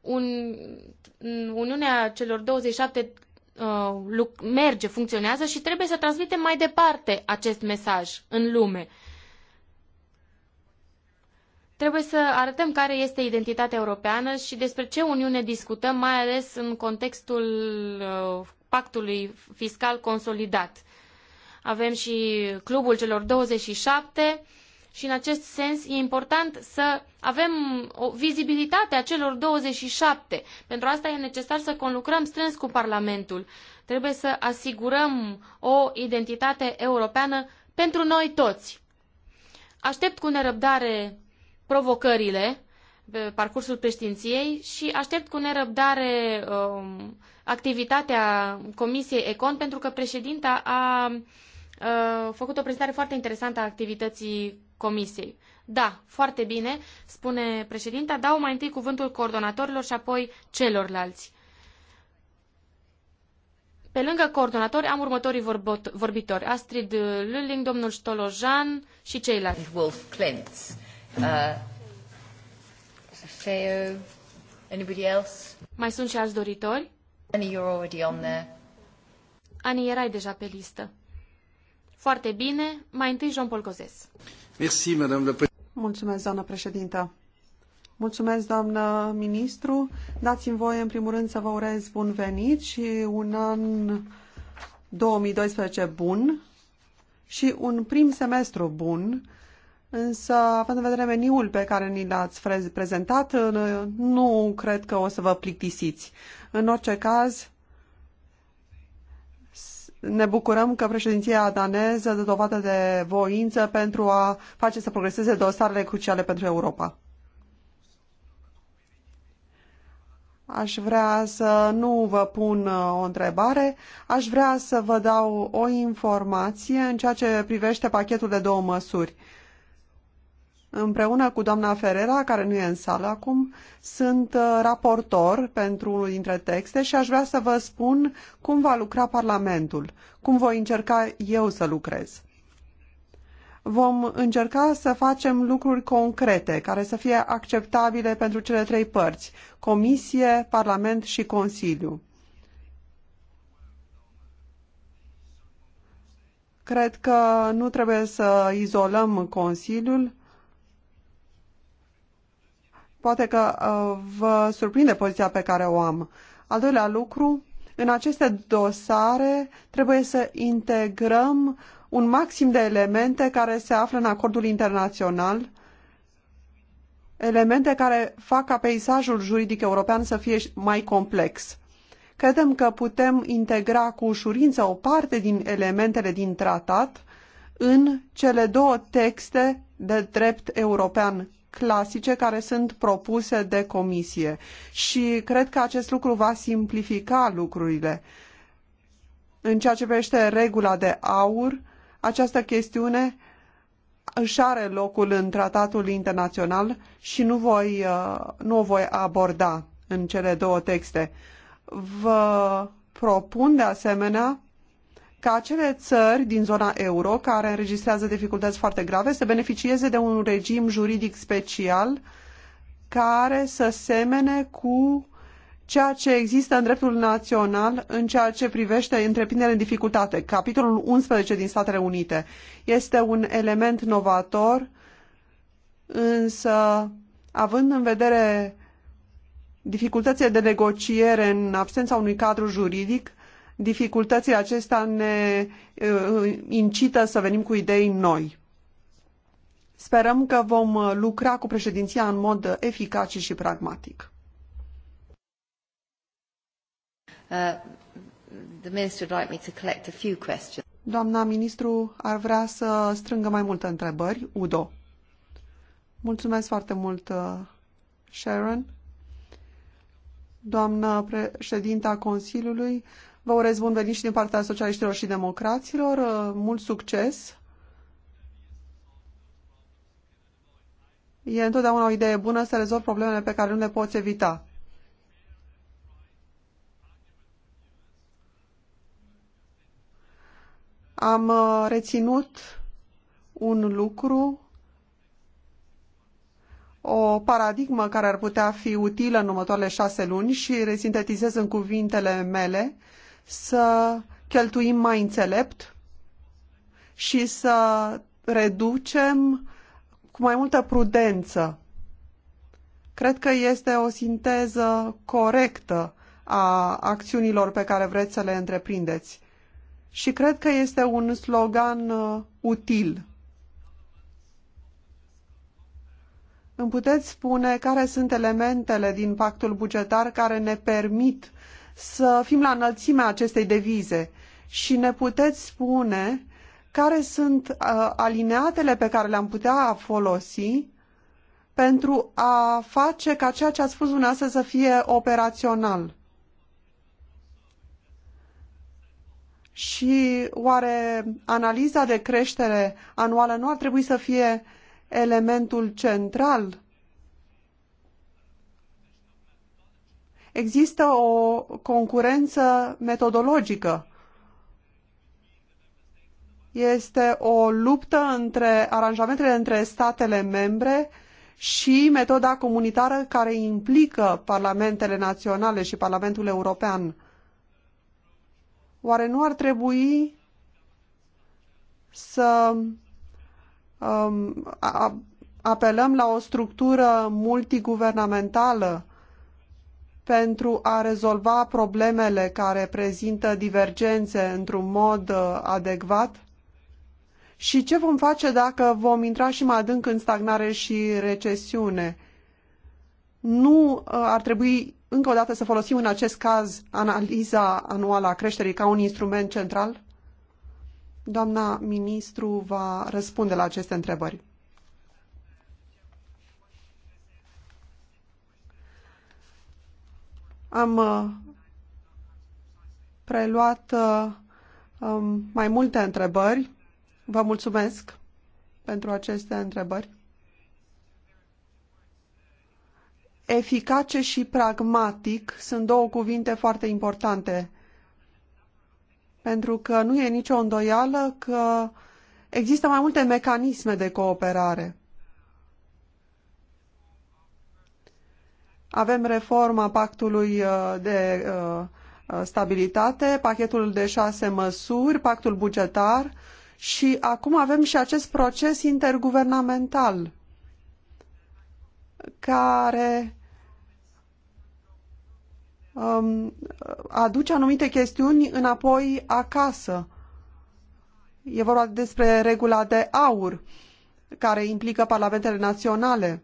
un, Uniunea celor 27 uh, merge, funcționează și trebuie să transmitem mai departe acest mesaj în lume. Trebuie să arătăm care este identitatea europeană și despre ce Uniune discutăm, mai ales în contextul uh, pactului fiscal consolidat. Avem și Clubul celor 27 și în acest sens e important să avem o vizibilitate a celor 27. Pentru asta e necesar să conlucrăm strâns cu Parlamentul. Trebuie să asigurăm o identitate europeană pentru noi toți. Aștept cu nerăbdare provocările pe parcursul preștinției și aștept cu nerăbdare um, activitatea Comisiei Econ pentru că președinta a uh, făcut o prezentare foarte interesantă a activității Comisiei. Da, foarte bine, spune președinta. Dau mai întâi cuvântul coordonatorilor și apoi celorlalți. Pe lângă coordonatori am următorii vorbitori. Astrid Lulling, domnul Stolojan și ceilalți. Wolf Klintz. Uh, Feo, anybody else? Mai sunt și alți doritori? Annie, you're already on there. Annie erai deja pe listă. Foarte bine. Mai întâi Jean-Paul Cozes. Merci, madame la... Mulțumesc, doamnă președintă. Mulțumesc, doamnă ministru. Dați-mi voie, în primul rând, să vă urez bun venit și un an 2012 bun și un prim semestru bun Însă, având în vedere meniul pe care ni l-ați prezentat, nu cred că o să vă plictisiți. În orice caz, ne bucurăm că președinția daneză dă dovadă de voință pentru a face să progreseze dosarele cruciale pentru Europa. Aș vrea să nu vă pun uh, o întrebare, aș vrea să vă dau o informație în ceea ce privește pachetul de două măsuri. Împreună cu doamna Ferrera, care nu e în sală acum, sunt uh, raportor pentru unul dintre texte și aș vrea să vă spun cum va lucra Parlamentul, cum voi încerca eu să lucrez. Vom încerca să facem lucruri concrete, care să fie acceptabile pentru cele trei părți, Comisie, Parlament și Consiliu. Cred că nu trebuie să izolăm Consiliul, Poate că uh, vă surprinde poziția pe care o am. Al doilea lucru, în aceste dosare trebuie să integrăm un maxim de elemente care se află în acordul internațional, elemente care fac ca peisajul juridic european să fie mai complex. Credem că putem integra cu ușurință o parte din elementele din tratat în cele două texte de drept european clasice care sunt propuse de comisie și cred că acest lucru va simplifica lucrurile. În ceea ce privește regula de aur, această chestiune își are locul în tratatul internațional și nu, voi, uh, nu o voi aborda în cele două texte. Vă propun de asemenea ca acele țări din zona euro care înregistrează dificultăți foarte grave să beneficieze de un regim juridic special care să semene cu ceea ce există în dreptul național în ceea ce privește întreprinderile în dificultate. Capitolul 11 din Statele Unite este un element novator, însă având în vedere dificultățile de negociere în absența unui cadru juridic, dificultățile acestea ne uh, incită să venim cu idei noi. Sperăm că vom uh, lucra cu președinția în mod uh, eficace și pragmatic. Doamna ministru ar vrea să strângă mai multe întrebări. Udo. Mulțumesc foarte mult, Sharon. Doamna președinta Consiliului, Vă urez bun venit și din partea socialiștilor și democraților. Uh, mult succes! E întotdeauna o idee bună să rezolvi problemele pe care nu le poți evita. Am uh, reținut un lucru, o paradigmă care ar putea fi utilă în următoarele șase luni și resintetizez în cuvintele mele să cheltuim mai înțelept și să reducem cu mai multă prudență. Cred că este o sinteză corectă a acțiunilor pe care vreți să le întreprindeți. Și cred că este un slogan uh, util. Îmi puteți spune care sunt elementele din pactul bugetar care ne permit să fim la înălțimea acestei devize și ne puteți spune care sunt uh, alineatele pe care le-am putea folosi pentru a face ca ceea ce a spus dumneavoastră să fie operațional. Și oare analiza de creștere anuală nu ar trebui să fie elementul central Există o concurență metodologică. Este o luptă între aranjamentele între statele membre și metoda comunitară care implică parlamentele naționale și Parlamentul European. Oare nu ar trebui să um, a, apelăm la o structură multiguvernamentală pentru a rezolva problemele care prezintă divergențe într-un mod uh, adecvat? Și ce vom face dacă vom intra și mai adânc în stagnare și recesiune? Nu uh, ar trebui încă o dată să folosim în acest caz analiza anuală a creșterii ca un instrument central? Doamna ministru va răspunde la aceste întrebări. Am uh, preluat uh, um, mai multe întrebări. Vă mulțumesc pentru aceste întrebări. Eficace și pragmatic sunt două cuvinte foarte importante, pentru că nu e nicio îndoială că există mai multe mecanisme de cooperare. Avem reforma pactului uh, de uh, uh, stabilitate, pachetul de șase măsuri, pactul bugetar și acum avem și acest proces interguvernamental care um, aduce anumite chestiuni înapoi acasă. E vorba despre regula de aur, care implică parlamentele naționale.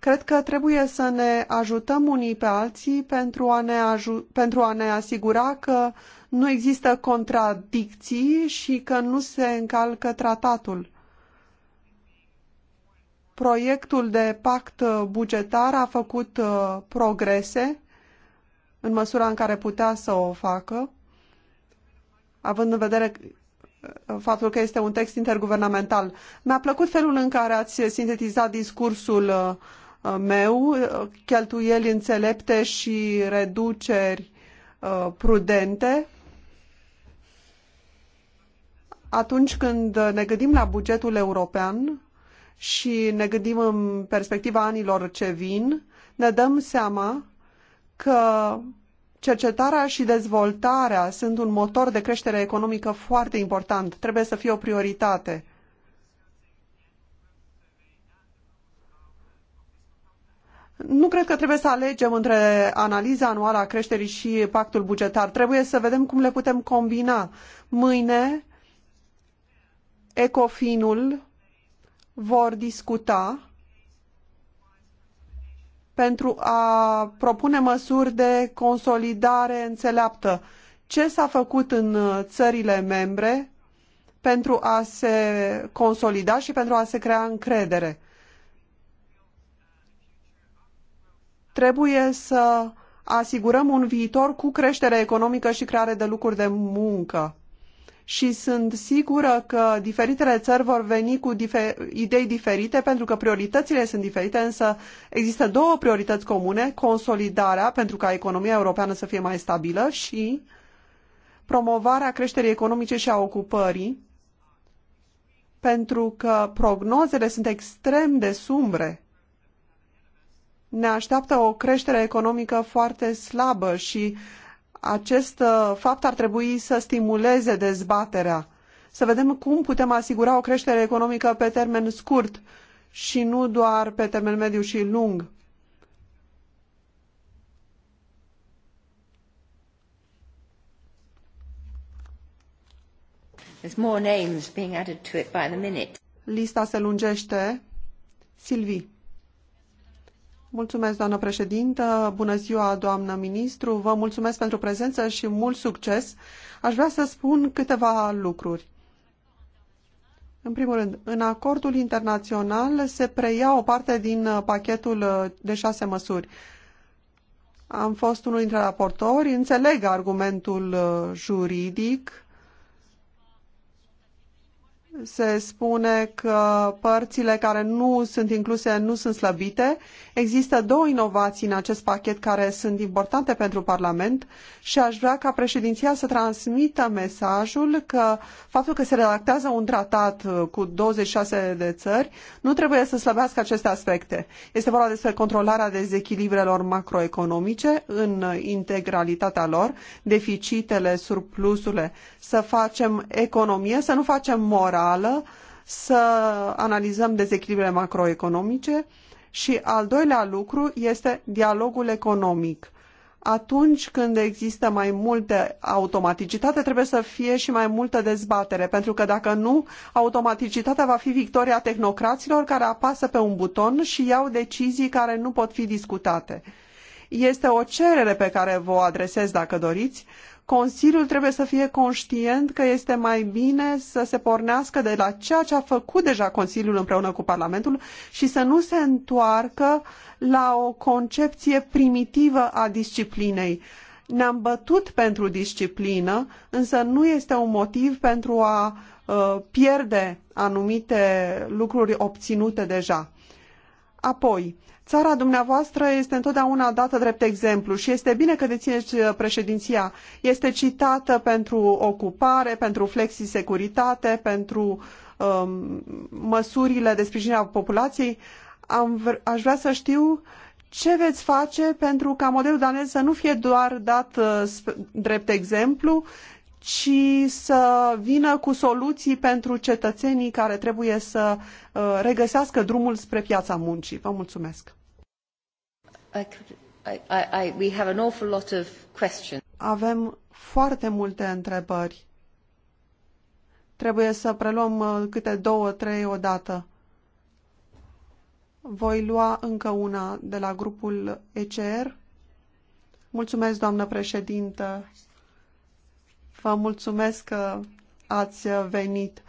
Cred că trebuie să ne ajutăm unii pe alții pentru a ne, pentru a ne asigura că nu există contradicții și că nu se încalcă tratatul. Proiectul de pact bugetar a făcut uh, progrese în măsura în care putea să o facă, având în vedere uh, faptul că este un text interguvernamental. Mi-a plăcut felul în care ați sintetizat discursul uh, Uh, meu, uh, cheltuieli înțelepte și reduceri uh, prudente. Atunci când ne gândim la bugetul european și ne gândim în perspectiva anilor ce vin, ne dăm seama că cercetarea și dezvoltarea sunt un motor de creștere economică foarte important. Trebuie să fie o prioritate. Nu cred că trebuie să alegem între analiza anuală a creșterii și pactul bugetar. Trebuie să vedem cum le putem combina. Mâine, Ecofinul vor discuta pentru a propune măsuri de consolidare înțeleaptă. Ce s-a făcut în țările membre pentru a se consolida și pentru a se crea încredere? Trebuie să asigurăm un viitor cu creștere economică și creare de lucruri de muncă. Și sunt sigură că diferitele țări vor veni cu dife- idei diferite, pentru că prioritățile sunt diferite, însă există două priorități comune, consolidarea, pentru ca economia europeană să fie mai stabilă, și promovarea creșterii economice și a ocupării, pentru că prognozele sunt extrem de sumbre ne așteaptă o creștere economică foarte slabă și acest uh, fapt ar trebui să stimuleze dezbaterea. Să vedem cum putem asigura o creștere economică pe termen scurt și nu doar pe termen mediu și lung. Lista se lungește. Sylvie. Mulțumesc, doamnă președintă, bună ziua, doamnă ministru, vă mulțumesc pentru prezență și mult succes. Aș vrea să spun câteva lucruri. În primul rând, în acordul internațional se preia o parte din pachetul de șase măsuri. Am fost unul dintre raportori, înțeleg argumentul juridic. Se spune că părțile care nu sunt incluse nu sunt slăbite Există două inovații în acest pachet care sunt importante pentru Parlament și aș vrea ca președinția să transmită mesajul că faptul că se redactează un tratat uh, cu 26 de țări nu trebuie să slăbească aceste aspecte. Este vorba despre controlarea dezechilibrelor macroeconomice în integralitatea lor, deficitele, surplusurile, să facem economie, să nu facem morală, să analizăm dezechilibrele macroeconomice, și al doilea lucru este dialogul economic. Atunci când există mai multă automaticitate, trebuie să fie și mai multă dezbatere, pentru că dacă nu, automaticitatea va fi victoria tehnocraților care apasă pe un buton și iau decizii care nu pot fi discutate este o cerere pe care vă o adresez dacă doriți. Consiliul trebuie să fie conștient că este mai bine să se pornească de la ceea ce a făcut deja Consiliul împreună cu Parlamentul și să nu se întoarcă la o concepție primitivă a disciplinei. Ne-am bătut pentru disciplină, însă nu este un motiv pentru a uh, pierde anumite lucruri obținute deja. Apoi, uh, Țara dumneavoastră este întotdeauna dată drept exemplu și este bine că dețineți uh, președinția. Este citată pentru ocupare, pentru flexisecuritate, pentru um, măsurile de sprijin a populației. Am, aș vrea să știu ce veți face pentru ca modelul danez să nu fie doar dat uh, drept exemplu, ci să vină cu soluții pentru cetățenii care trebuie să uh, regăsească drumul spre piața muncii. Vă mulțumesc. Avem foarte multe întrebări. Trebuie să preluăm uh, câte două, trei odată. Voi lua încă una de la grupul ECR. Er. Mulțumesc, doamnă președintă. Vă mulțumesc că ați venit.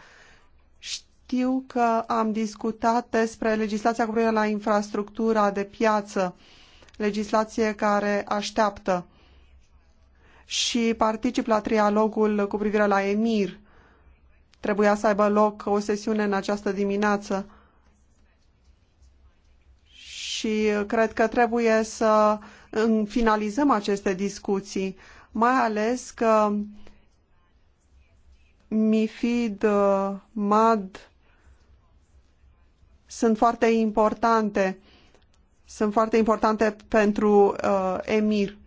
Știu că am discutat despre legislația cu privire la infrastructura de piață, legislație care așteaptă și particip la trialogul cu privire la EMIR. Trebuia să aibă loc o sesiune în această dimineață și cred că trebuie să finalizăm aceste discuții, mai ales că MIFID, uh, MAD sunt foarte importante. Sunt foarte importante pentru uh, EMIR.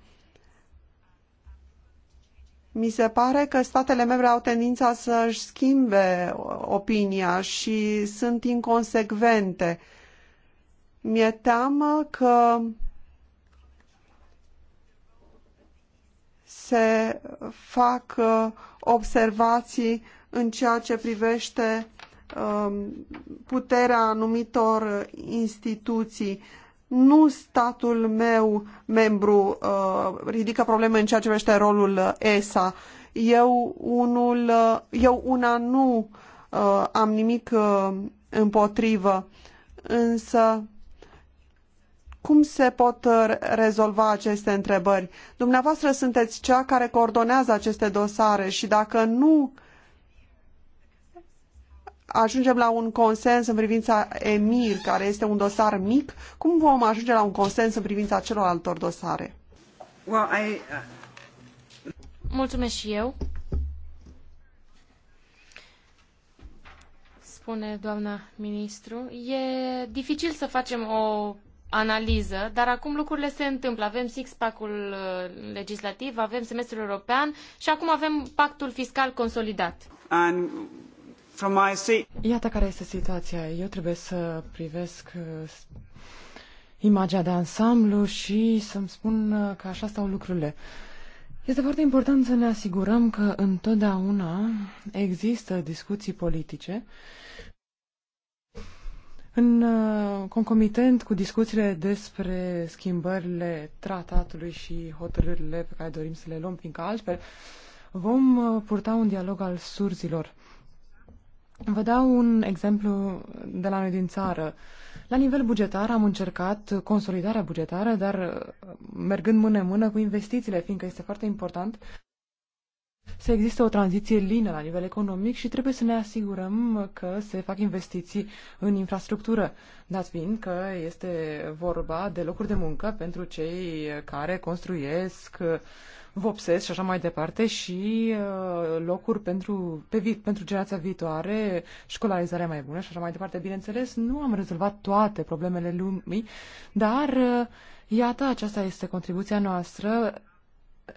Mi se pare că statele membre au tendința să-și schimbe uh, opinia și sunt inconsecvente. Mi-e teamă că se fac uh, observații în ceea ce privește um, puterea anumitor instituții. Nu statul meu, membru, uh, ridică probleme în ceea ce privește rolul ESA. Eu, unul, uh, eu una nu uh, am nimic împotrivă, însă cum se pot uh, rezolva aceste întrebări? Dumneavoastră sunteți cea care coordonează aceste dosare și dacă nu ajungem la un consens în privința EMIR, care este un dosar mic, cum vom ajunge la un consens în privința altor dosare? Well, I... Uh, Mulțumesc și eu. Spune doamna ministru, e dificil să facem o analiză, dar acum lucrurile se întâmplă. Avem six-pack-ul uh, legislativ, avem semestrul european și acum avem pactul fiscal consolidat. And from my seat... Iată care este situația. Eu trebuie să privesc uh, imaginea de ansamblu și să-mi spun uh, că așa stau lucrurile. Este foarte important să ne asigurăm că întotdeauna există discuții politice în uh, concomitent cu discuțiile despre schimbările tratatului și hotărârile pe care dorim să le luăm, fiindcă altfel vom uh, purta un dialog al surzilor. Vă dau un exemplu de la noi din țară. La nivel bugetar am încercat consolidarea bugetară, dar uh, mergând mână-mână cu investițiile, fiindcă este foarte important să existe o tranziție lină la nivel economic și trebuie să ne asigurăm că se fac investiții în infrastructură, dat fiind că este vorba de locuri de muncă pentru cei care construiesc, vopsesc și așa mai departe și uh, locuri pentru, pe vi- pentru generația viitoare, școlarizarea mai bună și așa mai departe. Bineînțeles, nu am rezolvat toate problemele lumii, dar uh, Iată, aceasta este contribuția noastră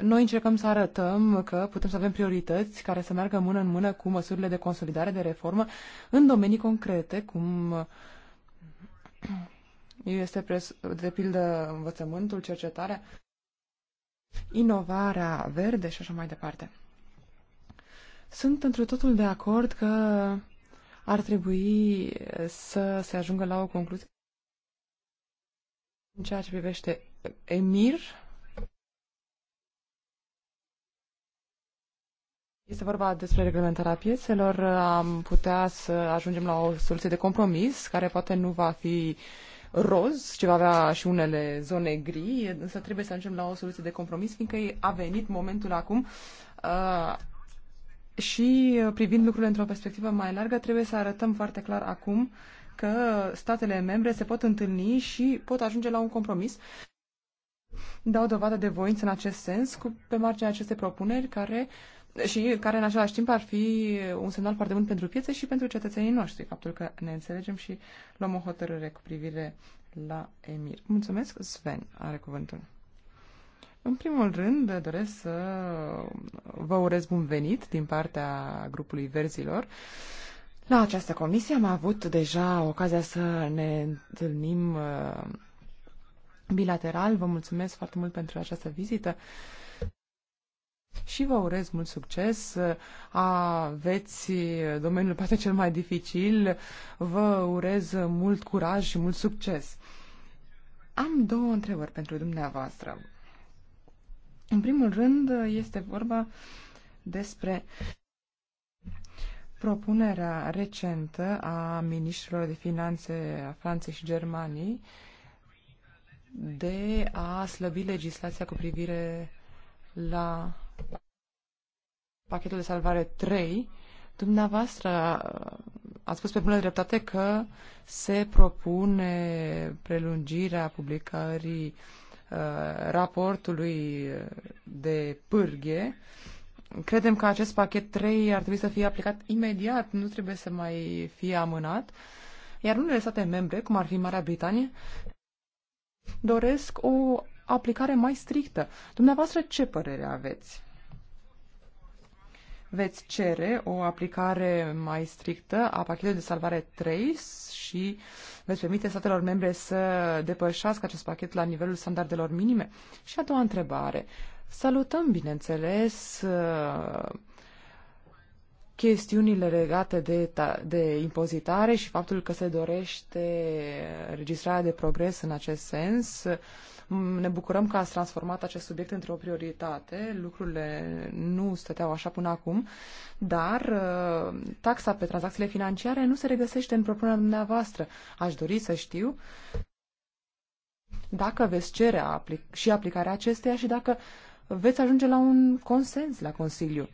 noi încercăm să arătăm că putem să avem priorități care să meargă mână în mână cu măsurile de consolidare, de reformă, în domenii concrete, cum este, pres, de pildă, învățământul, cercetarea, inovarea verde și așa mai departe. Sunt într totul de acord că ar trebui să se ajungă la o concluzie în ceea ce privește EMIR, Este vorba despre reglementarea piețelor. Am putea să ajungem la o soluție de compromis, care poate nu va fi roz, ci va avea și unele zone gri, însă trebuie să ajungem la o soluție de compromis, fiindcă a venit momentul acum uh, și privind lucrurile într-o perspectivă mai largă, trebuie să arătăm foarte clar acum că statele membre se pot întâlni și pot ajunge la un compromis. Dau dovadă de voință în acest sens, cu, pe marginea acestei propuneri, care uh, și care în același timp ar fi un semnal foarte bun pentru piețe și pentru cetățenii noștri, faptul că ne înțelegem și luăm o hotărâre cu privire la Emir. Mulțumesc, Sven are cuvântul. În primul rând, doresc să vă urez bun venit din partea grupului Verzilor. La această comisie am avut deja ocazia să ne întâlnim uh, bilateral. Vă mulțumesc foarte mult pentru această vizită. Uh, și vă urez mult succes. Aveți domeniul poate cel mai dificil. Vă urez mult curaj și mult succes. Am două întrebări pentru dumneavoastră. În primul rând este vorba despre propunerea recentă a ministrilor de finanțe a Franței și Germaniei de a slăbi legislația cu privire la pachetul de salvare 3, dumneavoastră uh, ați spus pe bună dreptate că se propune prelungirea publicării uh, raportului uh, de pârghie. Credem că acest pachet 3 ar trebui să fie aplicat imediat, nu trebuie să mai fie amânat. Iar unele state membre, cum ar fi Marea Britanie, doresc o aplicare mai strictă. Dumneavoastră, ce părere aveți? Veți cere o aplicare mai strictă a pachetului de salvare 3 și veți permite statelor membre să depășească acest pachet la nivelul standardelor minime? Și a doua întrebare. Salutăm, bineînțeles, uh, chestiunile legate de, de impozitare și faptul că se dorește registrarea de progres în acest sens. Ne bucurăm că ați transformat acest subiect într-o prioritate. Lucrurile nu stăteau așa până acum, dar uh, taxa pe tranzacțiile financiare nu se regăsește în propunerea dumneavoastră. Aș dori să știu dacă veți cere aplic- și aplicarea acesteia și dacă veți ajunge la un consens la Consiliu.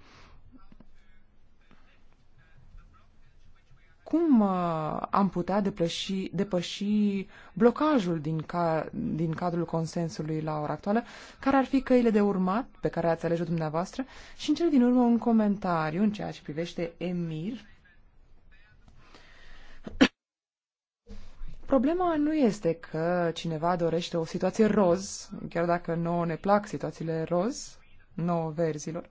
cum uh, am putea depăși, depăși blocajul din, ca, din cadrul consensului la ora actuală, care ar fi căile de urmat pe care ați alege dumneavoastră și în cele din urmă un comentariu în ceea ce privește Emir. Problema nu este că cineva dorește o situație roz, chiar dacă nouă ne plac situațiile roz, nouă verzilor,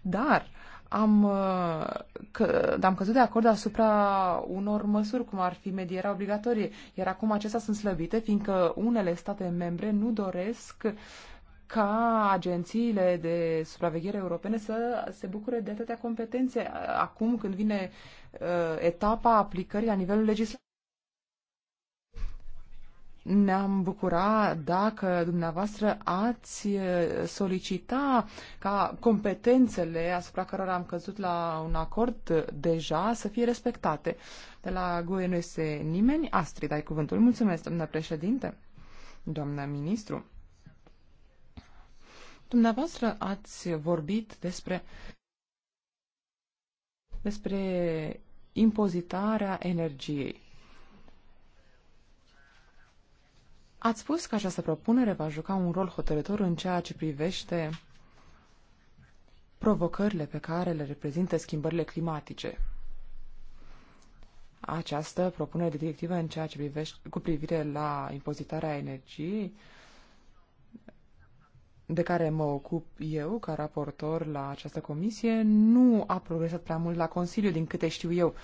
dar uh, am, uh, că, am căzut de acord asupra unor măsuri, cum ar fi medierea obligatorie, iar acum acestea sunt slăbite, fiindcă unele state membre nu doresc ca agențiile de supraveghere europene să se bucure de atâtea competențe uh, acum când vine uh, etapa aplicării la nivelul legislativ ne-am bucura dacă dumneavoastră ați eh, solicita ca competențele asupra cărora am căzut la un acord eh, deja să fie respectate. De la GUE nu este nimeni. Astrid, ai cuvântul. Mulțumesc, doamnă președinte, doamnă ministru. Dumneavoastră ați vorbit despre despre impozitarea energiei. Ați spus că această propunere va juca un rol hotărător în ceea ce privește provocările pe care le reprezintă schimbările climatice. Această propunere de directivă în ceea ce privește cu privire la impozitarea energiei de care mă ocup eu ca raportor la această comisie nu a progresat prea mult la Consiliu, din câte știu eu.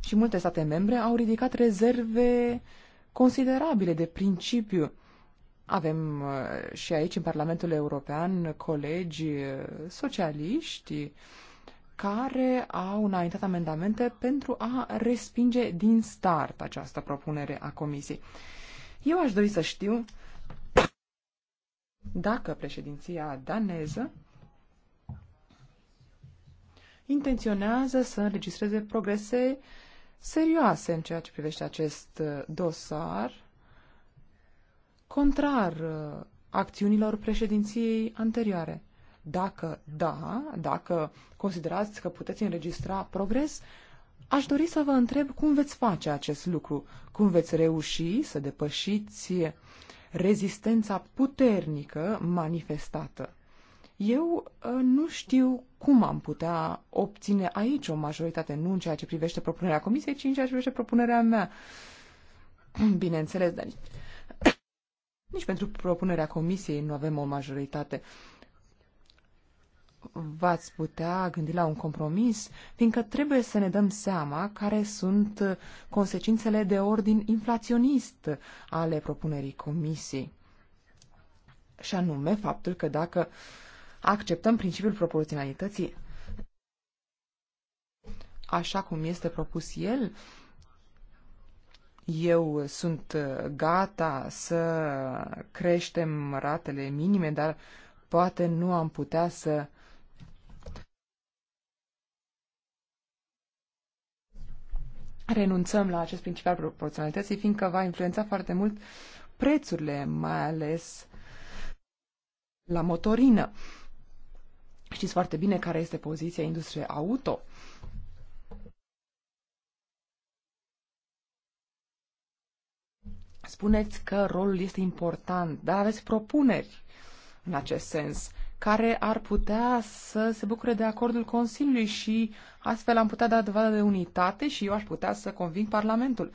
Și multe state membre au ridicat rezerve considerabile de principiu. Avem uh, și aici, în Parlamentul European, colegi uh, socialiști care au înaintat amendamente pentru a respinge din start această propunere a Comisiei. Eu aș dori să știu dacă președinția daneză intenționează să înregistreze progrese uh, serioase în ceea ce privește acest uh, dosar, contrar uh, acțiunilor președinției anterioare. Dacă da, dacă considerați că puteți înregistra progres, aș dori să vă întreb cum veți face acest lucru, cum veți reuși să depășiți rezistența puternică manifestată. Eu uh, nu știu cum am putea obține aici o majoritate, nu în ceea ce privește propunerea comisiei, ci în ceea ce privește propunerea mea. Bineînțeles, dar nici, nici pentru propunerea comisiei nu avem o majoritate. V-ați putea gândi la un compromis, fiindcă trebuie să ne dăm seama care sunt uh, consecințele de ordin inflaționist ale propunerii comisiei. Și anume faptul că dacă uh, acceptăm principiul proporționalității așa cum este propus el, eu sunt uh, gata să creștem ratele minime, dar poate nu am putea să renunțăm la acest principiu al proporționalității, fiindcă va influența foarte mult prețurile, mai ales la motorină. Știți foarte bine care este poziția industriei auto. Spuneți că rolul este important, dar aveți propuneri în acest sens care ar putea să se bucure de acordul Consiliului și astfel am putea da dovadă de unitate și eu aș putea să conving Parlamentul.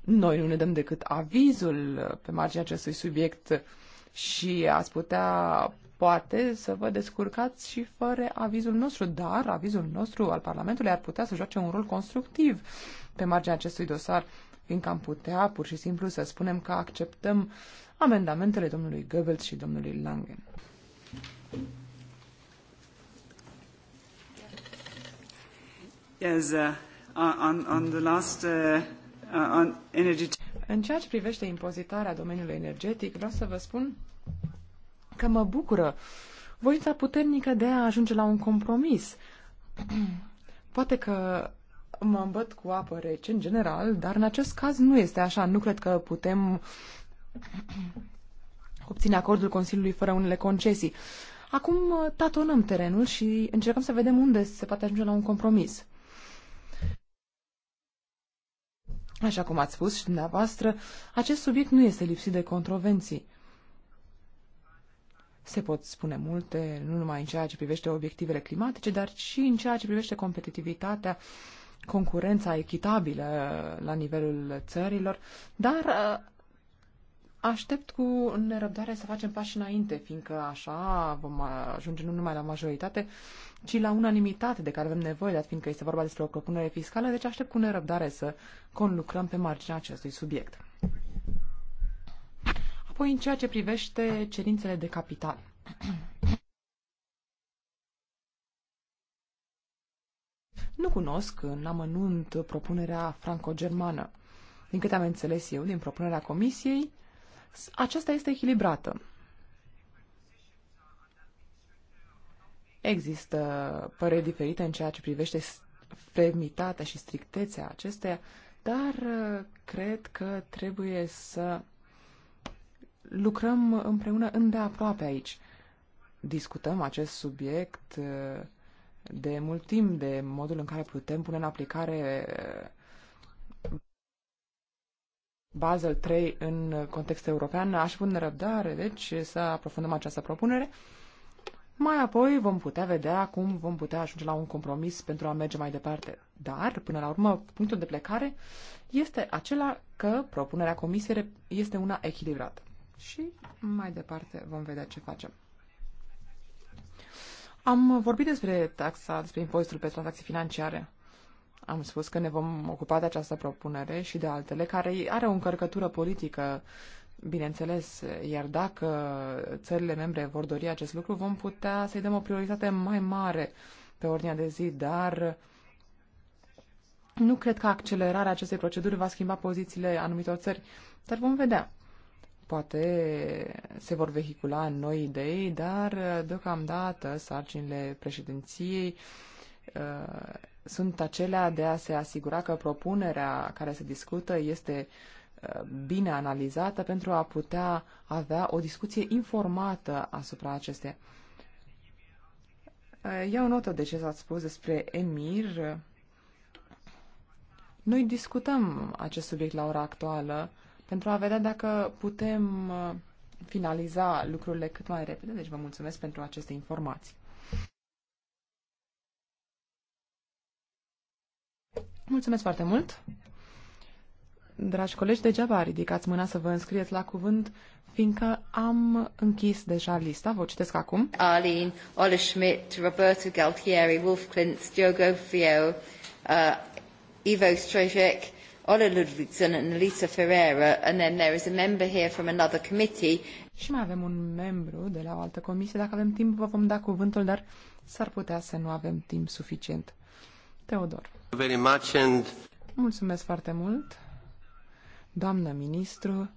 Noi nu ne dăm decât avizul pe marginea acestui subiect și ați putea poate să vă descurcați și fără avizul nostru, dar avizul nostru al Parlamentului ar putea să joace un rol constructiv pe marginea acestui dosar, fiindcă am putea pur și simplu să spunem că acceptăm amendamentele domnului Goebbels și domnului Langen. Yes, uh, on, on the last uh, uh, on energy. În ceea ce privește impozitarea domeniului energetic, vreau să vă spun că mă bucură voința puternică de a ajunge la un compromis. Poate că mă îmbăt cu apă rece în general, dar în acest caz nu este așa. Nu cred că putem obține acordul Consiliului fără unele concesii. Acum uh, tatonăm terenul și încercăm să vedem unde se poate ajunge la un compromis. Așa cum ați spus și dumneavoastră, acest subiect nu este lipsit de controvenții. Se pot spune multe, nu numai în ceea ce privește obiectivele climatice, dar și în ceea ce privește competitivitatea, concurența echitabilă la nivelul țărilor, dar uh, Aștept cu nerăbdare să facem pași înainte, fiindcă așa vom ajunge nu numai la majoritate, ci la unanimitate de care avem nevoie, dat fiindcă este vorba despre o propunere fiscală, deci aștept cu nerăbdare să conlucrăm pe marginea acestui subiect. Apoi, în ceea ce privește cerințele de capital. Nu cunosc în amănunt propunerea franco-germană. Din câte am înțeles eu din propunerea comisiei, aceasta este echilibrată. Există păreri diferite în ceea ce privește fermitatea și strictețea acesteia, dar uh, cred că trebuie să lucrăm împreună îndeaproape aici. Discutăm acest subiect uh, de mult timp, de modul în care putem pune în aplicare uh, Basel 3 în context european. Aș pune de răbdare, deci, să aprofundăm această propunere. Mai apoi vom putea vedea cum vom putea ajunge la un compromis pentru a merge mai departe. Dar, până la urmă, punctul de plecare este acela că propunerea comisiei este una echilibrată și mai departe vom vedea ce facem. Am vorbit despre taxa, despre impozitul pe tranzacții financiare. Am spus că ne vom ocupa de această propunere și de altele, care are o încărcătură politică, bineînțeles, iar dacă țările membre vor dori acest lucru, vom putea să-i dăm o prioritate mai mare pe ordinea de zi, dar nu cred că accelerarea acestei proceduri va schimba pozițiile anumitor țări, dar vom vedea. Poate se vor vehicula noi idei, dar uh, deocamdată sarcinile președinției uh, sunt acelea de a se asigura că propunerea care se discută este uh, bine analizată pentru a putea avea o discuție informată asupra acestea. Uh, iau notă de ce s-ați spus despre Emir. Noi discutăm acest subiect la ora actuală pentru a vedea dacă putem uh, finaliza lucrurile cât mai repede. Deci vă mulțumesc pentru aceste informații. Mulțumesc foarte mult! Dragi colegi, degeaba ridicați mâna să vă înscrieți la cuvânt, fiindcă am închis deja lista, vă citesc acum. Arlene, Ola Schmidt, Roberto Galtieri, Wolf Klintz, Diogo Fio, uh, Ivo Strejek, Ole Ludvigson and Elisa Ferreira, and then there is a member here from another committee. Și mai avem un membru de la o altă comisie. Dacă avem timp, vă vom da cuvântul, dar s-ar putea să nu avem timp suficient. Teodor. Very much and... Mulțumesc foarte mult. Doamnă ministru,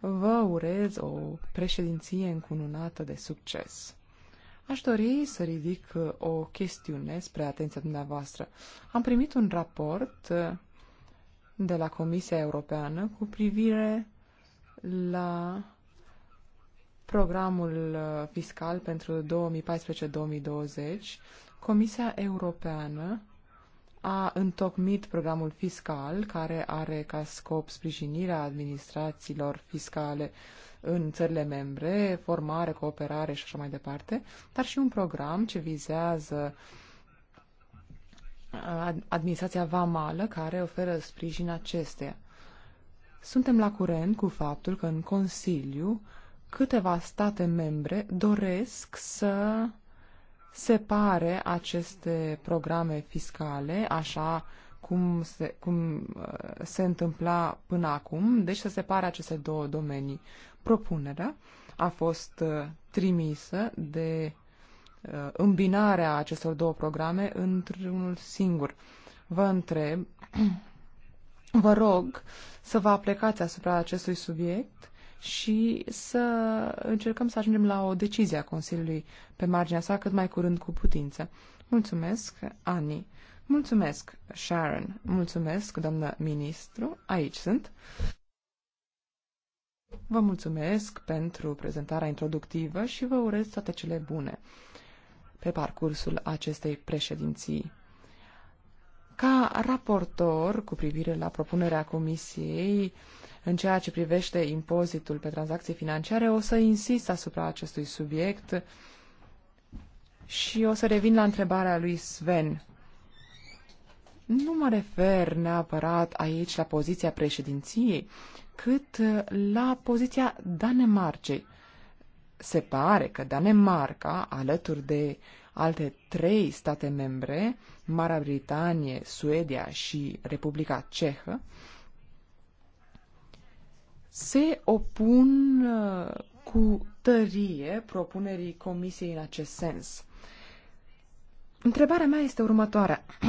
vă urez o președinție încununată de succes. Aș dori să ridic o chestiune spre atenția dumneavoastră. Am primit un raport de la Comisia Europeană cu privire la programul uh, fiscal pentru 2014-2020, Comisia Europeană a întocmit programul fiscal care are ca scop sprijinirea administrațiilor fiscale în țările membre, formare, cooperare și așa mai departe, dar și un program ce vizează administrația vamală care oferă sprijin acesteia. Suntem la curent cu faptul că în Consiliu câteva state membre doresc să separe aceste programe fiscale, așa cum se, cum uh, se întâmpla până acum, deci să separe aceste două domenii. Propunerea a fost uh, trimisă de Uh, îmbinarea acestor două programe într-unul singur. Vă întreb, vă rog să vă aplicați asupra acestui subiect și să încercăm să ajungem la o decizie a Consiliului pe marginea sa cât mai curând cu putință. Mulțumesc, Ani. Mulțumesc, Sharon. Mulțumesc, doamnă ministru. Aici sunt. Vă mulțumesc pentru prezentarea introductivă și vă urez toate cele bune pe parcursul acestei președinții. Ca raportor cu privire la propunerea Comisiei în ceea ce privește impozitul pe tranzacții financiare, o să insist asupra acestui subiect și o să revin la întrebarea lui Sven. Nu mă refer neapărat aici la poziția președinției, cât la poziția Danemarcei se pare că Danemarca, alături de alte trei state membre, Marea Britanie, Suedia și Republica Cehă, se opun uh, cu tărie propunerii Comisiei în acest sens. Întrebarea mea este următoarea.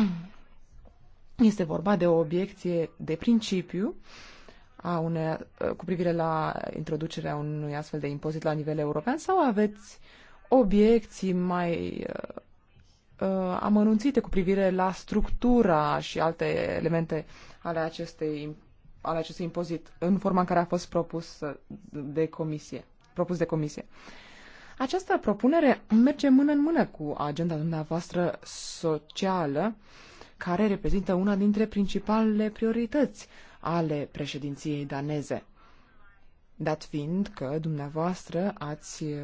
Este vorba de o obiecție de principiu a unei, cu privire la introducerea unui astfel de impozit la nivel european sau aveți obiecții mai uh, uh amănunțite cu privire la structura și alte elemente ale acestei ale acestui impozit în forma în care a fost propus de comisie, propus de comisie. Această propunere merge mână în mână cu agenda dumneavoastră socială, care reprezintă una dintre principalele priorități ale președinției daneze. Dat fiind că dumneavoastră ați uh,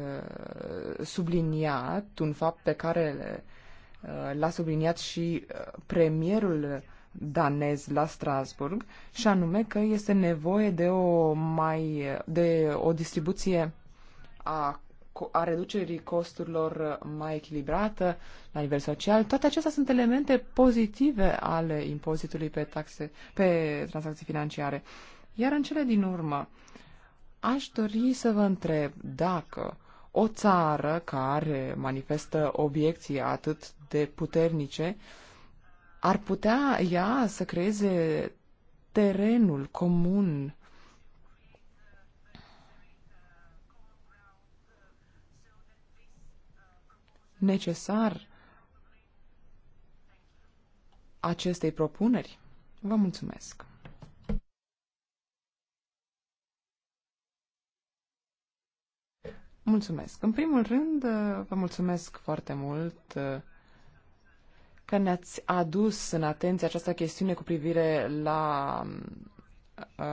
subliniat un fapt pe care uh, l-a subliniat și uh, premierul danez la Strasburg, și anume că este nevoie de o mai de o distribuție a a reducerii costurilor uh, mai echilibrată la nivel social. Toate acestea sunt elemente pozitive ale impozitului pe taxe, pe tranzacții financiare. Iar în cele din urmă, aș dori să vă întreb dacă o țară care manifestă obiecții atât de puternice ar putea ea să creeze terenul comun necesar acestei propuneri? Vă mulțumesc! Mulțumesc. În primul rând, vă mulțumesc foarte mult uh, că ne-ați adus în atenție această chestiune cu privire la um, Uh,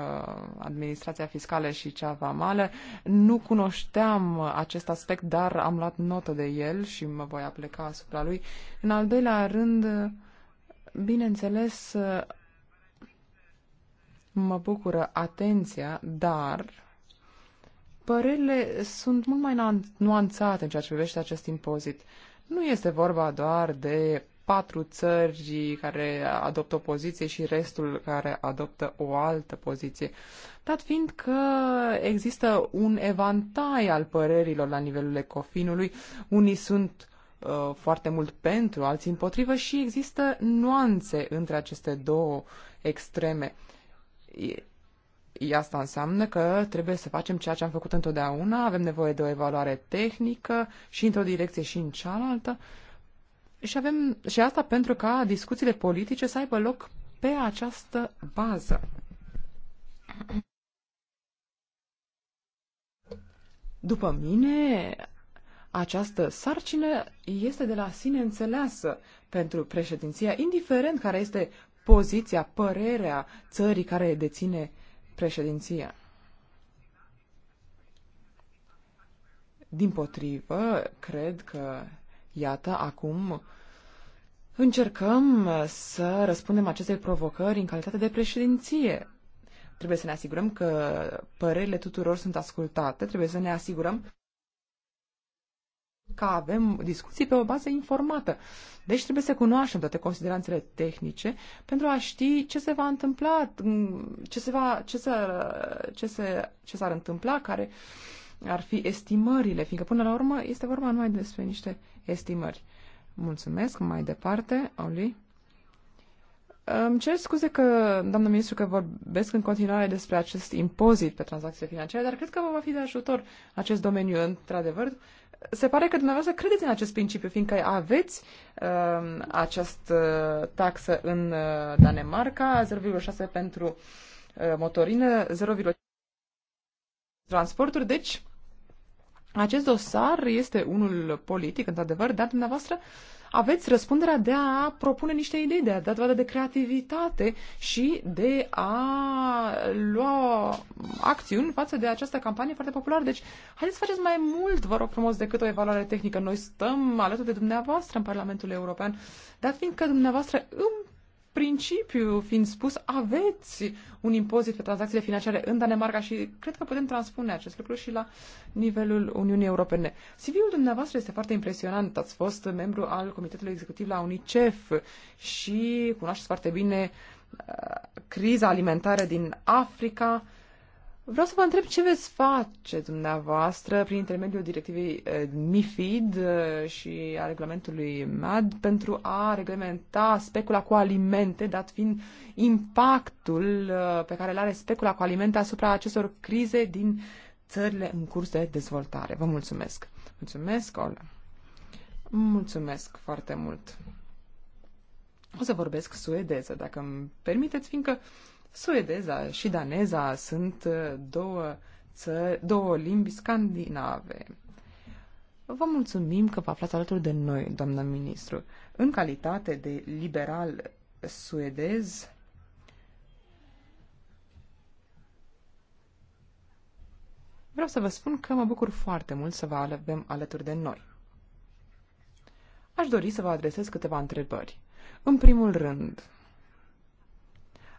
administrația fiscală și cea vamală. Nu cunoșteam acest aspect, dar am luat notă de el și mă voi apleca asupra lui. În al doilea rând, bineînțeles, mă bucură atenția, dar părerile sunt mult mai nuanțate în ceea ce privește acest impozit. Nu este vorba doar de patru țări care adoptă o poziție și restul care adoptă o altă poziție. Dat fiind că există un evantai al părerilor la nivelul ecofinului, unii sunt uh, foarte mult pentru, alții împotrivă și există nuanțe între aceste două extreme. E, asta înseamnă că trebuie să facem ceea ce am făcut întotdeauna, avem nevoie de o evaluare tehnică și într-o direcție și în cealaltă și, avem, și asta pentru ca discuțiile politice să aibă loc pe această bază. După mine, această sarcină este de la sine înțeleasă pentru președinția, indiferent care este poziția, părerea țării care deține președinția. Din potrivă, cred că Iată, acum încercăm să răspundem acestei provocări în calitate de președinție. Trebuie să ne asigurăm că părerile tuturor sunt ascultate, trebuie să ne asigurăm că avem discuții pe o bază informată. Deci trebuie să cunoaștem toate consideranțele tehnice pentru a ști ce se va întâmpla, ce, se va, ce, se, ce, se, ce s-ar întâmpla, care ar fi estimările, fiindcă până la urmă este vorba numai despre niște uh, estimări. Mulțumesc. Mai departe, Oli. Îmi cer scuze că, doamnă ministru, că vorbesc în continuare despre acest impozit pe tranzacțiile financiare, dar cred că vă va fi de ajutor acest domeniu, într-adevăr. Se pare că dumneavoastră credeți în acest principiu, fiindcă aveți uh, această taxă în uh, Danemarca, 0,6 pentru uh, motorină, 0,5 transporturi, deci acest dosar este unul politic, într-adevăr, dar dumneavoastră aveți răspunderea de a propune niște idei, de a da dovadă de creativitate și de a lua acțiuni față de această campanie foarte populară. Deci, haideți să faceți mai mult, vă rog frumos, decât o evaluare tehnică. Noi stăm alături de dumneavoastră în Parlamentul European, dar fiindcă dumneavoastră în principiu fiind spus, aveți un impozit pe tranzacțiile financiare în Danemarca și cred că putem transpune acest lucru și la nivelul Uniunii Europene. CV-ul dumneavoastră este foarte impresionant. Ați fost membru al Comitetului Executiv la UNICEF și cunoașteți foarte bine uh, criza alimentară din Africa Vreau să vă întreb ce veți face dumneavoastră prin intermediul directivei eh, MIFID eh, și a regulamentului MAD pentru a reglementa specula cu alimente, dat fiind impactul eh, pe care îl are specula cu alimente asupra acestor crize din țările în curs de dezvoltare. Vă mulțumesc. Mulțumesc, Ola. Mulțumesc foarte mult. O să vorbesc suedeză, dacă îmi permiteți, fiindcă uh, Suedeza și daneza sunt uh, două, ță, două limbi scandinave. Vă mulțumim că vă aflați alături de noi, doamnă ministru. În calitate de liberal suedez, vreau să vă spun că mă bucur foarte mult să vă avem alături de noi. Aș dori să vă adresez câteva întrebări. În primul rând,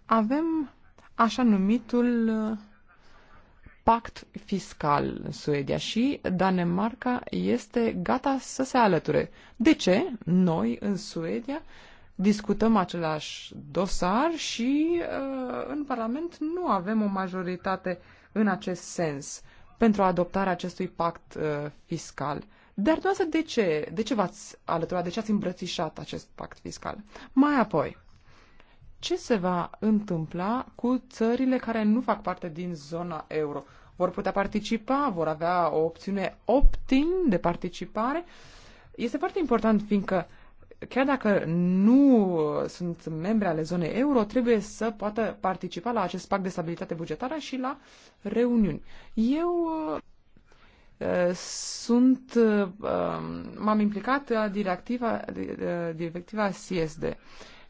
avem așa numitul uh, pact fiscal în Suedia și Danemarca este gata să se alăture. De ce? Noi, în Suedia, discutăm același dosar și uh, în Parlament nu avem o majoritate în acest sens pentru adoptarea acestui pact uh, fiscal. Dar de ce? De ce v-ați alăturat? De ce ați îmbrățișat acest pact fiscal? Mai apoi, ce se va întâmpla cu țările care nu fac parte din zona euro? Vor putea participa, vor avea o opțiune opt-in de participare. Este foarte important, fiindcă chiar dacă nu sunt membre ale zonei euro, trebuie să poată participa la acest pact de stabilitate bugetară și la reuniuni. Eu uh, sunt, uh, um, m-am implicat la directiva, uh, directiva CSD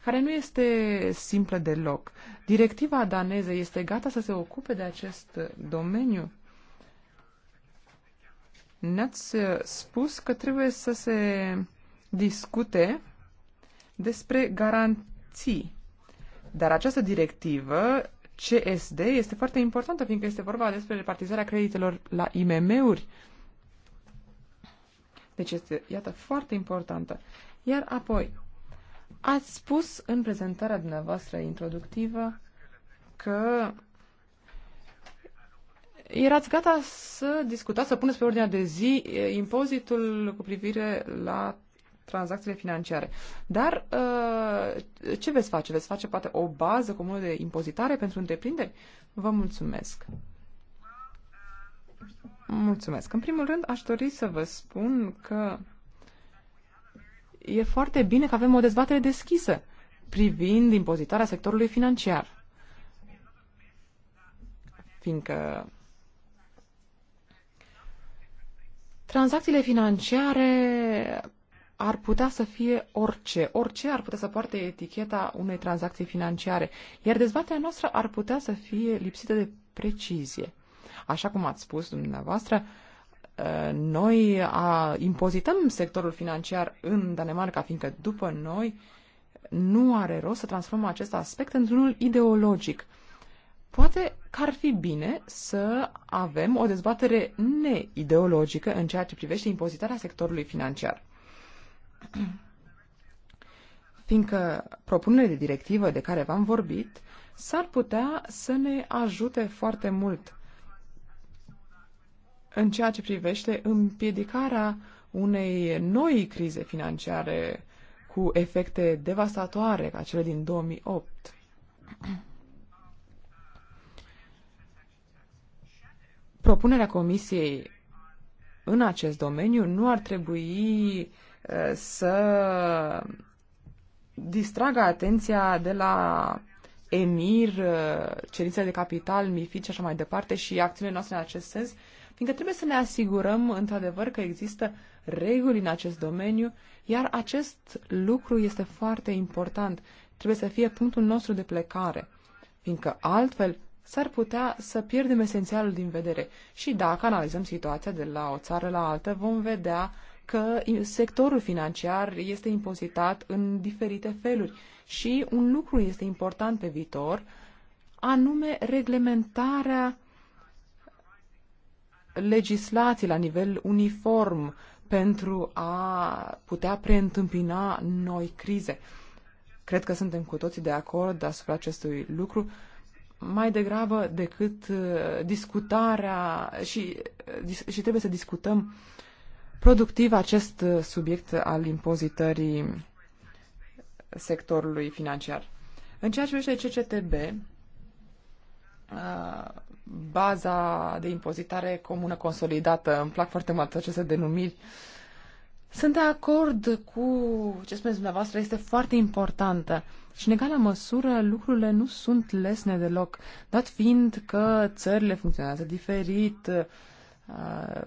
care nu este simplă deloc. Directiva daneză este gata să se ocupe de acest domeniu? Ne-ați spus că trebuie să se discute despre garanții. Dar această directivă CSD este foarte importantă, fiindcă este vorba despre repartizarea creditelor la IMM-uri. Deci este, iată, foarte importantă. Iar apoi, Ați spus în prezentarea dumneavoastră introductivă că erați gata să discutați, să puneți pe ordinea de zi impozitul cu privire la tranzacțiile financiare. Dar ă, ce veți face? Veți face poate o bază comună de impozitare pentru întreprinderi? Vă mulțumesc! Mulțumesc! În primul rând, aș dori să vă spun că e foarte bine că avem o dezbatere deschisă privind impozitarea sectorului financiar. Fiindcă tranzacțiile financiare ar putea să fie orice. Orice ar putea să poarte eticheta unei tranzacții financiare. Iar dezbaterea noastră ar putea să fie lipsită de precizie. Așa cum ați spus dumneavoastră, uh, noi a, impozităm sectorul financiar în Danemarca, fiindcă după noi nu are rost să transformăm acest aspect într-unul ideologic. Poate că ar fi bine să avem o dezbatere neideologică în ceea ce privește impozitarea sectorului financiar. Fiindcă propunerile de directivă de care v-am vorbit s-ar putea să ne ajute foarte mult în ceea ce privește împiedicarea unei noi crize financiare cu efecte devastatoare ca cele din 2008. Propunerea Comisiei în acest domeniu nu ar trebui eh, să distragă atenția de la EMIR, eh, cerințe de capital, MIFID și așa mai departe și acțiunile noastre în acest sens fiindcă trebuie să ne asigurăm, într-adevăr, că există reguli în acest domeniu, iar acest lucru este foarte important. Trebuie să fie punctul nostru de plecare, fiindcă altfel s-ar putea să pierdem esențialul din vedere. Și dacă analizăm situația de la o țară la altă, vom vedea că sectorul financiar este impozitat în diferite feluri. Și un lucru este important pe viitor, anume reglementarea legislații la nivel uniform pentru a putea preîntâmpina noi crize. Cred că suntem cu toții de acord asupra acestui lucru, mai degrabă decât uh, discutarea și, uh, și trebuie să discutăm productiv acest uh, subiect al impozitării sectorului financiar. În ceea ce privește CCTB, baza de impozitare comună consolidată. Îmi plac foarte mult aceste denumiri. Sunt de acord cu ce spuneți dumneavoastră, este foarte importantă. Și în egală măsură, lucrurile nu sunt lesne deloc, dat fiind că țările funcționează diferit, uh,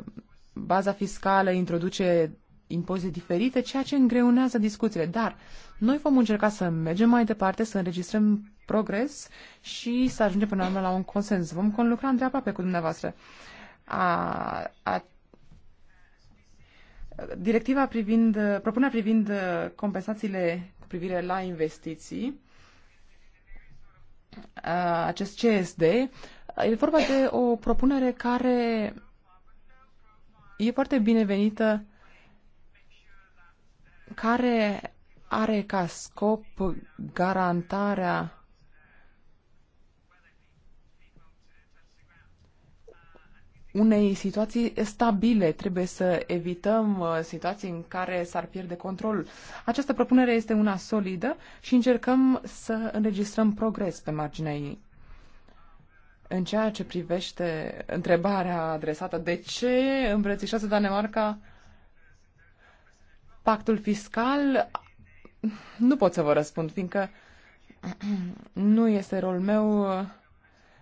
baza fiscală introduce impozite diferite, ceea ce îngreunează discuțiile. Dar noi vom încerca să mergem mai departe, să înregistrăm progres și să ajungem până la urmă la un consens. Vom conlucra întreaproape cu dumneavoastră. A, a, directiva privind, propunerea privind compensațiile cu privire la investiții, a, acest CSD, e vorba de o propunere care e foarte binevenită, care are ca scop garantarea unei situații stabile. Trebuie să evităm uh, situații în care s-ar pierde controlul. Această propunere este una solidă și încercăm să înregistrăm progres pe marginea ei. În ceea ce privește întrebarea adresată de ce îmbrățișează Danemarca pactul fiscal, nu pot să vă răspund, fiindcă nu este rolul meu.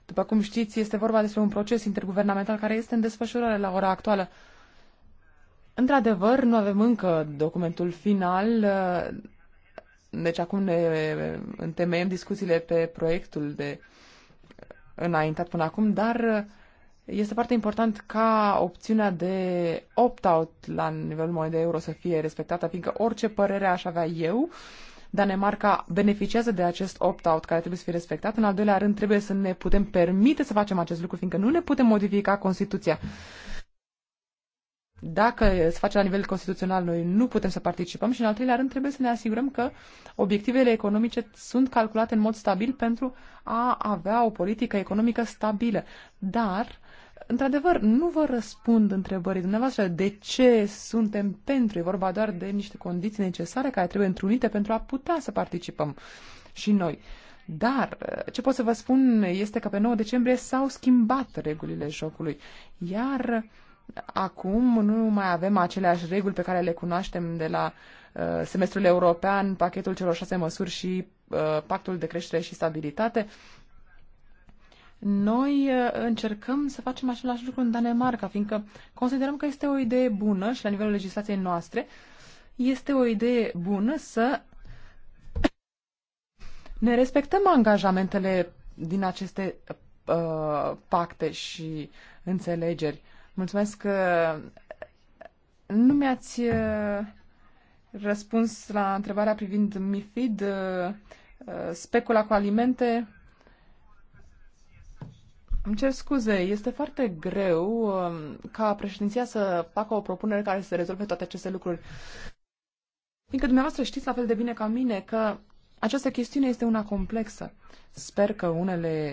După cum știți, este vorba despre un proces interguvernamental care este în desfășurare la ora actuală. Într-adevăr, nu avem încă documentul final, deci acum ne întemeiem discuțiile pe proiectul de înaintat până acum, dar este foarte important ca opțiunea de opt-out la nivelul monedei euro să fie respectată, fiindcă orice părere aș avea eu, Danemarca beneficiază de acest opt-out care trebuie să fie respectat. În al doilea rând, trebuie să ne putem permite să facem acest lucru, fiindcă nu ne putem modifica Constituția. Dacă se face la nivel constituțional, noi nu putem să participăm și, în al treilea rând, trebuie să ne asigurăm că obiectivele economice sunt calculate în mod stabil pentru a avea o politică economică stabilă. Dar Într-adevăr, nu vă răspund întrebării dumneavoastră de ce suntem pentru. E vorba doar de niște condiții necesare care trebuie întrunite pentru a putea să participăm și noi. Dar ce pot să vă spun este că pe 9 decembrie s-au schimbat regulile jocului, iar acum nu mai avem aceleași reguli pe care le cunoaștem de la uh, semestrul european, pachetul celor șase măsuri și uh, pactul de creștere și stabilitate. Uh, noi uh, încercăm să facem același lucru în Danemarca, fiindcă considerăm că este o idee bună și la nivelul legislației noastre este o idee bună să ne respectăm angajamentele din aceste uh, pacte și înțelegeri. Mulțumesc că uh, nu mi-ați uh, răspuns la întrebarea privind MIFID, uh, uh specula cu alimente. Îmi cer scuze, este foarte greu um, ca președinția să facă o propunere care să rezolve toate aceste lucruri. Fiindcă dumneavoastră știți la fel de bine ca mine că această chestiune este una complexă. Sper că unele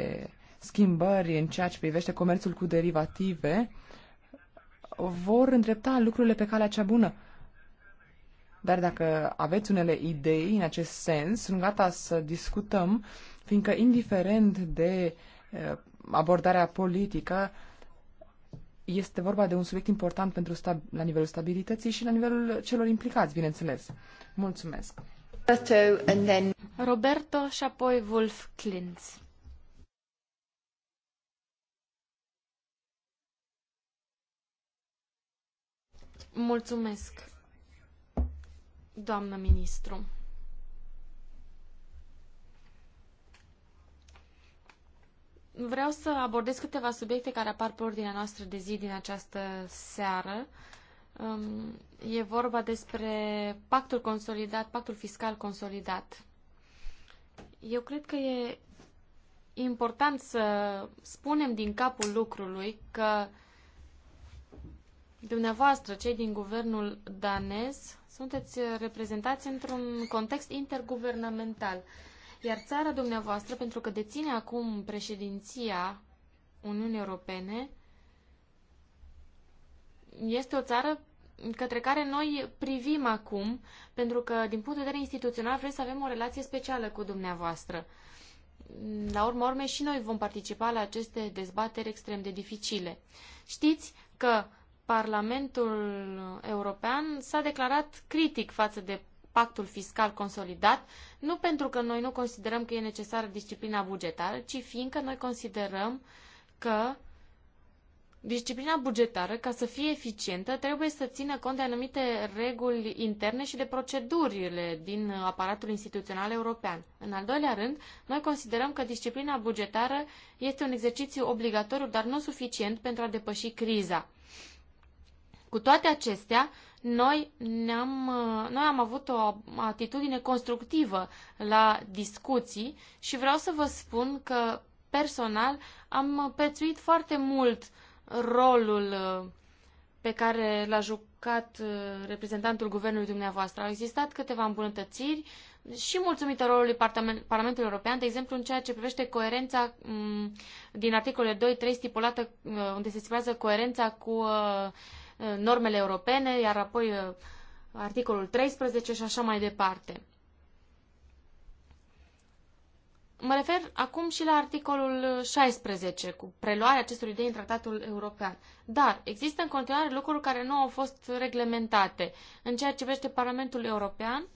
schimbări în ceea ce privește comerțul cu derivative vor îndrepta lucrurile pe calea cea bună. Dar dacă aveți unele idei în acest sens, sunt gata să discutăm, fiindcă indiferent de abordarea politică, este vorba de un subiect important pentru stab- la nivelul stabilității și la nivelul celor implicați, bineînțeles. Mulțumesc. Roberto, and then... Roberto și apoi Wolf Klintz. Mulțumesc, doamnă ministru. Vreau să abordez câteva subiecte care apar pe ordinea noastră de zi din această seară. Um, e vorba despre pactul consolidat, pactul fiscal consolidat. Eu cred că e important să spunem din capul lucrului că dumneavoastră, cei din guvernul danez, sunteți reprezentați într-un context interguvernamental. Iar țara dumneavoastră, pentru că deține acum președinția Uniunii Europene, este o țară către care noi privim acum, pentru că, din punct de vedere instituțional, vrem să avem o relație specială cu dumneavoastră. La urmă urme și noi vom participa la aceste dezbateri extrem de dificile. Știți că Parlamentul European s-a declarat critic față de pactul fiscal consolidat, nu pentru că noi nu considerăm că e necesară disciplina bugetară, ci fiindcă noi considerăm că disciplina bugetară, ca să fie eficientă, trebuie să țină cont de anumite reguli interne și de procedurile din aparatul instituțional european. În al doilea rând, noi considerăm că disciplina bugetară este un exercițiu obligatoriu, dar nu suficient pentru a depăși criza. Cu toate acestea, noi, ne-am, uh, noi am avut o atitudine constructivă la discuții și vreau să vă spun că personal am prețuit foarte mult rolul uh, pe care l-a jucat uh, reprezentantul guvernului dumneavoastră. Au existat câteva îmbunătățiri și mulțumită rolului Parlamentului European, de exemplu în ceea ce privește coerența mm, din articolele 2-3 stipulată, unde se stipulează coerența cu Uh, normele europene, iar apoi uh, articolul 13 și așa mai departe. Mă refer acum și la articolul 16, cu preluarea acestor idei în tratatul european. Dar există în continuare lucruri care nu au fost reglementate. În ceea ce vește Parlamentul European,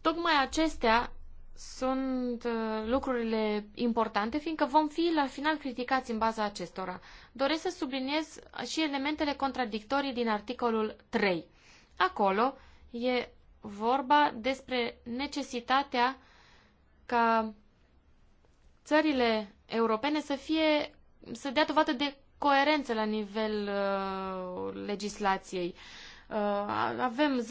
tocmai acestea sunt uh, lucrurile importante, fiindcă vom fi la final criticați în baza acestora. Doresc să subliniez și elementele contradictorii din articolul 3. Acolo e vorba despre necesitatea ca țările europene să fie să dea dovadă de coerență la nivel uh, legislației. Uh, Uh, avem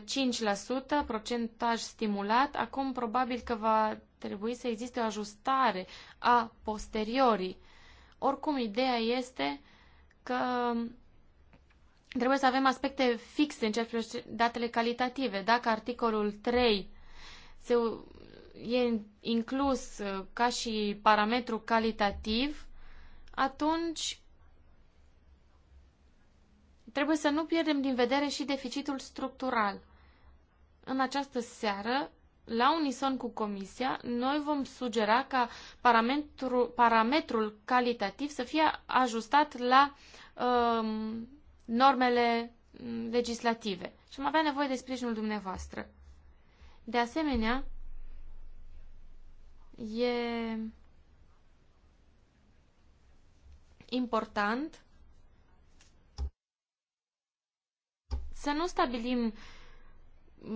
0,5% procentaj stimulat, acum probabil că va trebui să existe o ajustare a posteriorii. Oricum, ideea este că trebuie să avem aspecte fixe în ceea ce privește datele calitative. Dacă articolul 3 se, e inclus uh, ca și parametru calitativ, atunci trebuie să nu pierdem din vedere și deficitul structural. În această seară, la unison cu Comisia, noi vom sugera ca parametru, parametrul calitativ să fie ajustat la um, normele mm, legislative și am avea nevoie de sprijinul dumneavoastră. De asemenea, e important să nu stabilim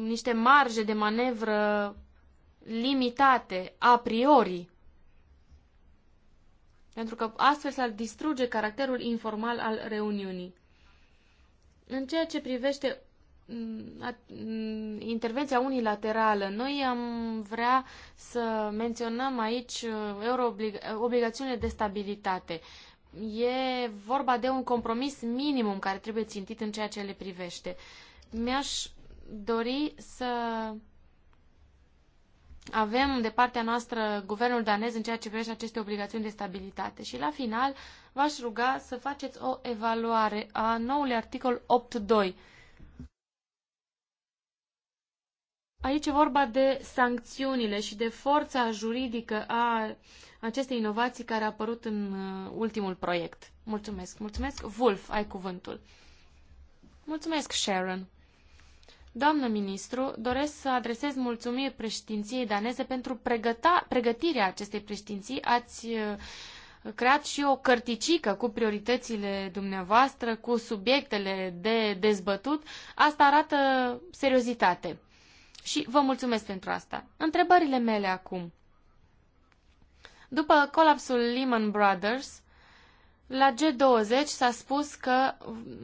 niște marje de manevră limitate a priori. Pentru că astfel s-ar distruge caracterul informal al reuniunii. În ceea ce privește mm, mm, intervenția unilaterală. Noi am vrea să menționăm aici uh, obligațiune de stabilitate e vorba de un compromis minimum care trebuie țintit în ceea ce le privește. Mi-aș dori să avem de partea noastră guvernul danez în ceea ce privește aceste obligațiuni de stabilitate. Și la final v-aș ruga să faceți o evaluare a noului articol 8.2. Aici e vorba de sancțiunile și de forța juridică a aceste inovații care au apărut în uh, ultimul proiect. Mulțumesc, mulțumesc. Wolf, ai cuvântul. Mulțumesc, Sharon. Doamnă ministru, doresc să adresez mulțumiri președinției daneze pentru pregăta, pregătirea acestei președinții. Ați uh, creat și o cărticică cu prioritățile dumneavoastră, cu subiectele de dezbătut. Asta arată seriozitate. Și vă mulțumesc pentru asta. Întrebările mele acum. După colapsul Lehman Brothers, la G20 s-a spus că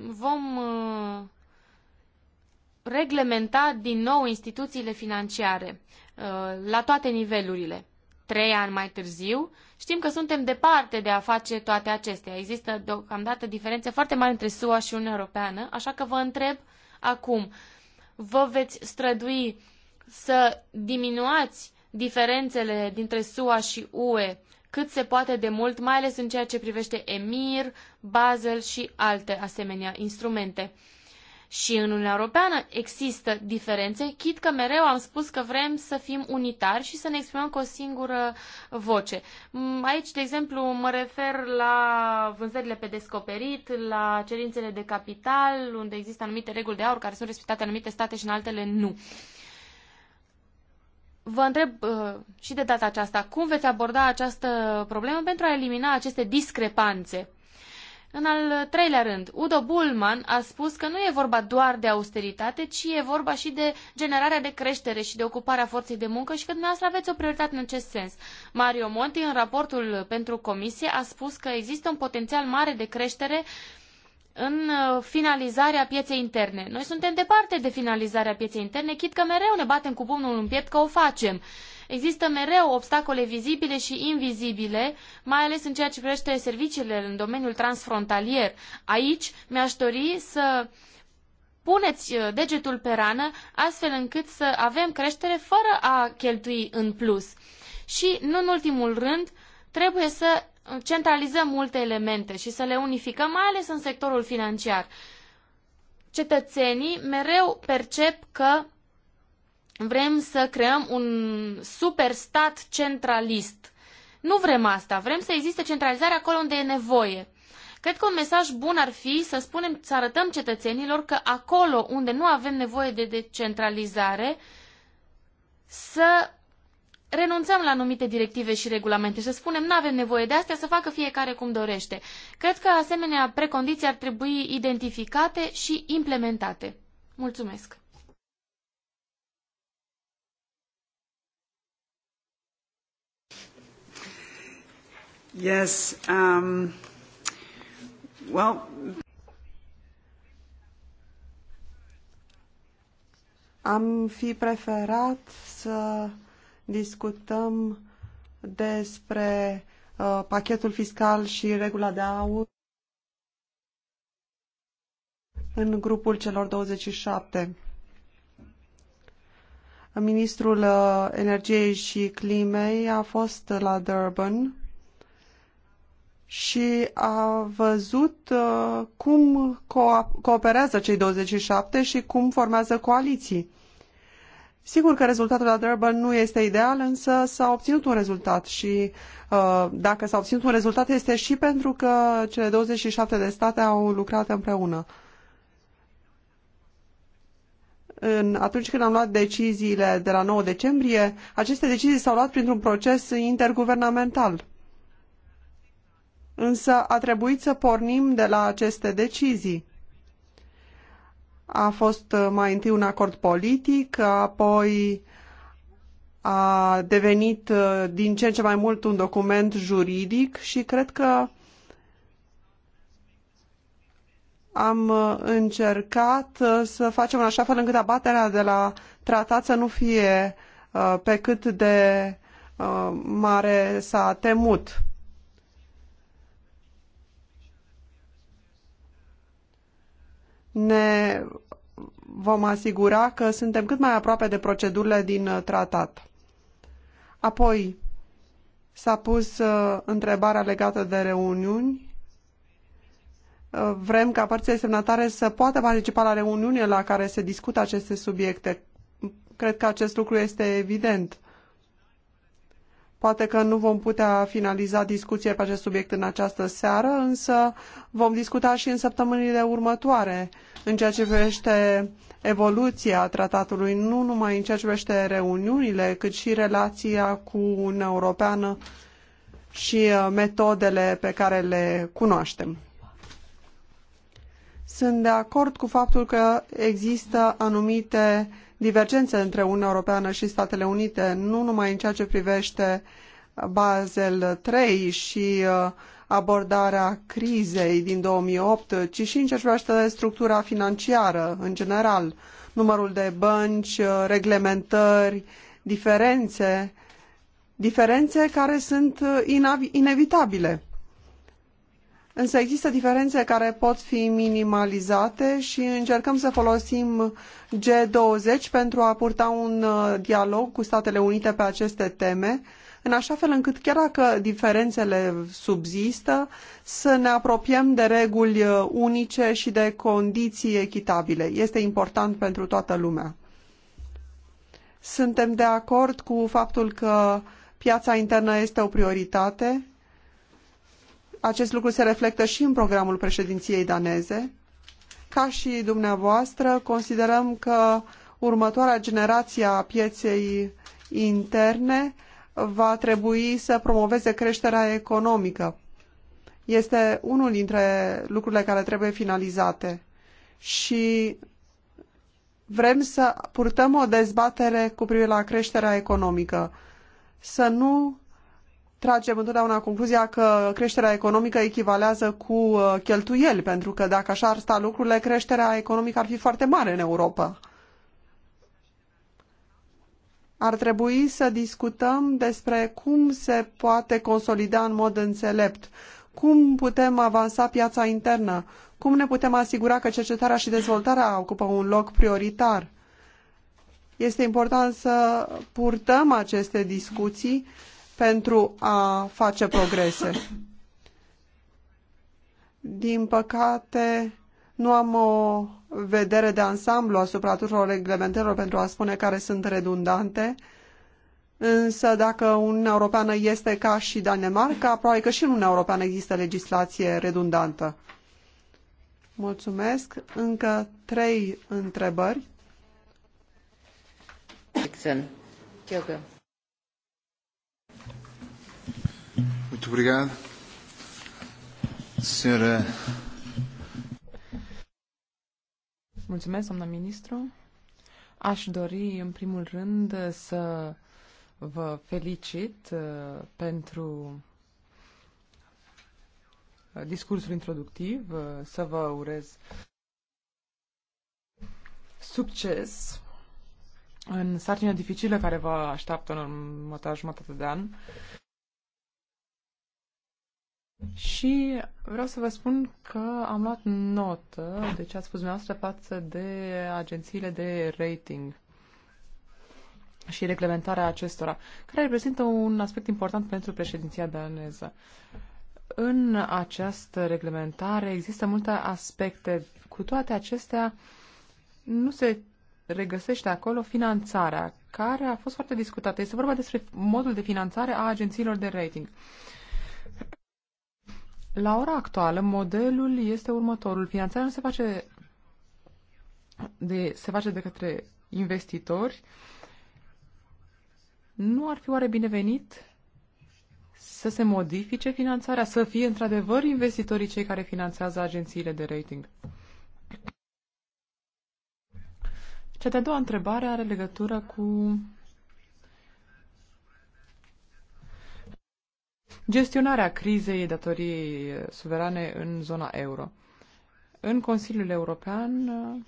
vom uh, reglementa din nou instituțiile financiare uh, la toate nivelurile. Trei ani mai târziu, știm că suntem departe de a face toate acestea. Există deocamdată diferențe foarte mari între SUA și Uniunea Europeană, așa că vă întreb acum, vă veți strădui să diminuați diferențele dintre SUA și UE cât se poate de mult, mai ales în ceea ce privește EMIR, Basel și alte asemenea instrumente. Și în Uniunea Europeană există diferențe, chit că mereu am spus că vrem să fim unitari și să ne exprimăm cu o singură voce. Mm, aici, de exemplu, mă refer la vânzările pe descoperit, la cerințele de capital, unde există anumite reguli de aur care sunt respectate în anumite state și în altele nu. Uh, Vă întreb uh, și de data aceasta, cum veți aborda această problemă pentru a elimina aceste discrepanțe? În al treilea rând, Udo Bullman a spus că nu e vorba doar de austeritate, ci e vorba și de generarea de creștere și de ocuparea forței de muncă și că dumneavoastră aveți o prioritate în acest sens. Mario Monti, în raportul pentru comisie, a spus că există un potențial mare de creștere uh, în uh, finalizarea pieței interne. Noi suntem departe de finalizarea pieței interne, chit că mereu ne batem cu pumnul în piept că o facem. Există mereu obstacole vizibile și invizibile, mai ales în ceea ce privește serviciile în domeniul transfrontalier. Aici mi-aș dori să puneți uh, degetul pe rană astfel încât să avem creștere fără a cheltui în plus. Și, nu în ultimul rând, trebuie să centralizăm multe elemente și să le unificăm, mai ales în sectorul financiar. Cetățenii mereu percep că vrem să creăm un super stat centralist. Nu vrem asta, vrem să existe centralizare acolo unde e nevoie. Cred că un mesaj bun ar fi să spunem, să arătăm cetățenilor că acolo unde nu avem nevoie de decentralizare, să renunțăm la anumite directive și regulamente și să spunem nu avem nevoie de astea, să facă fiecare cum dorește. Cred că asemenea precondiții ar trebui identificate și implementate. Mulțumesc! Yes, um, well... Am fi preferat să discutăm despre uh, pachetul fiscal și regula de aur în grupul celor 27. Ministrul uh, Energiei și Climei a fost la Durban și a văzut uh, cum co cooperează cei 27 și cum formează coaliții. Sigur că rezultatul la Durban nu este ideal, însă s-a obținut un rezultat și uh, dacă s-a obținut un rezultat este și pentru că cele 27 de state au lucrat împreună. În, atunci când am luat deciziile de la 9 decembrie, aceste decizii s-au luat printr-un proces interguvernamental. Însă a trebuit să pornim de la aceste decizii. A fost uh, mai întâi un acord politic, apoi a devenit uh, din ce în ce mai mult un document juridic și cred că am uh, încercat să facem în așa fel încât abaterea de la tratat să nu fie pe cât de mare s-a temut. ne vom asigura că suntem cât mai aproape de procedurile din uh, tratat. Apoi s-a pus uh, întrebarea legată de reuniuni. Uh, vrem ca părțile semnatare să poată participa la reuniunile la care se discută aceste subiecte. Cred că acest lucru este evident. Poate că nu vom putea finaliza discuția pe acest subiect în această seară, însă vom discuta și în săptămânile următoare în ceea ce privește evoluția tratatului, nu numai în ceea ce privește reuniunile, cât și relația cu Uniunea Europeană și uh, metodele pe care le cunoaștem. Sunt de acord cu faptul că există anumite divergențe între Uniunea Europeană și Statele Unite, nu numai în ceea ce privește Basel III și uh, abordarea crizei din 2008, ci și în ceea ce privește structura financiară în general, numărul de bănci, uh, reglementări, diferențe, diferențe care sunt uh, inevitabile. Însă există diferențe care pot fi minimalizate și încercăm să folosim G20 pentru a purta un uh, dialog cu Statele Unite pe aceste teme, în așa fel încât chiar dacă diferențele subzistă, să ne apropiem de reguli uh, unice și de condiții echitabile. Este important pentru toată lumea. Suntem de acord cu faptul că piața internă este o prioritate acest lucru se reflectă și în programul președinției daneze. Ca și dumneavoastră, considerăm că următoarea generație a pieței interne va trebui să promoveze creșterea economică. Este unul dintre lucrurile care trebuie finalizate și vrem să purtăm o dezbatere cu privire la creșterea economică. Să nu tragem întotdeauna concluzia că creșterea economică echivalează cu uh, cheltuieli, pentru că dacă așa ar sta lucrurile, creșterea economică ar fi foarte mare în Europa. Ar trebui să discutăm despre cum se poate consolida în mod înțelept, cum putem avansa piața internă, cum ne putem asigura că cercetarea și dezvoltarea ocupă un loc prioritar. Este important să purtăm aceste discuții pentru a face progrese. Din păcate, nu am o vedere de ansamblu asupra tuturor reglementărilor pentru a spune care sunt redundante, însă dacă Uniunea Europeană este ca și Danemarca, probabil că și în Uniunea Europeană există legislație redundantă. Mulțumesc. Încă trei întrebări. Jackson. Muito obrigado. Senhora... Mulțumesc, doamna ministru. Aș dori, în primul rând, să vă felicit uh, pentru uh, discursul introductiv, uh, să vă urez succes în sarcina dificilă care vă așteaptă în următoarea jumătate de an și vreau să vă spun că am luat notă de ce ați spus dumneavoastră față de agențiile de rating și reglementarea acestora, care reprezintă un aspect important pentru președinția daneză. În această reglementare există multe aspecte. Cu toate acestea, nu se regăsește acolo finanțarea, care a fost foarte discutată. Este vorba despre modul de finanțare a agențiilor de rating. Uh, la ora actuală, modelul este următorul. Finanțarea nu se face de, se face de către investitori. Nu ar fi oare binevenit să se modifice finanțarea, să fie într-adevăr investitorii cei care finanțează agențiile de rating? Cea de-a doua întrebare are legătură cu gestionarea crizei datoriei suverane în zona euro. În Consiliul European uh,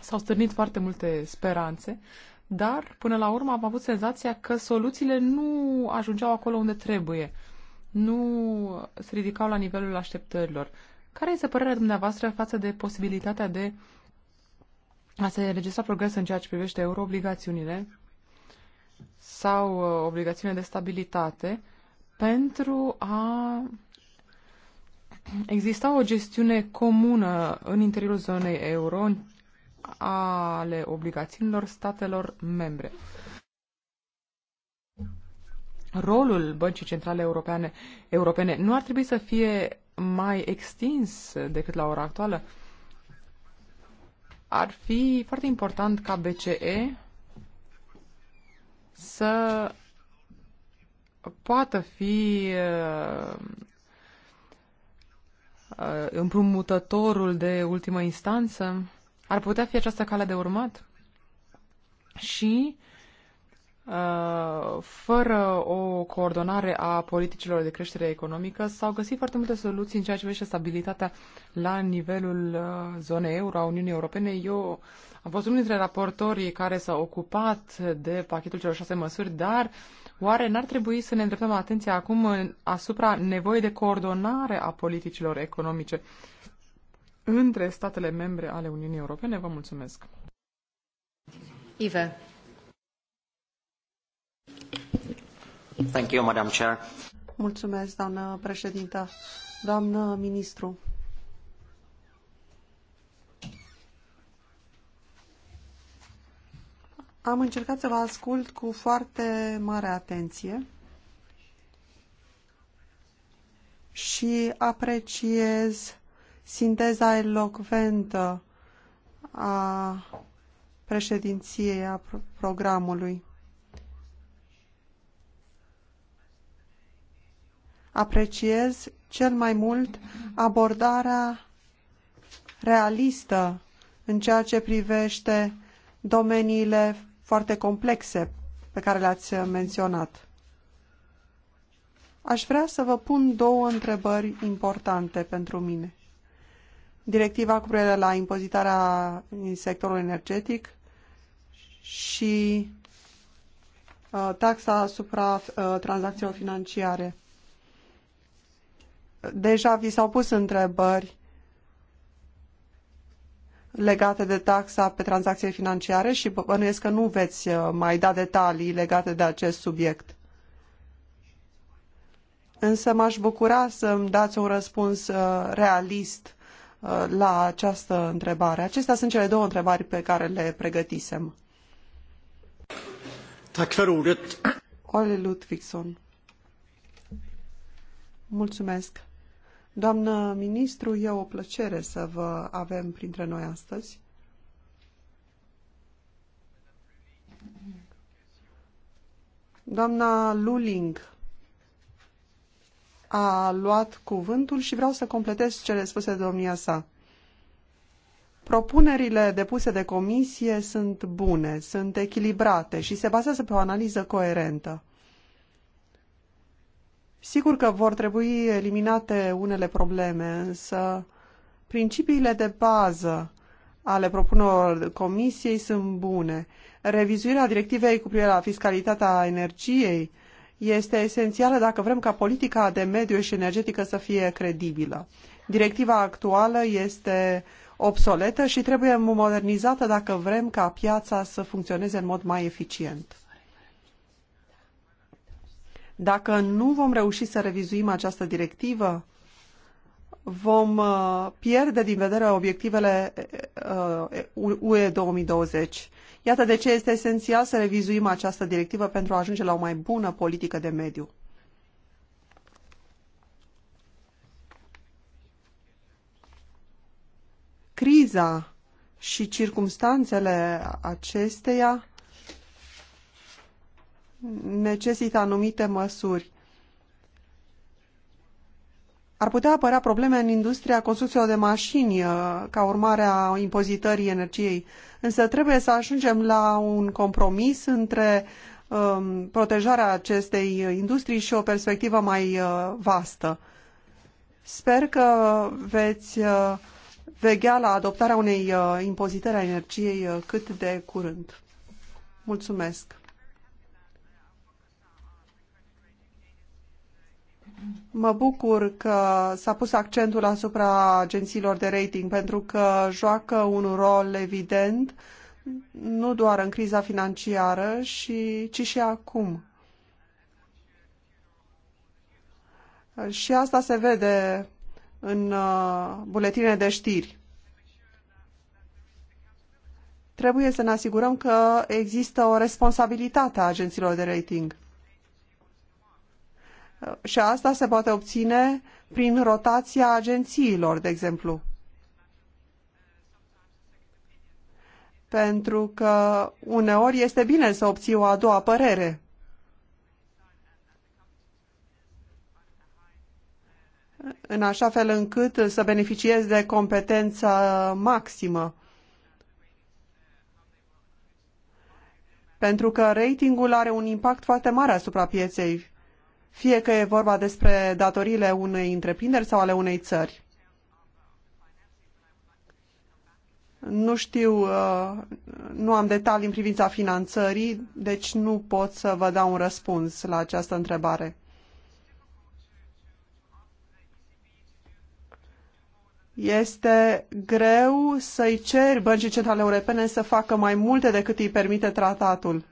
s-au stârnit foarte multe speranțe, dar până la urmă am avut senzația că soluțiile nu ajungeau acolo unde trebuie, nu se ridicau la nivelul așteptărilor. Care este părerea dumneavoastră față de posibilitatea de a se registra progres în ceea ce privește euroobligațiunile sau uh, obligațiunile de stabilitate pentru a exista o gestiune comună în interiorul zonei euro ale obligațiunilor statelor membre. Rolul Băncii Centrale Europeane, Europene nu ar trebui să fie mai extins decât la ora actuală. Ar fi foarte important ca BCE să poată fi uh, uh, împrumutătorul de ultimă instanță? Ar putea fi această cale de urmat? Și uh, fără o coordonare a politicilor de creștere economică, s-au găsit foarte multe soluții în ceea ce privește stabilitatea la nivelul zonei euro a Uniunii Europene. Eu am fost unul dintre raportorii care s-a ocupat de pachetul celor șase măsuri, dar uh, Oare n-ar trebui să ne îndreptăm atenția acum asupra nevoii de coordonare a politicilor economice între statele membre ale Uniunii Europene? Vă mulțumesc. Ive. Thank you, Madam Chair. Mulțumesc, doamnă președintă. Doamnă ministru, Am încercat să vă ascult cu foarte mare atenție și apreciez sinteza elocventă a președinției a programului. Apreciez cel mai mult abordarea realistă în ceea ce privește domeniile foarte complexe pe care le-ați menționat. Aș vrea să vă pun două întrebări importante pentru mine. Directiva cu privire la impozitarea în sectorul energetic și uh, taxa asupra uh, tranzacțiilor financiare. Deja vi s-au pus întrebări legate de taxa pe tranzacție financiare și bănuiesc că nu veți uh, mai da detalii legate de acest subiect. Însă m-aș bucura să îmi dați un răspuns uh, realist uh, la această întrebare. Acestea sunt cele două întrebări pe care le pregătisem. Ole Mulțumesc. Doamnă ministru, e o plăcere să vă avem printre noi astăzi. Doamna Luling a luat cuvântul și vreau să completez cele spuse de domnia sa. Propunerile depuse de comisie sunt bune, sunt echilibrate și se bazează pe o analiză coerentă. Sigur că vor trebui eliminate unele probleme, însă principiile de bază ale propunerilor Comisiei sunt bune. Revizuirea directivei cu privire la fiscalitatea energiei este esențială dacă vrem ca politica de mediu și energetică să fie credibilă. Directiva actuală este obsoletă și trebuie modernizată dacă vrem ca piața să funcționeze în mod mai eficient. Dacă nu vom reuși să revizuim această directivă, vom uh, pierde din vedere obiectivele UE uh, uh, 2020. Iată de ce este esențial să revizuim această directivă pentru a ajunge la o mai bună politică de mediu. Criza și circumstanțele acesteia necesită anumite măsuri. Ar putea apărea probleme în industria construcțiilor de mașini uh, ca urmare a impozitării energiei, însă trebuie să ajungem la un compromis între um, protejarea acestei industrii și o perspectivă mai uh, vastă. Sper că veți uh, vegea la adoptarea unei uh, impozitări a energiei uh, cât de curând. Mulțumesc! Mă bucur că s-a pus accentul asupra agențiilor de rating pentru că joacă un rol evident nu doar în criza financiară, și, ci și acum. Și asta se vede în uh, buletine de știri. Trebuie să ne asigurăm că există o responsabilitate a agențiilor de rating și asta se poate obține prin rotația agențiilor, de exemplu. Pentru că uneori este bine să obții o a doua părere. În așa fel încât să beneficiezi de competența maximă. Pentru că ratingul are un impact foarte mare asupra pieței fie că e vorba despre datoriile unei întreprinderi sau ale unei țări. Nu știu, uh, nu am detalii în privința finanțării, deci nu pot să vă dau un răspuns la această întrebare. Este greu să-i ceri băncii centrale europene să facă mai multe decât îi permite tratatul.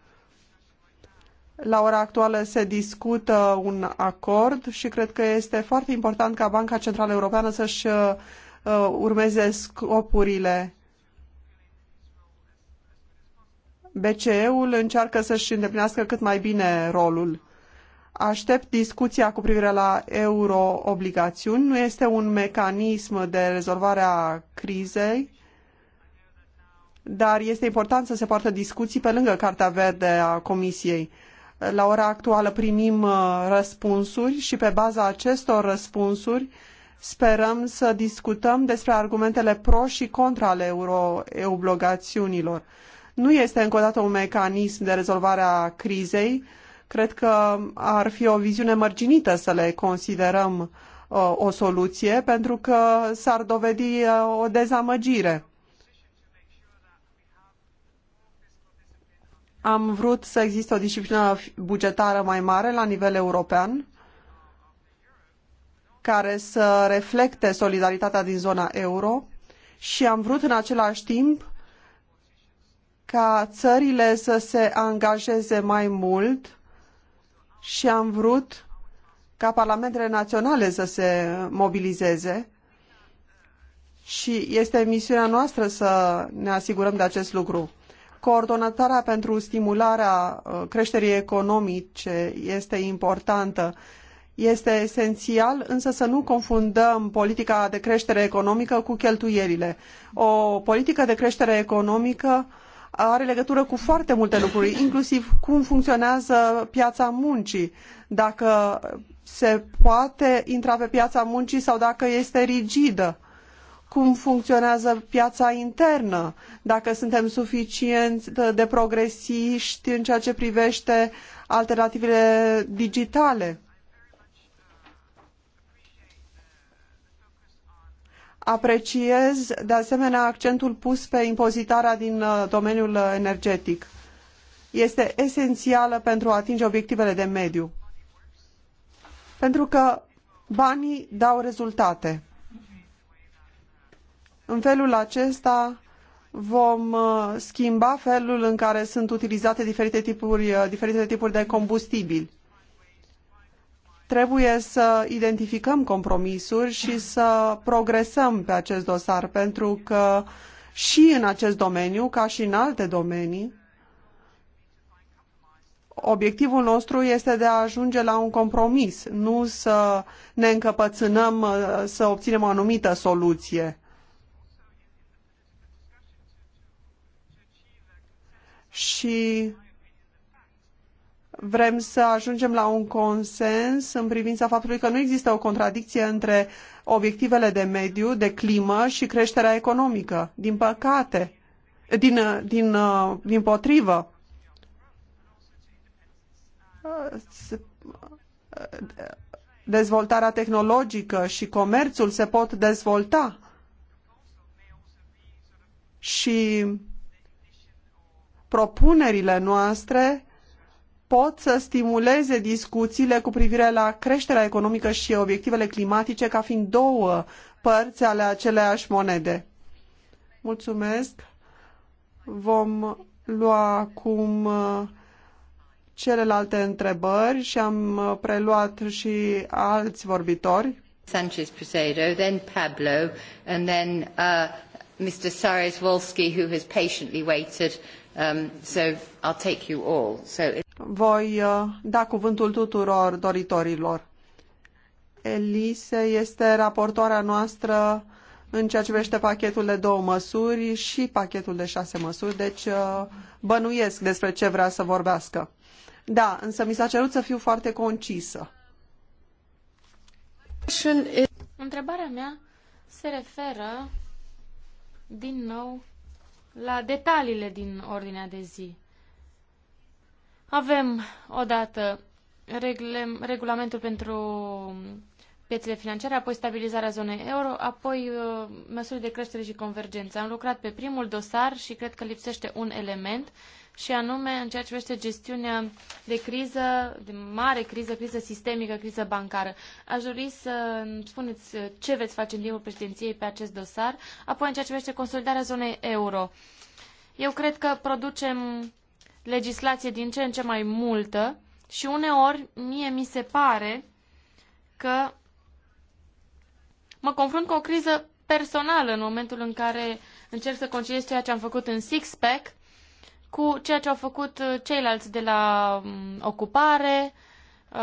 La ora actuală se discută un acord și cred că este foarte important ca Banca Centrală Europeană să-și uh, uh, urmeze scopurile. BCE-ul încearcă să-și îndeplinească cât mai bine rolul. Aștept discuția cu privire la euroobligațiuni. Nu este un mecanism de rezolvare a crizei, dar este important să se poartă discuții pe lângă Cartea Verde a Comisiei. La ora actuală primim uh, răspunsuri și pe baza acestor răspunsuri sperăm să discutăm despre argumentele pro și contra ale euro Nu este încă o dată un mecanism de rezolvare a crizei. Cred că ar fi o viziune mărginită să le considerăm uh, o soluție pentru că s-ar dovedi uh, o dezamăgire. Am vrut să existe o disciplină bugetară mai mare la nivel european care să reflecte solidaritatea din zona euro și am vrut în același timp ca țările să se angajeze mai mult și am vrut ca parlamentele naționale să se mobilizeze și este misiunea noastră să ne asigurăm de acest lucru. Coordonatarea pentru stimularea uh, creșterii economice este importantă. Este esențial însă să nu confundăm politica de creștere economică cu cheltuielile. O politică de creștere economică are legătură cu foarte multe lucruri, inclusiv cum funcționează piața muncii, dacă se poate intra pe piața muncii sau dacă este rigidă cum funcționează piața internă, dacă suntem suficient de progresiști în ceea ce privește alternativele digitale. Apreciez, de asemenea, accentul pus pe impozitarea din uh, domeniul energetic. Este esențială pentru a atinge obiectivele de mediu. Pentru că banii dau rezultate. În felul acesta vom uh, schimba felul în care sunt utilizate diferite tipuri, uh, diferite tipuri de combustibili. Trebuie să identificăm compromisuri și să progresăm pe acest dosar, pentru că și în acest domeniu, ca și în alte domenii, obiectivul nostru este de a ajunge la un compromis, nu să ne încăpățânăm uh, să obținem o anumită soluție. și vrem să ajungem la un consens în privința faptului că nu există o contradicție între obiectivele de mediu, de climă și creșterea economică. Din păcate, din, din, din potrivă, dezvoltarea tehnologică și comerțul se pot dezvolta și propunerile noastre pot să stimuleze discuțiile cu privire la creșterea economică și obiectivele climatice ca fiind două părți ale aceleași monede. Mulțumesc. Vom lua acum uh, celelalte întrebări și am uh, preluat și alți vorbitori. Sanchez Presedo, then Pablo, and then uh, Mr. Saris Wolski, who has patiently waited Um, so I'll take you all. So it... Voi uh, da cuvântul tuturor doritorilor. Elise este raportoarea noastră în ceea ce privește pachetul de două măsuri și pachetul de șase măsuri, deci uh, bănuiesc despre ce vrea să vorbească. Da, însă mi s-a cerut să fiu foarte concisă. Întrebarea mea se referă din nou la detaliile din ordinea de zi. Avem odată regle, regulamentul pentru piețele financiare, apoi stabilizarea zonei euro, apoi uh, măsuri de creștere și convergență. Am lucrat pe primul dosar și cred că lipsește un element. Uh, și anume în ceea ce privește gestiunea de criză, de mare criză, criză sistemică, criză bancară. Aș dori să spuneți uh, ce veți face în timpul președinției pe acest dosar, apoi în ceea ce privește consolidarea zonei euro. Eu cred că producem legislație din ce în ce mai multă și uneori mie mi se pare că mă confrunt cu o criză personală în momentul în care încerc să conciliez ceea ce am făcut în six-pack cu ceea ce au făcut uh, ceilalți de la mm, ocupare, uh,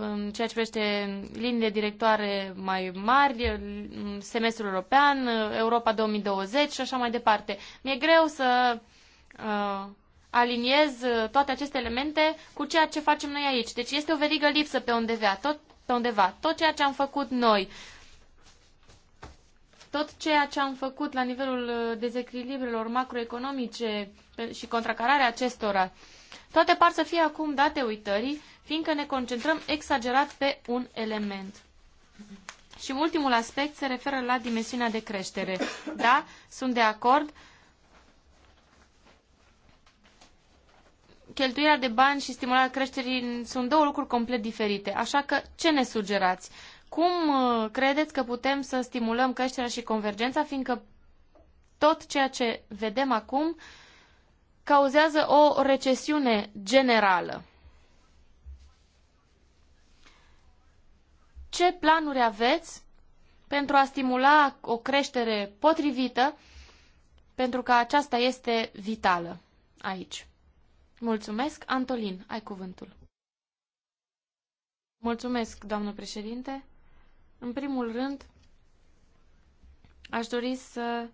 în ceea ce privește liniile directoare mai mari, uh, semestrul european, Europa 2020 și așa mai departe. Mi-e greu să aliniez toate aceste elemente cu ceea ce facem noi aici. Deci este o verigă lipsă pe undeva, tot, pe undeva. tot ceea ce am făcut noi, tot ceea ce am făcut la nivelul uh, dezechilibrelor macroeconomice și contracararea acestora, toate par să fie acum date uitării, fiindcă ne concentrăm exagerat pe un element. Și ultimul aspect se referă la dimensiunea de creștere. Da, sunt de acord. Cheltuirea de bani și stimularea creșterii sunt două lucruri complet diferite. Așa că ce ne sugerați? Cum uh, credeți că putem să stimulăm creșterea și convergența, fiindcă tot ceea ce vedem acum cauzează o recesiune generală? Ce planuri aveți pentru a stimula o creștere potrivită, pentru că aceasta este vitală aici? Mulțumesc, Antolin, ai cuvântul. Mulțumesc, doamnă președinte. În primul rând, aș dori să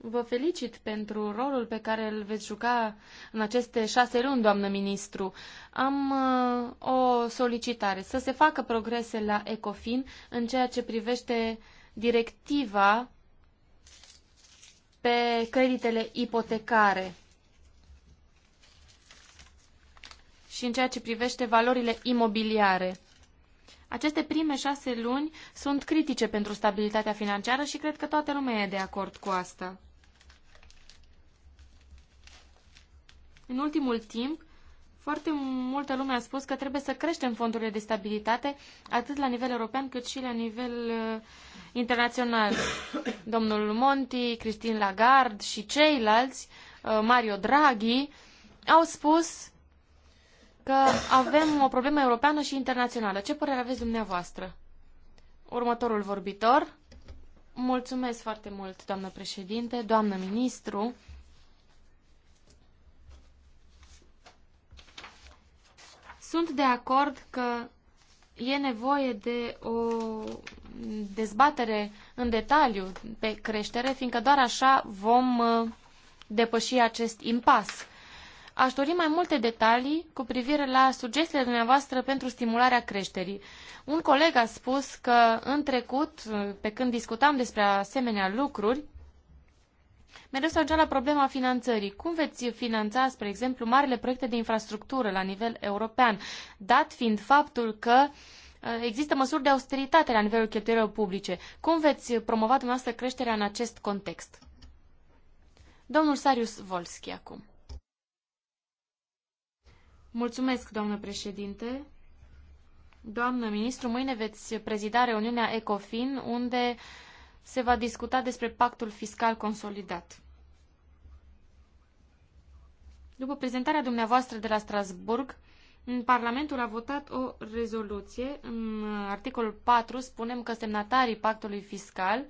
Vă felicit pentru rolul pe care îl veți juca în aceste șase luni, doamnă ministru. Am uh, o solicitare. Să se facă progrese la ECOFIN în ceea ce privește directiva pe creditele ipotecare. și în ceea ce privește valorile imobiliare. Aceste prime șase luni sunt critice pentru stabilitatea financiară și cred că toată lumea e de acord cu asta. În ultimul timp, foarte multă lume a spus că trebuie să creștem fondurile de stabilitate atât la nivel european cât și la nivel uh, internațional. Domnul Monti, Christine Lagarde și ceilalți, uh, Mario Draghi, au spus că avem o problemă europeană și internațională. Ce părere aveți dumneavoastră? Următorul vorbitor. Mulțumesc foarte mult, doamnă președinte, doamnă ministru. Sunt de acord că e nevoie de o dezbatere în detaliu pe creștere, fiindcă doar așa vom uh, depăși acest impas. Aș dori mai multe detalii cu privire la sugestiile dumneavoastră pentru stimularea creșterii. Un coleg a spus că în trecut, pe când discutam despre asemenea lucruri, mereu se la problema finanțării. Cum veți finanța, spre exemplu, marile proiecte de infrastructură la nivel european, dat fiind faptul că uh, există măsuri de austeritate la nivelul cheltuielor publice? Cum veți promova dumneavoastră creșterea în acest context? Domnul Sarius Volski acum. Mulțumesc, doamnă președinte. Doamnă ministru, mâine veți prezida reuniunea ECOFIN, unde se va discuta despre pactul fiscal consolidat. După prezentarea dumneavoastră de la Strasburg, Parlamentul a votat o rezoluție. În articolul 4 spunem că semnatarii pactului fiscal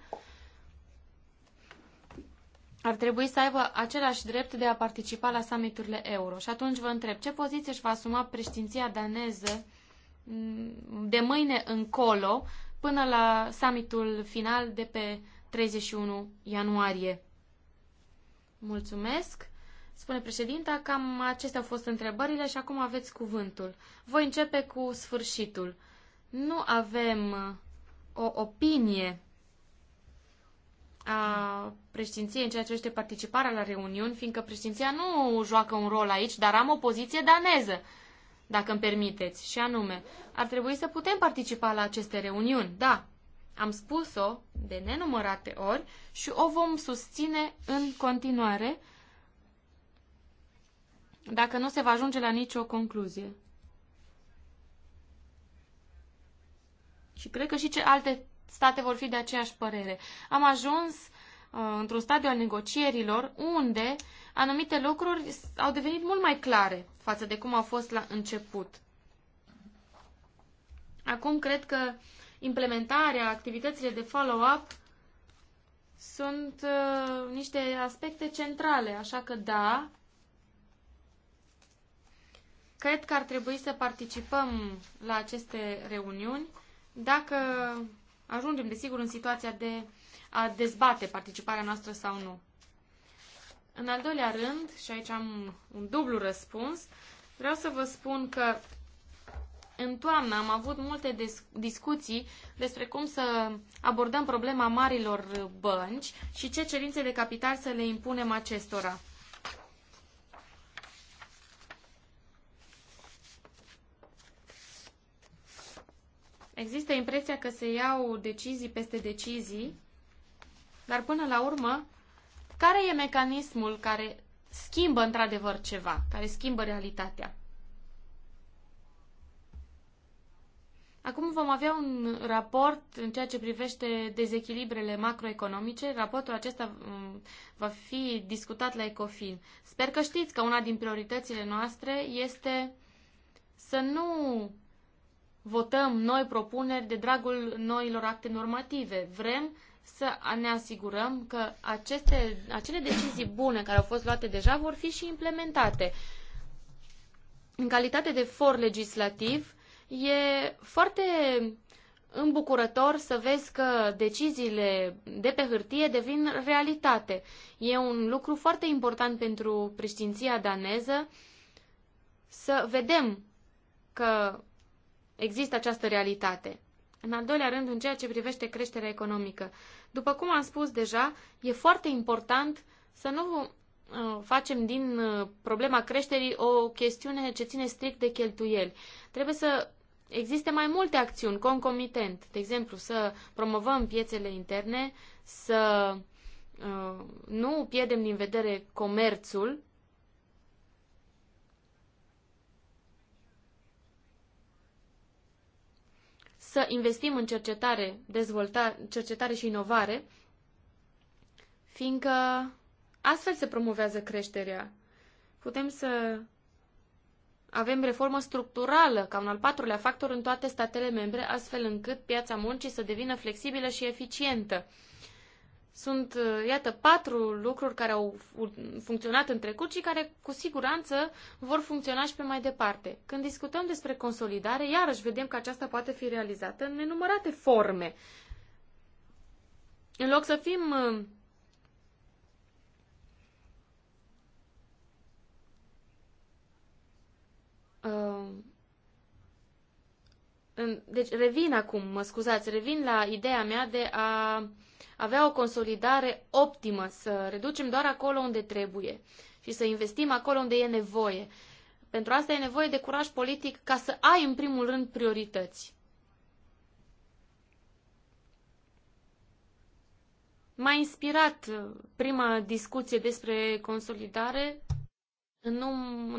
ar trebui să aibă același drept de a participa la summiturile euro. Și atunci vă întreb, ce poziție își va asuma preștinția daneză mm, de mâine încolo până la summitul final de pe 31 ianuarie? Mulțumesc! Spune președinta, cam acestea au fost întrebările și acum aveți cuvântul. Voi începe cu sfârșitul. Nu avem uh, o opinie a președinției în ceea ce este participarea la reuniuni, fiindcă președinția nu joacă un rol aici, dar am o poziție daneză, dacă îmi permiteți, și anume, ar trebui să putem participa la aceste reuniuni, da, am spus-o de nenumărate ori și o vom susține în continuare dacă nu se va ajunge la nicio concluzie. Și cred că și ce alte state vor fi de aceeași părere. Am ajuns uh, într-un stadiu al negocierilor unde anumite lucruri au devenit mult mai clare față de cum au fost la început. Acum cred că implementarea, activitățile de follow-up sunt uh, niște aspecte centrale, așa că da, cred că ar trebui să participăm la aceste reuniuni. Dacă ajungem, desigur, în situația de a dezbate participarea noastră sau nu. În al doilea rând, și aici am un dublu răspuns, vreau să vă spun că în toamnă am avut multe discuții despre cum să abordăm problema marilor bănci și ce cerințe de capital să le impunem acestora. Există impresia că se iau decizii peste decizii, dar până la urmă, care e mecanismul care schimbă într-adevăr ceva, care schimbă realitatea? Acum vom avea un raport în ceea ce privește dezechilibrele macroeconomice. Raportul acesta mm, va fi discutat la ECOFIN. Sper că știți că una din prioritățile noastre este să nu votăm noi propuneri de dragul noilor acte normative. Vrem să ne asigurăm că aceste, acele decizii bune care au fost luate deja vor fi și implementate. În calitate de for legislativ, e foarte îmbucurător să vezi că deciziile de pe hârtie devin realitate. E un lucru foarte important pentru preștinția daneză să vedem că Există această realitate. În al doilea rând, în ceea ce privește creșterea economică. După cum am spus deja, e foarte important să nu uh, facem din uh, problema creșterii o chestiune ce ține strict de cheltuieli. Trebuie să existe mai multe acțiuni concomitent. De exemplu, să promovăm piețele interne, să uh, nu pierdem din vedere comerțul să investim în cercetare, dezvoltare, cercetare și inovare, fiindcă astfel se promovează creșterea. Putem să avem reformă structurală, ca un al patrulea factor în toate statele membre, astfel încât piața muncii să devină flexibilă și eficientă. Sunt, uh, iată, patru lucruri care au funcționat în trecut și care cu siguranță vor funcționa și pe mai departe. Când discutăm despre consolidare, iarăși vedem că aceasta poate fi realizată în nenumărate forme. În loc să fim uh, uh, deci revin acum, mă scuzați, revin la ideea mea de a avea o consolidare optimă, să reducem doar acolo unde trebuie și să investim acolo unde e nevoie. Pentru asta e nevoie de curaj politic ca să ai în primul rând priorități. M-a inspirat uh, prima discuție despre consolidare în,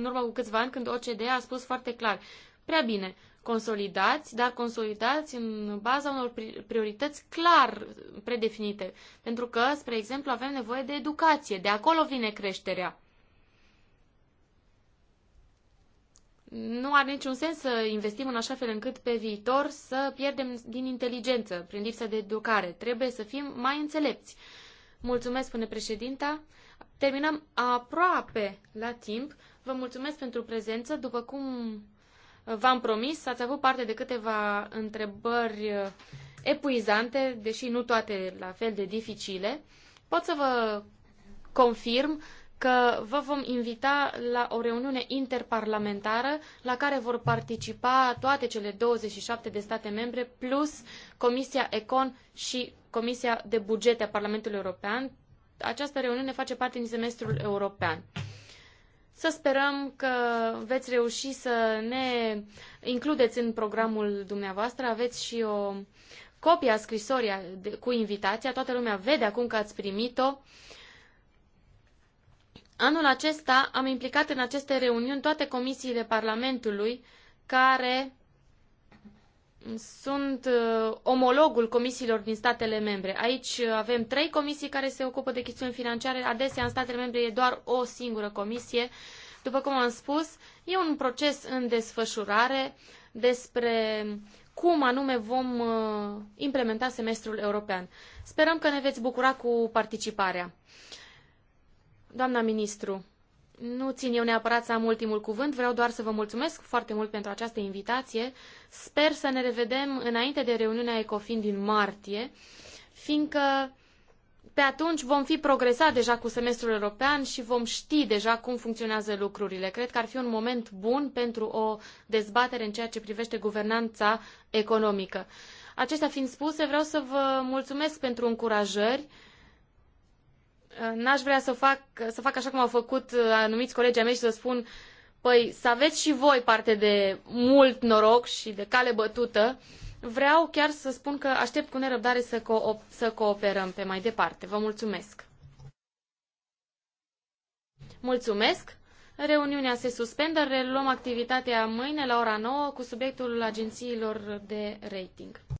urmă cu câțiva ani, când OCDE a spus foarte clar, prea bine, consolidați, dar consolidați în baza unor priorități clar predefinite. Pentru că, spre exemplu, avem nevoie de educație. De acolo vine creșterea. Nu are niciun sens să investim în așa fel încât pe viitor să pierdem din inteligență, prin lipsa de educare. Trebuie să fim mai înțelepți. Mulțumesc, spune președinta. Terminăm aproape la timp. Vă mulțumesc pentru prezență. După cum V-am promis, ați avut parte de câteva întrebări epuizante, deși nu toate la fel de dificile. Pot să vă confirm că vă vom invita la o reuniune interparlamentară la care vor participa toate cele 27 de state membre plus Comisia Econ și Comisia de Bugete a Parlamentului European. Această reuniune face parte din semestrul european. Să sperăm că veți reuși să ne includeți în programul dumneavoastră. Aveți și o copie a scrisorii cu invitația. Toată lumea vede acum că ați primit-o. Anul acesta am implicat în aceste reuniuni toate comisiile Parlamentului care sunt uh, omologul comisiilor din statele membre. Aici uh, avem trei comisii care se ocupă de chestiuni financiare. Adesea în statele membre e doar o singură comisie. După cum am spus, e un proces în desfășurare despre cum anume vom uh, implementa semestrul european. Sperăm că ne veți bucura cu participarea. Doamna ministru, nu țin eu neapărat să am ultimul cuvânt, vreau doar să vă mulțumesc foarte mult pentru această invitație. Sper să ne revedem înainte de reuniunea ECOFIN din martie, fiindcă pe atunci vom fi progresat deja cu semestrul european și vom ști deja cum funcționează lucrurile. Cred că ar fi un moment bun pentru o dezbatere în ceea ce privește guvernanța economică. Acestea fiind spuse, vreau să vă mulțumesc pentru încurajări n-aș vrea să fac, să fac așa cum au făcut uh, anumiți colegi ai mei și să spun Păi, să aveți și voi parte de mult noroc și de cale bătută. Vreau chiar să spun că aștept cu nerăbdare să, co să cooperăm pe mai departe. Vă mulțumesc! Mulțumesc! Reuniunea se suspendă, reluăm activitatea mâine la ora 9 cu subiectul agențiilor de rating.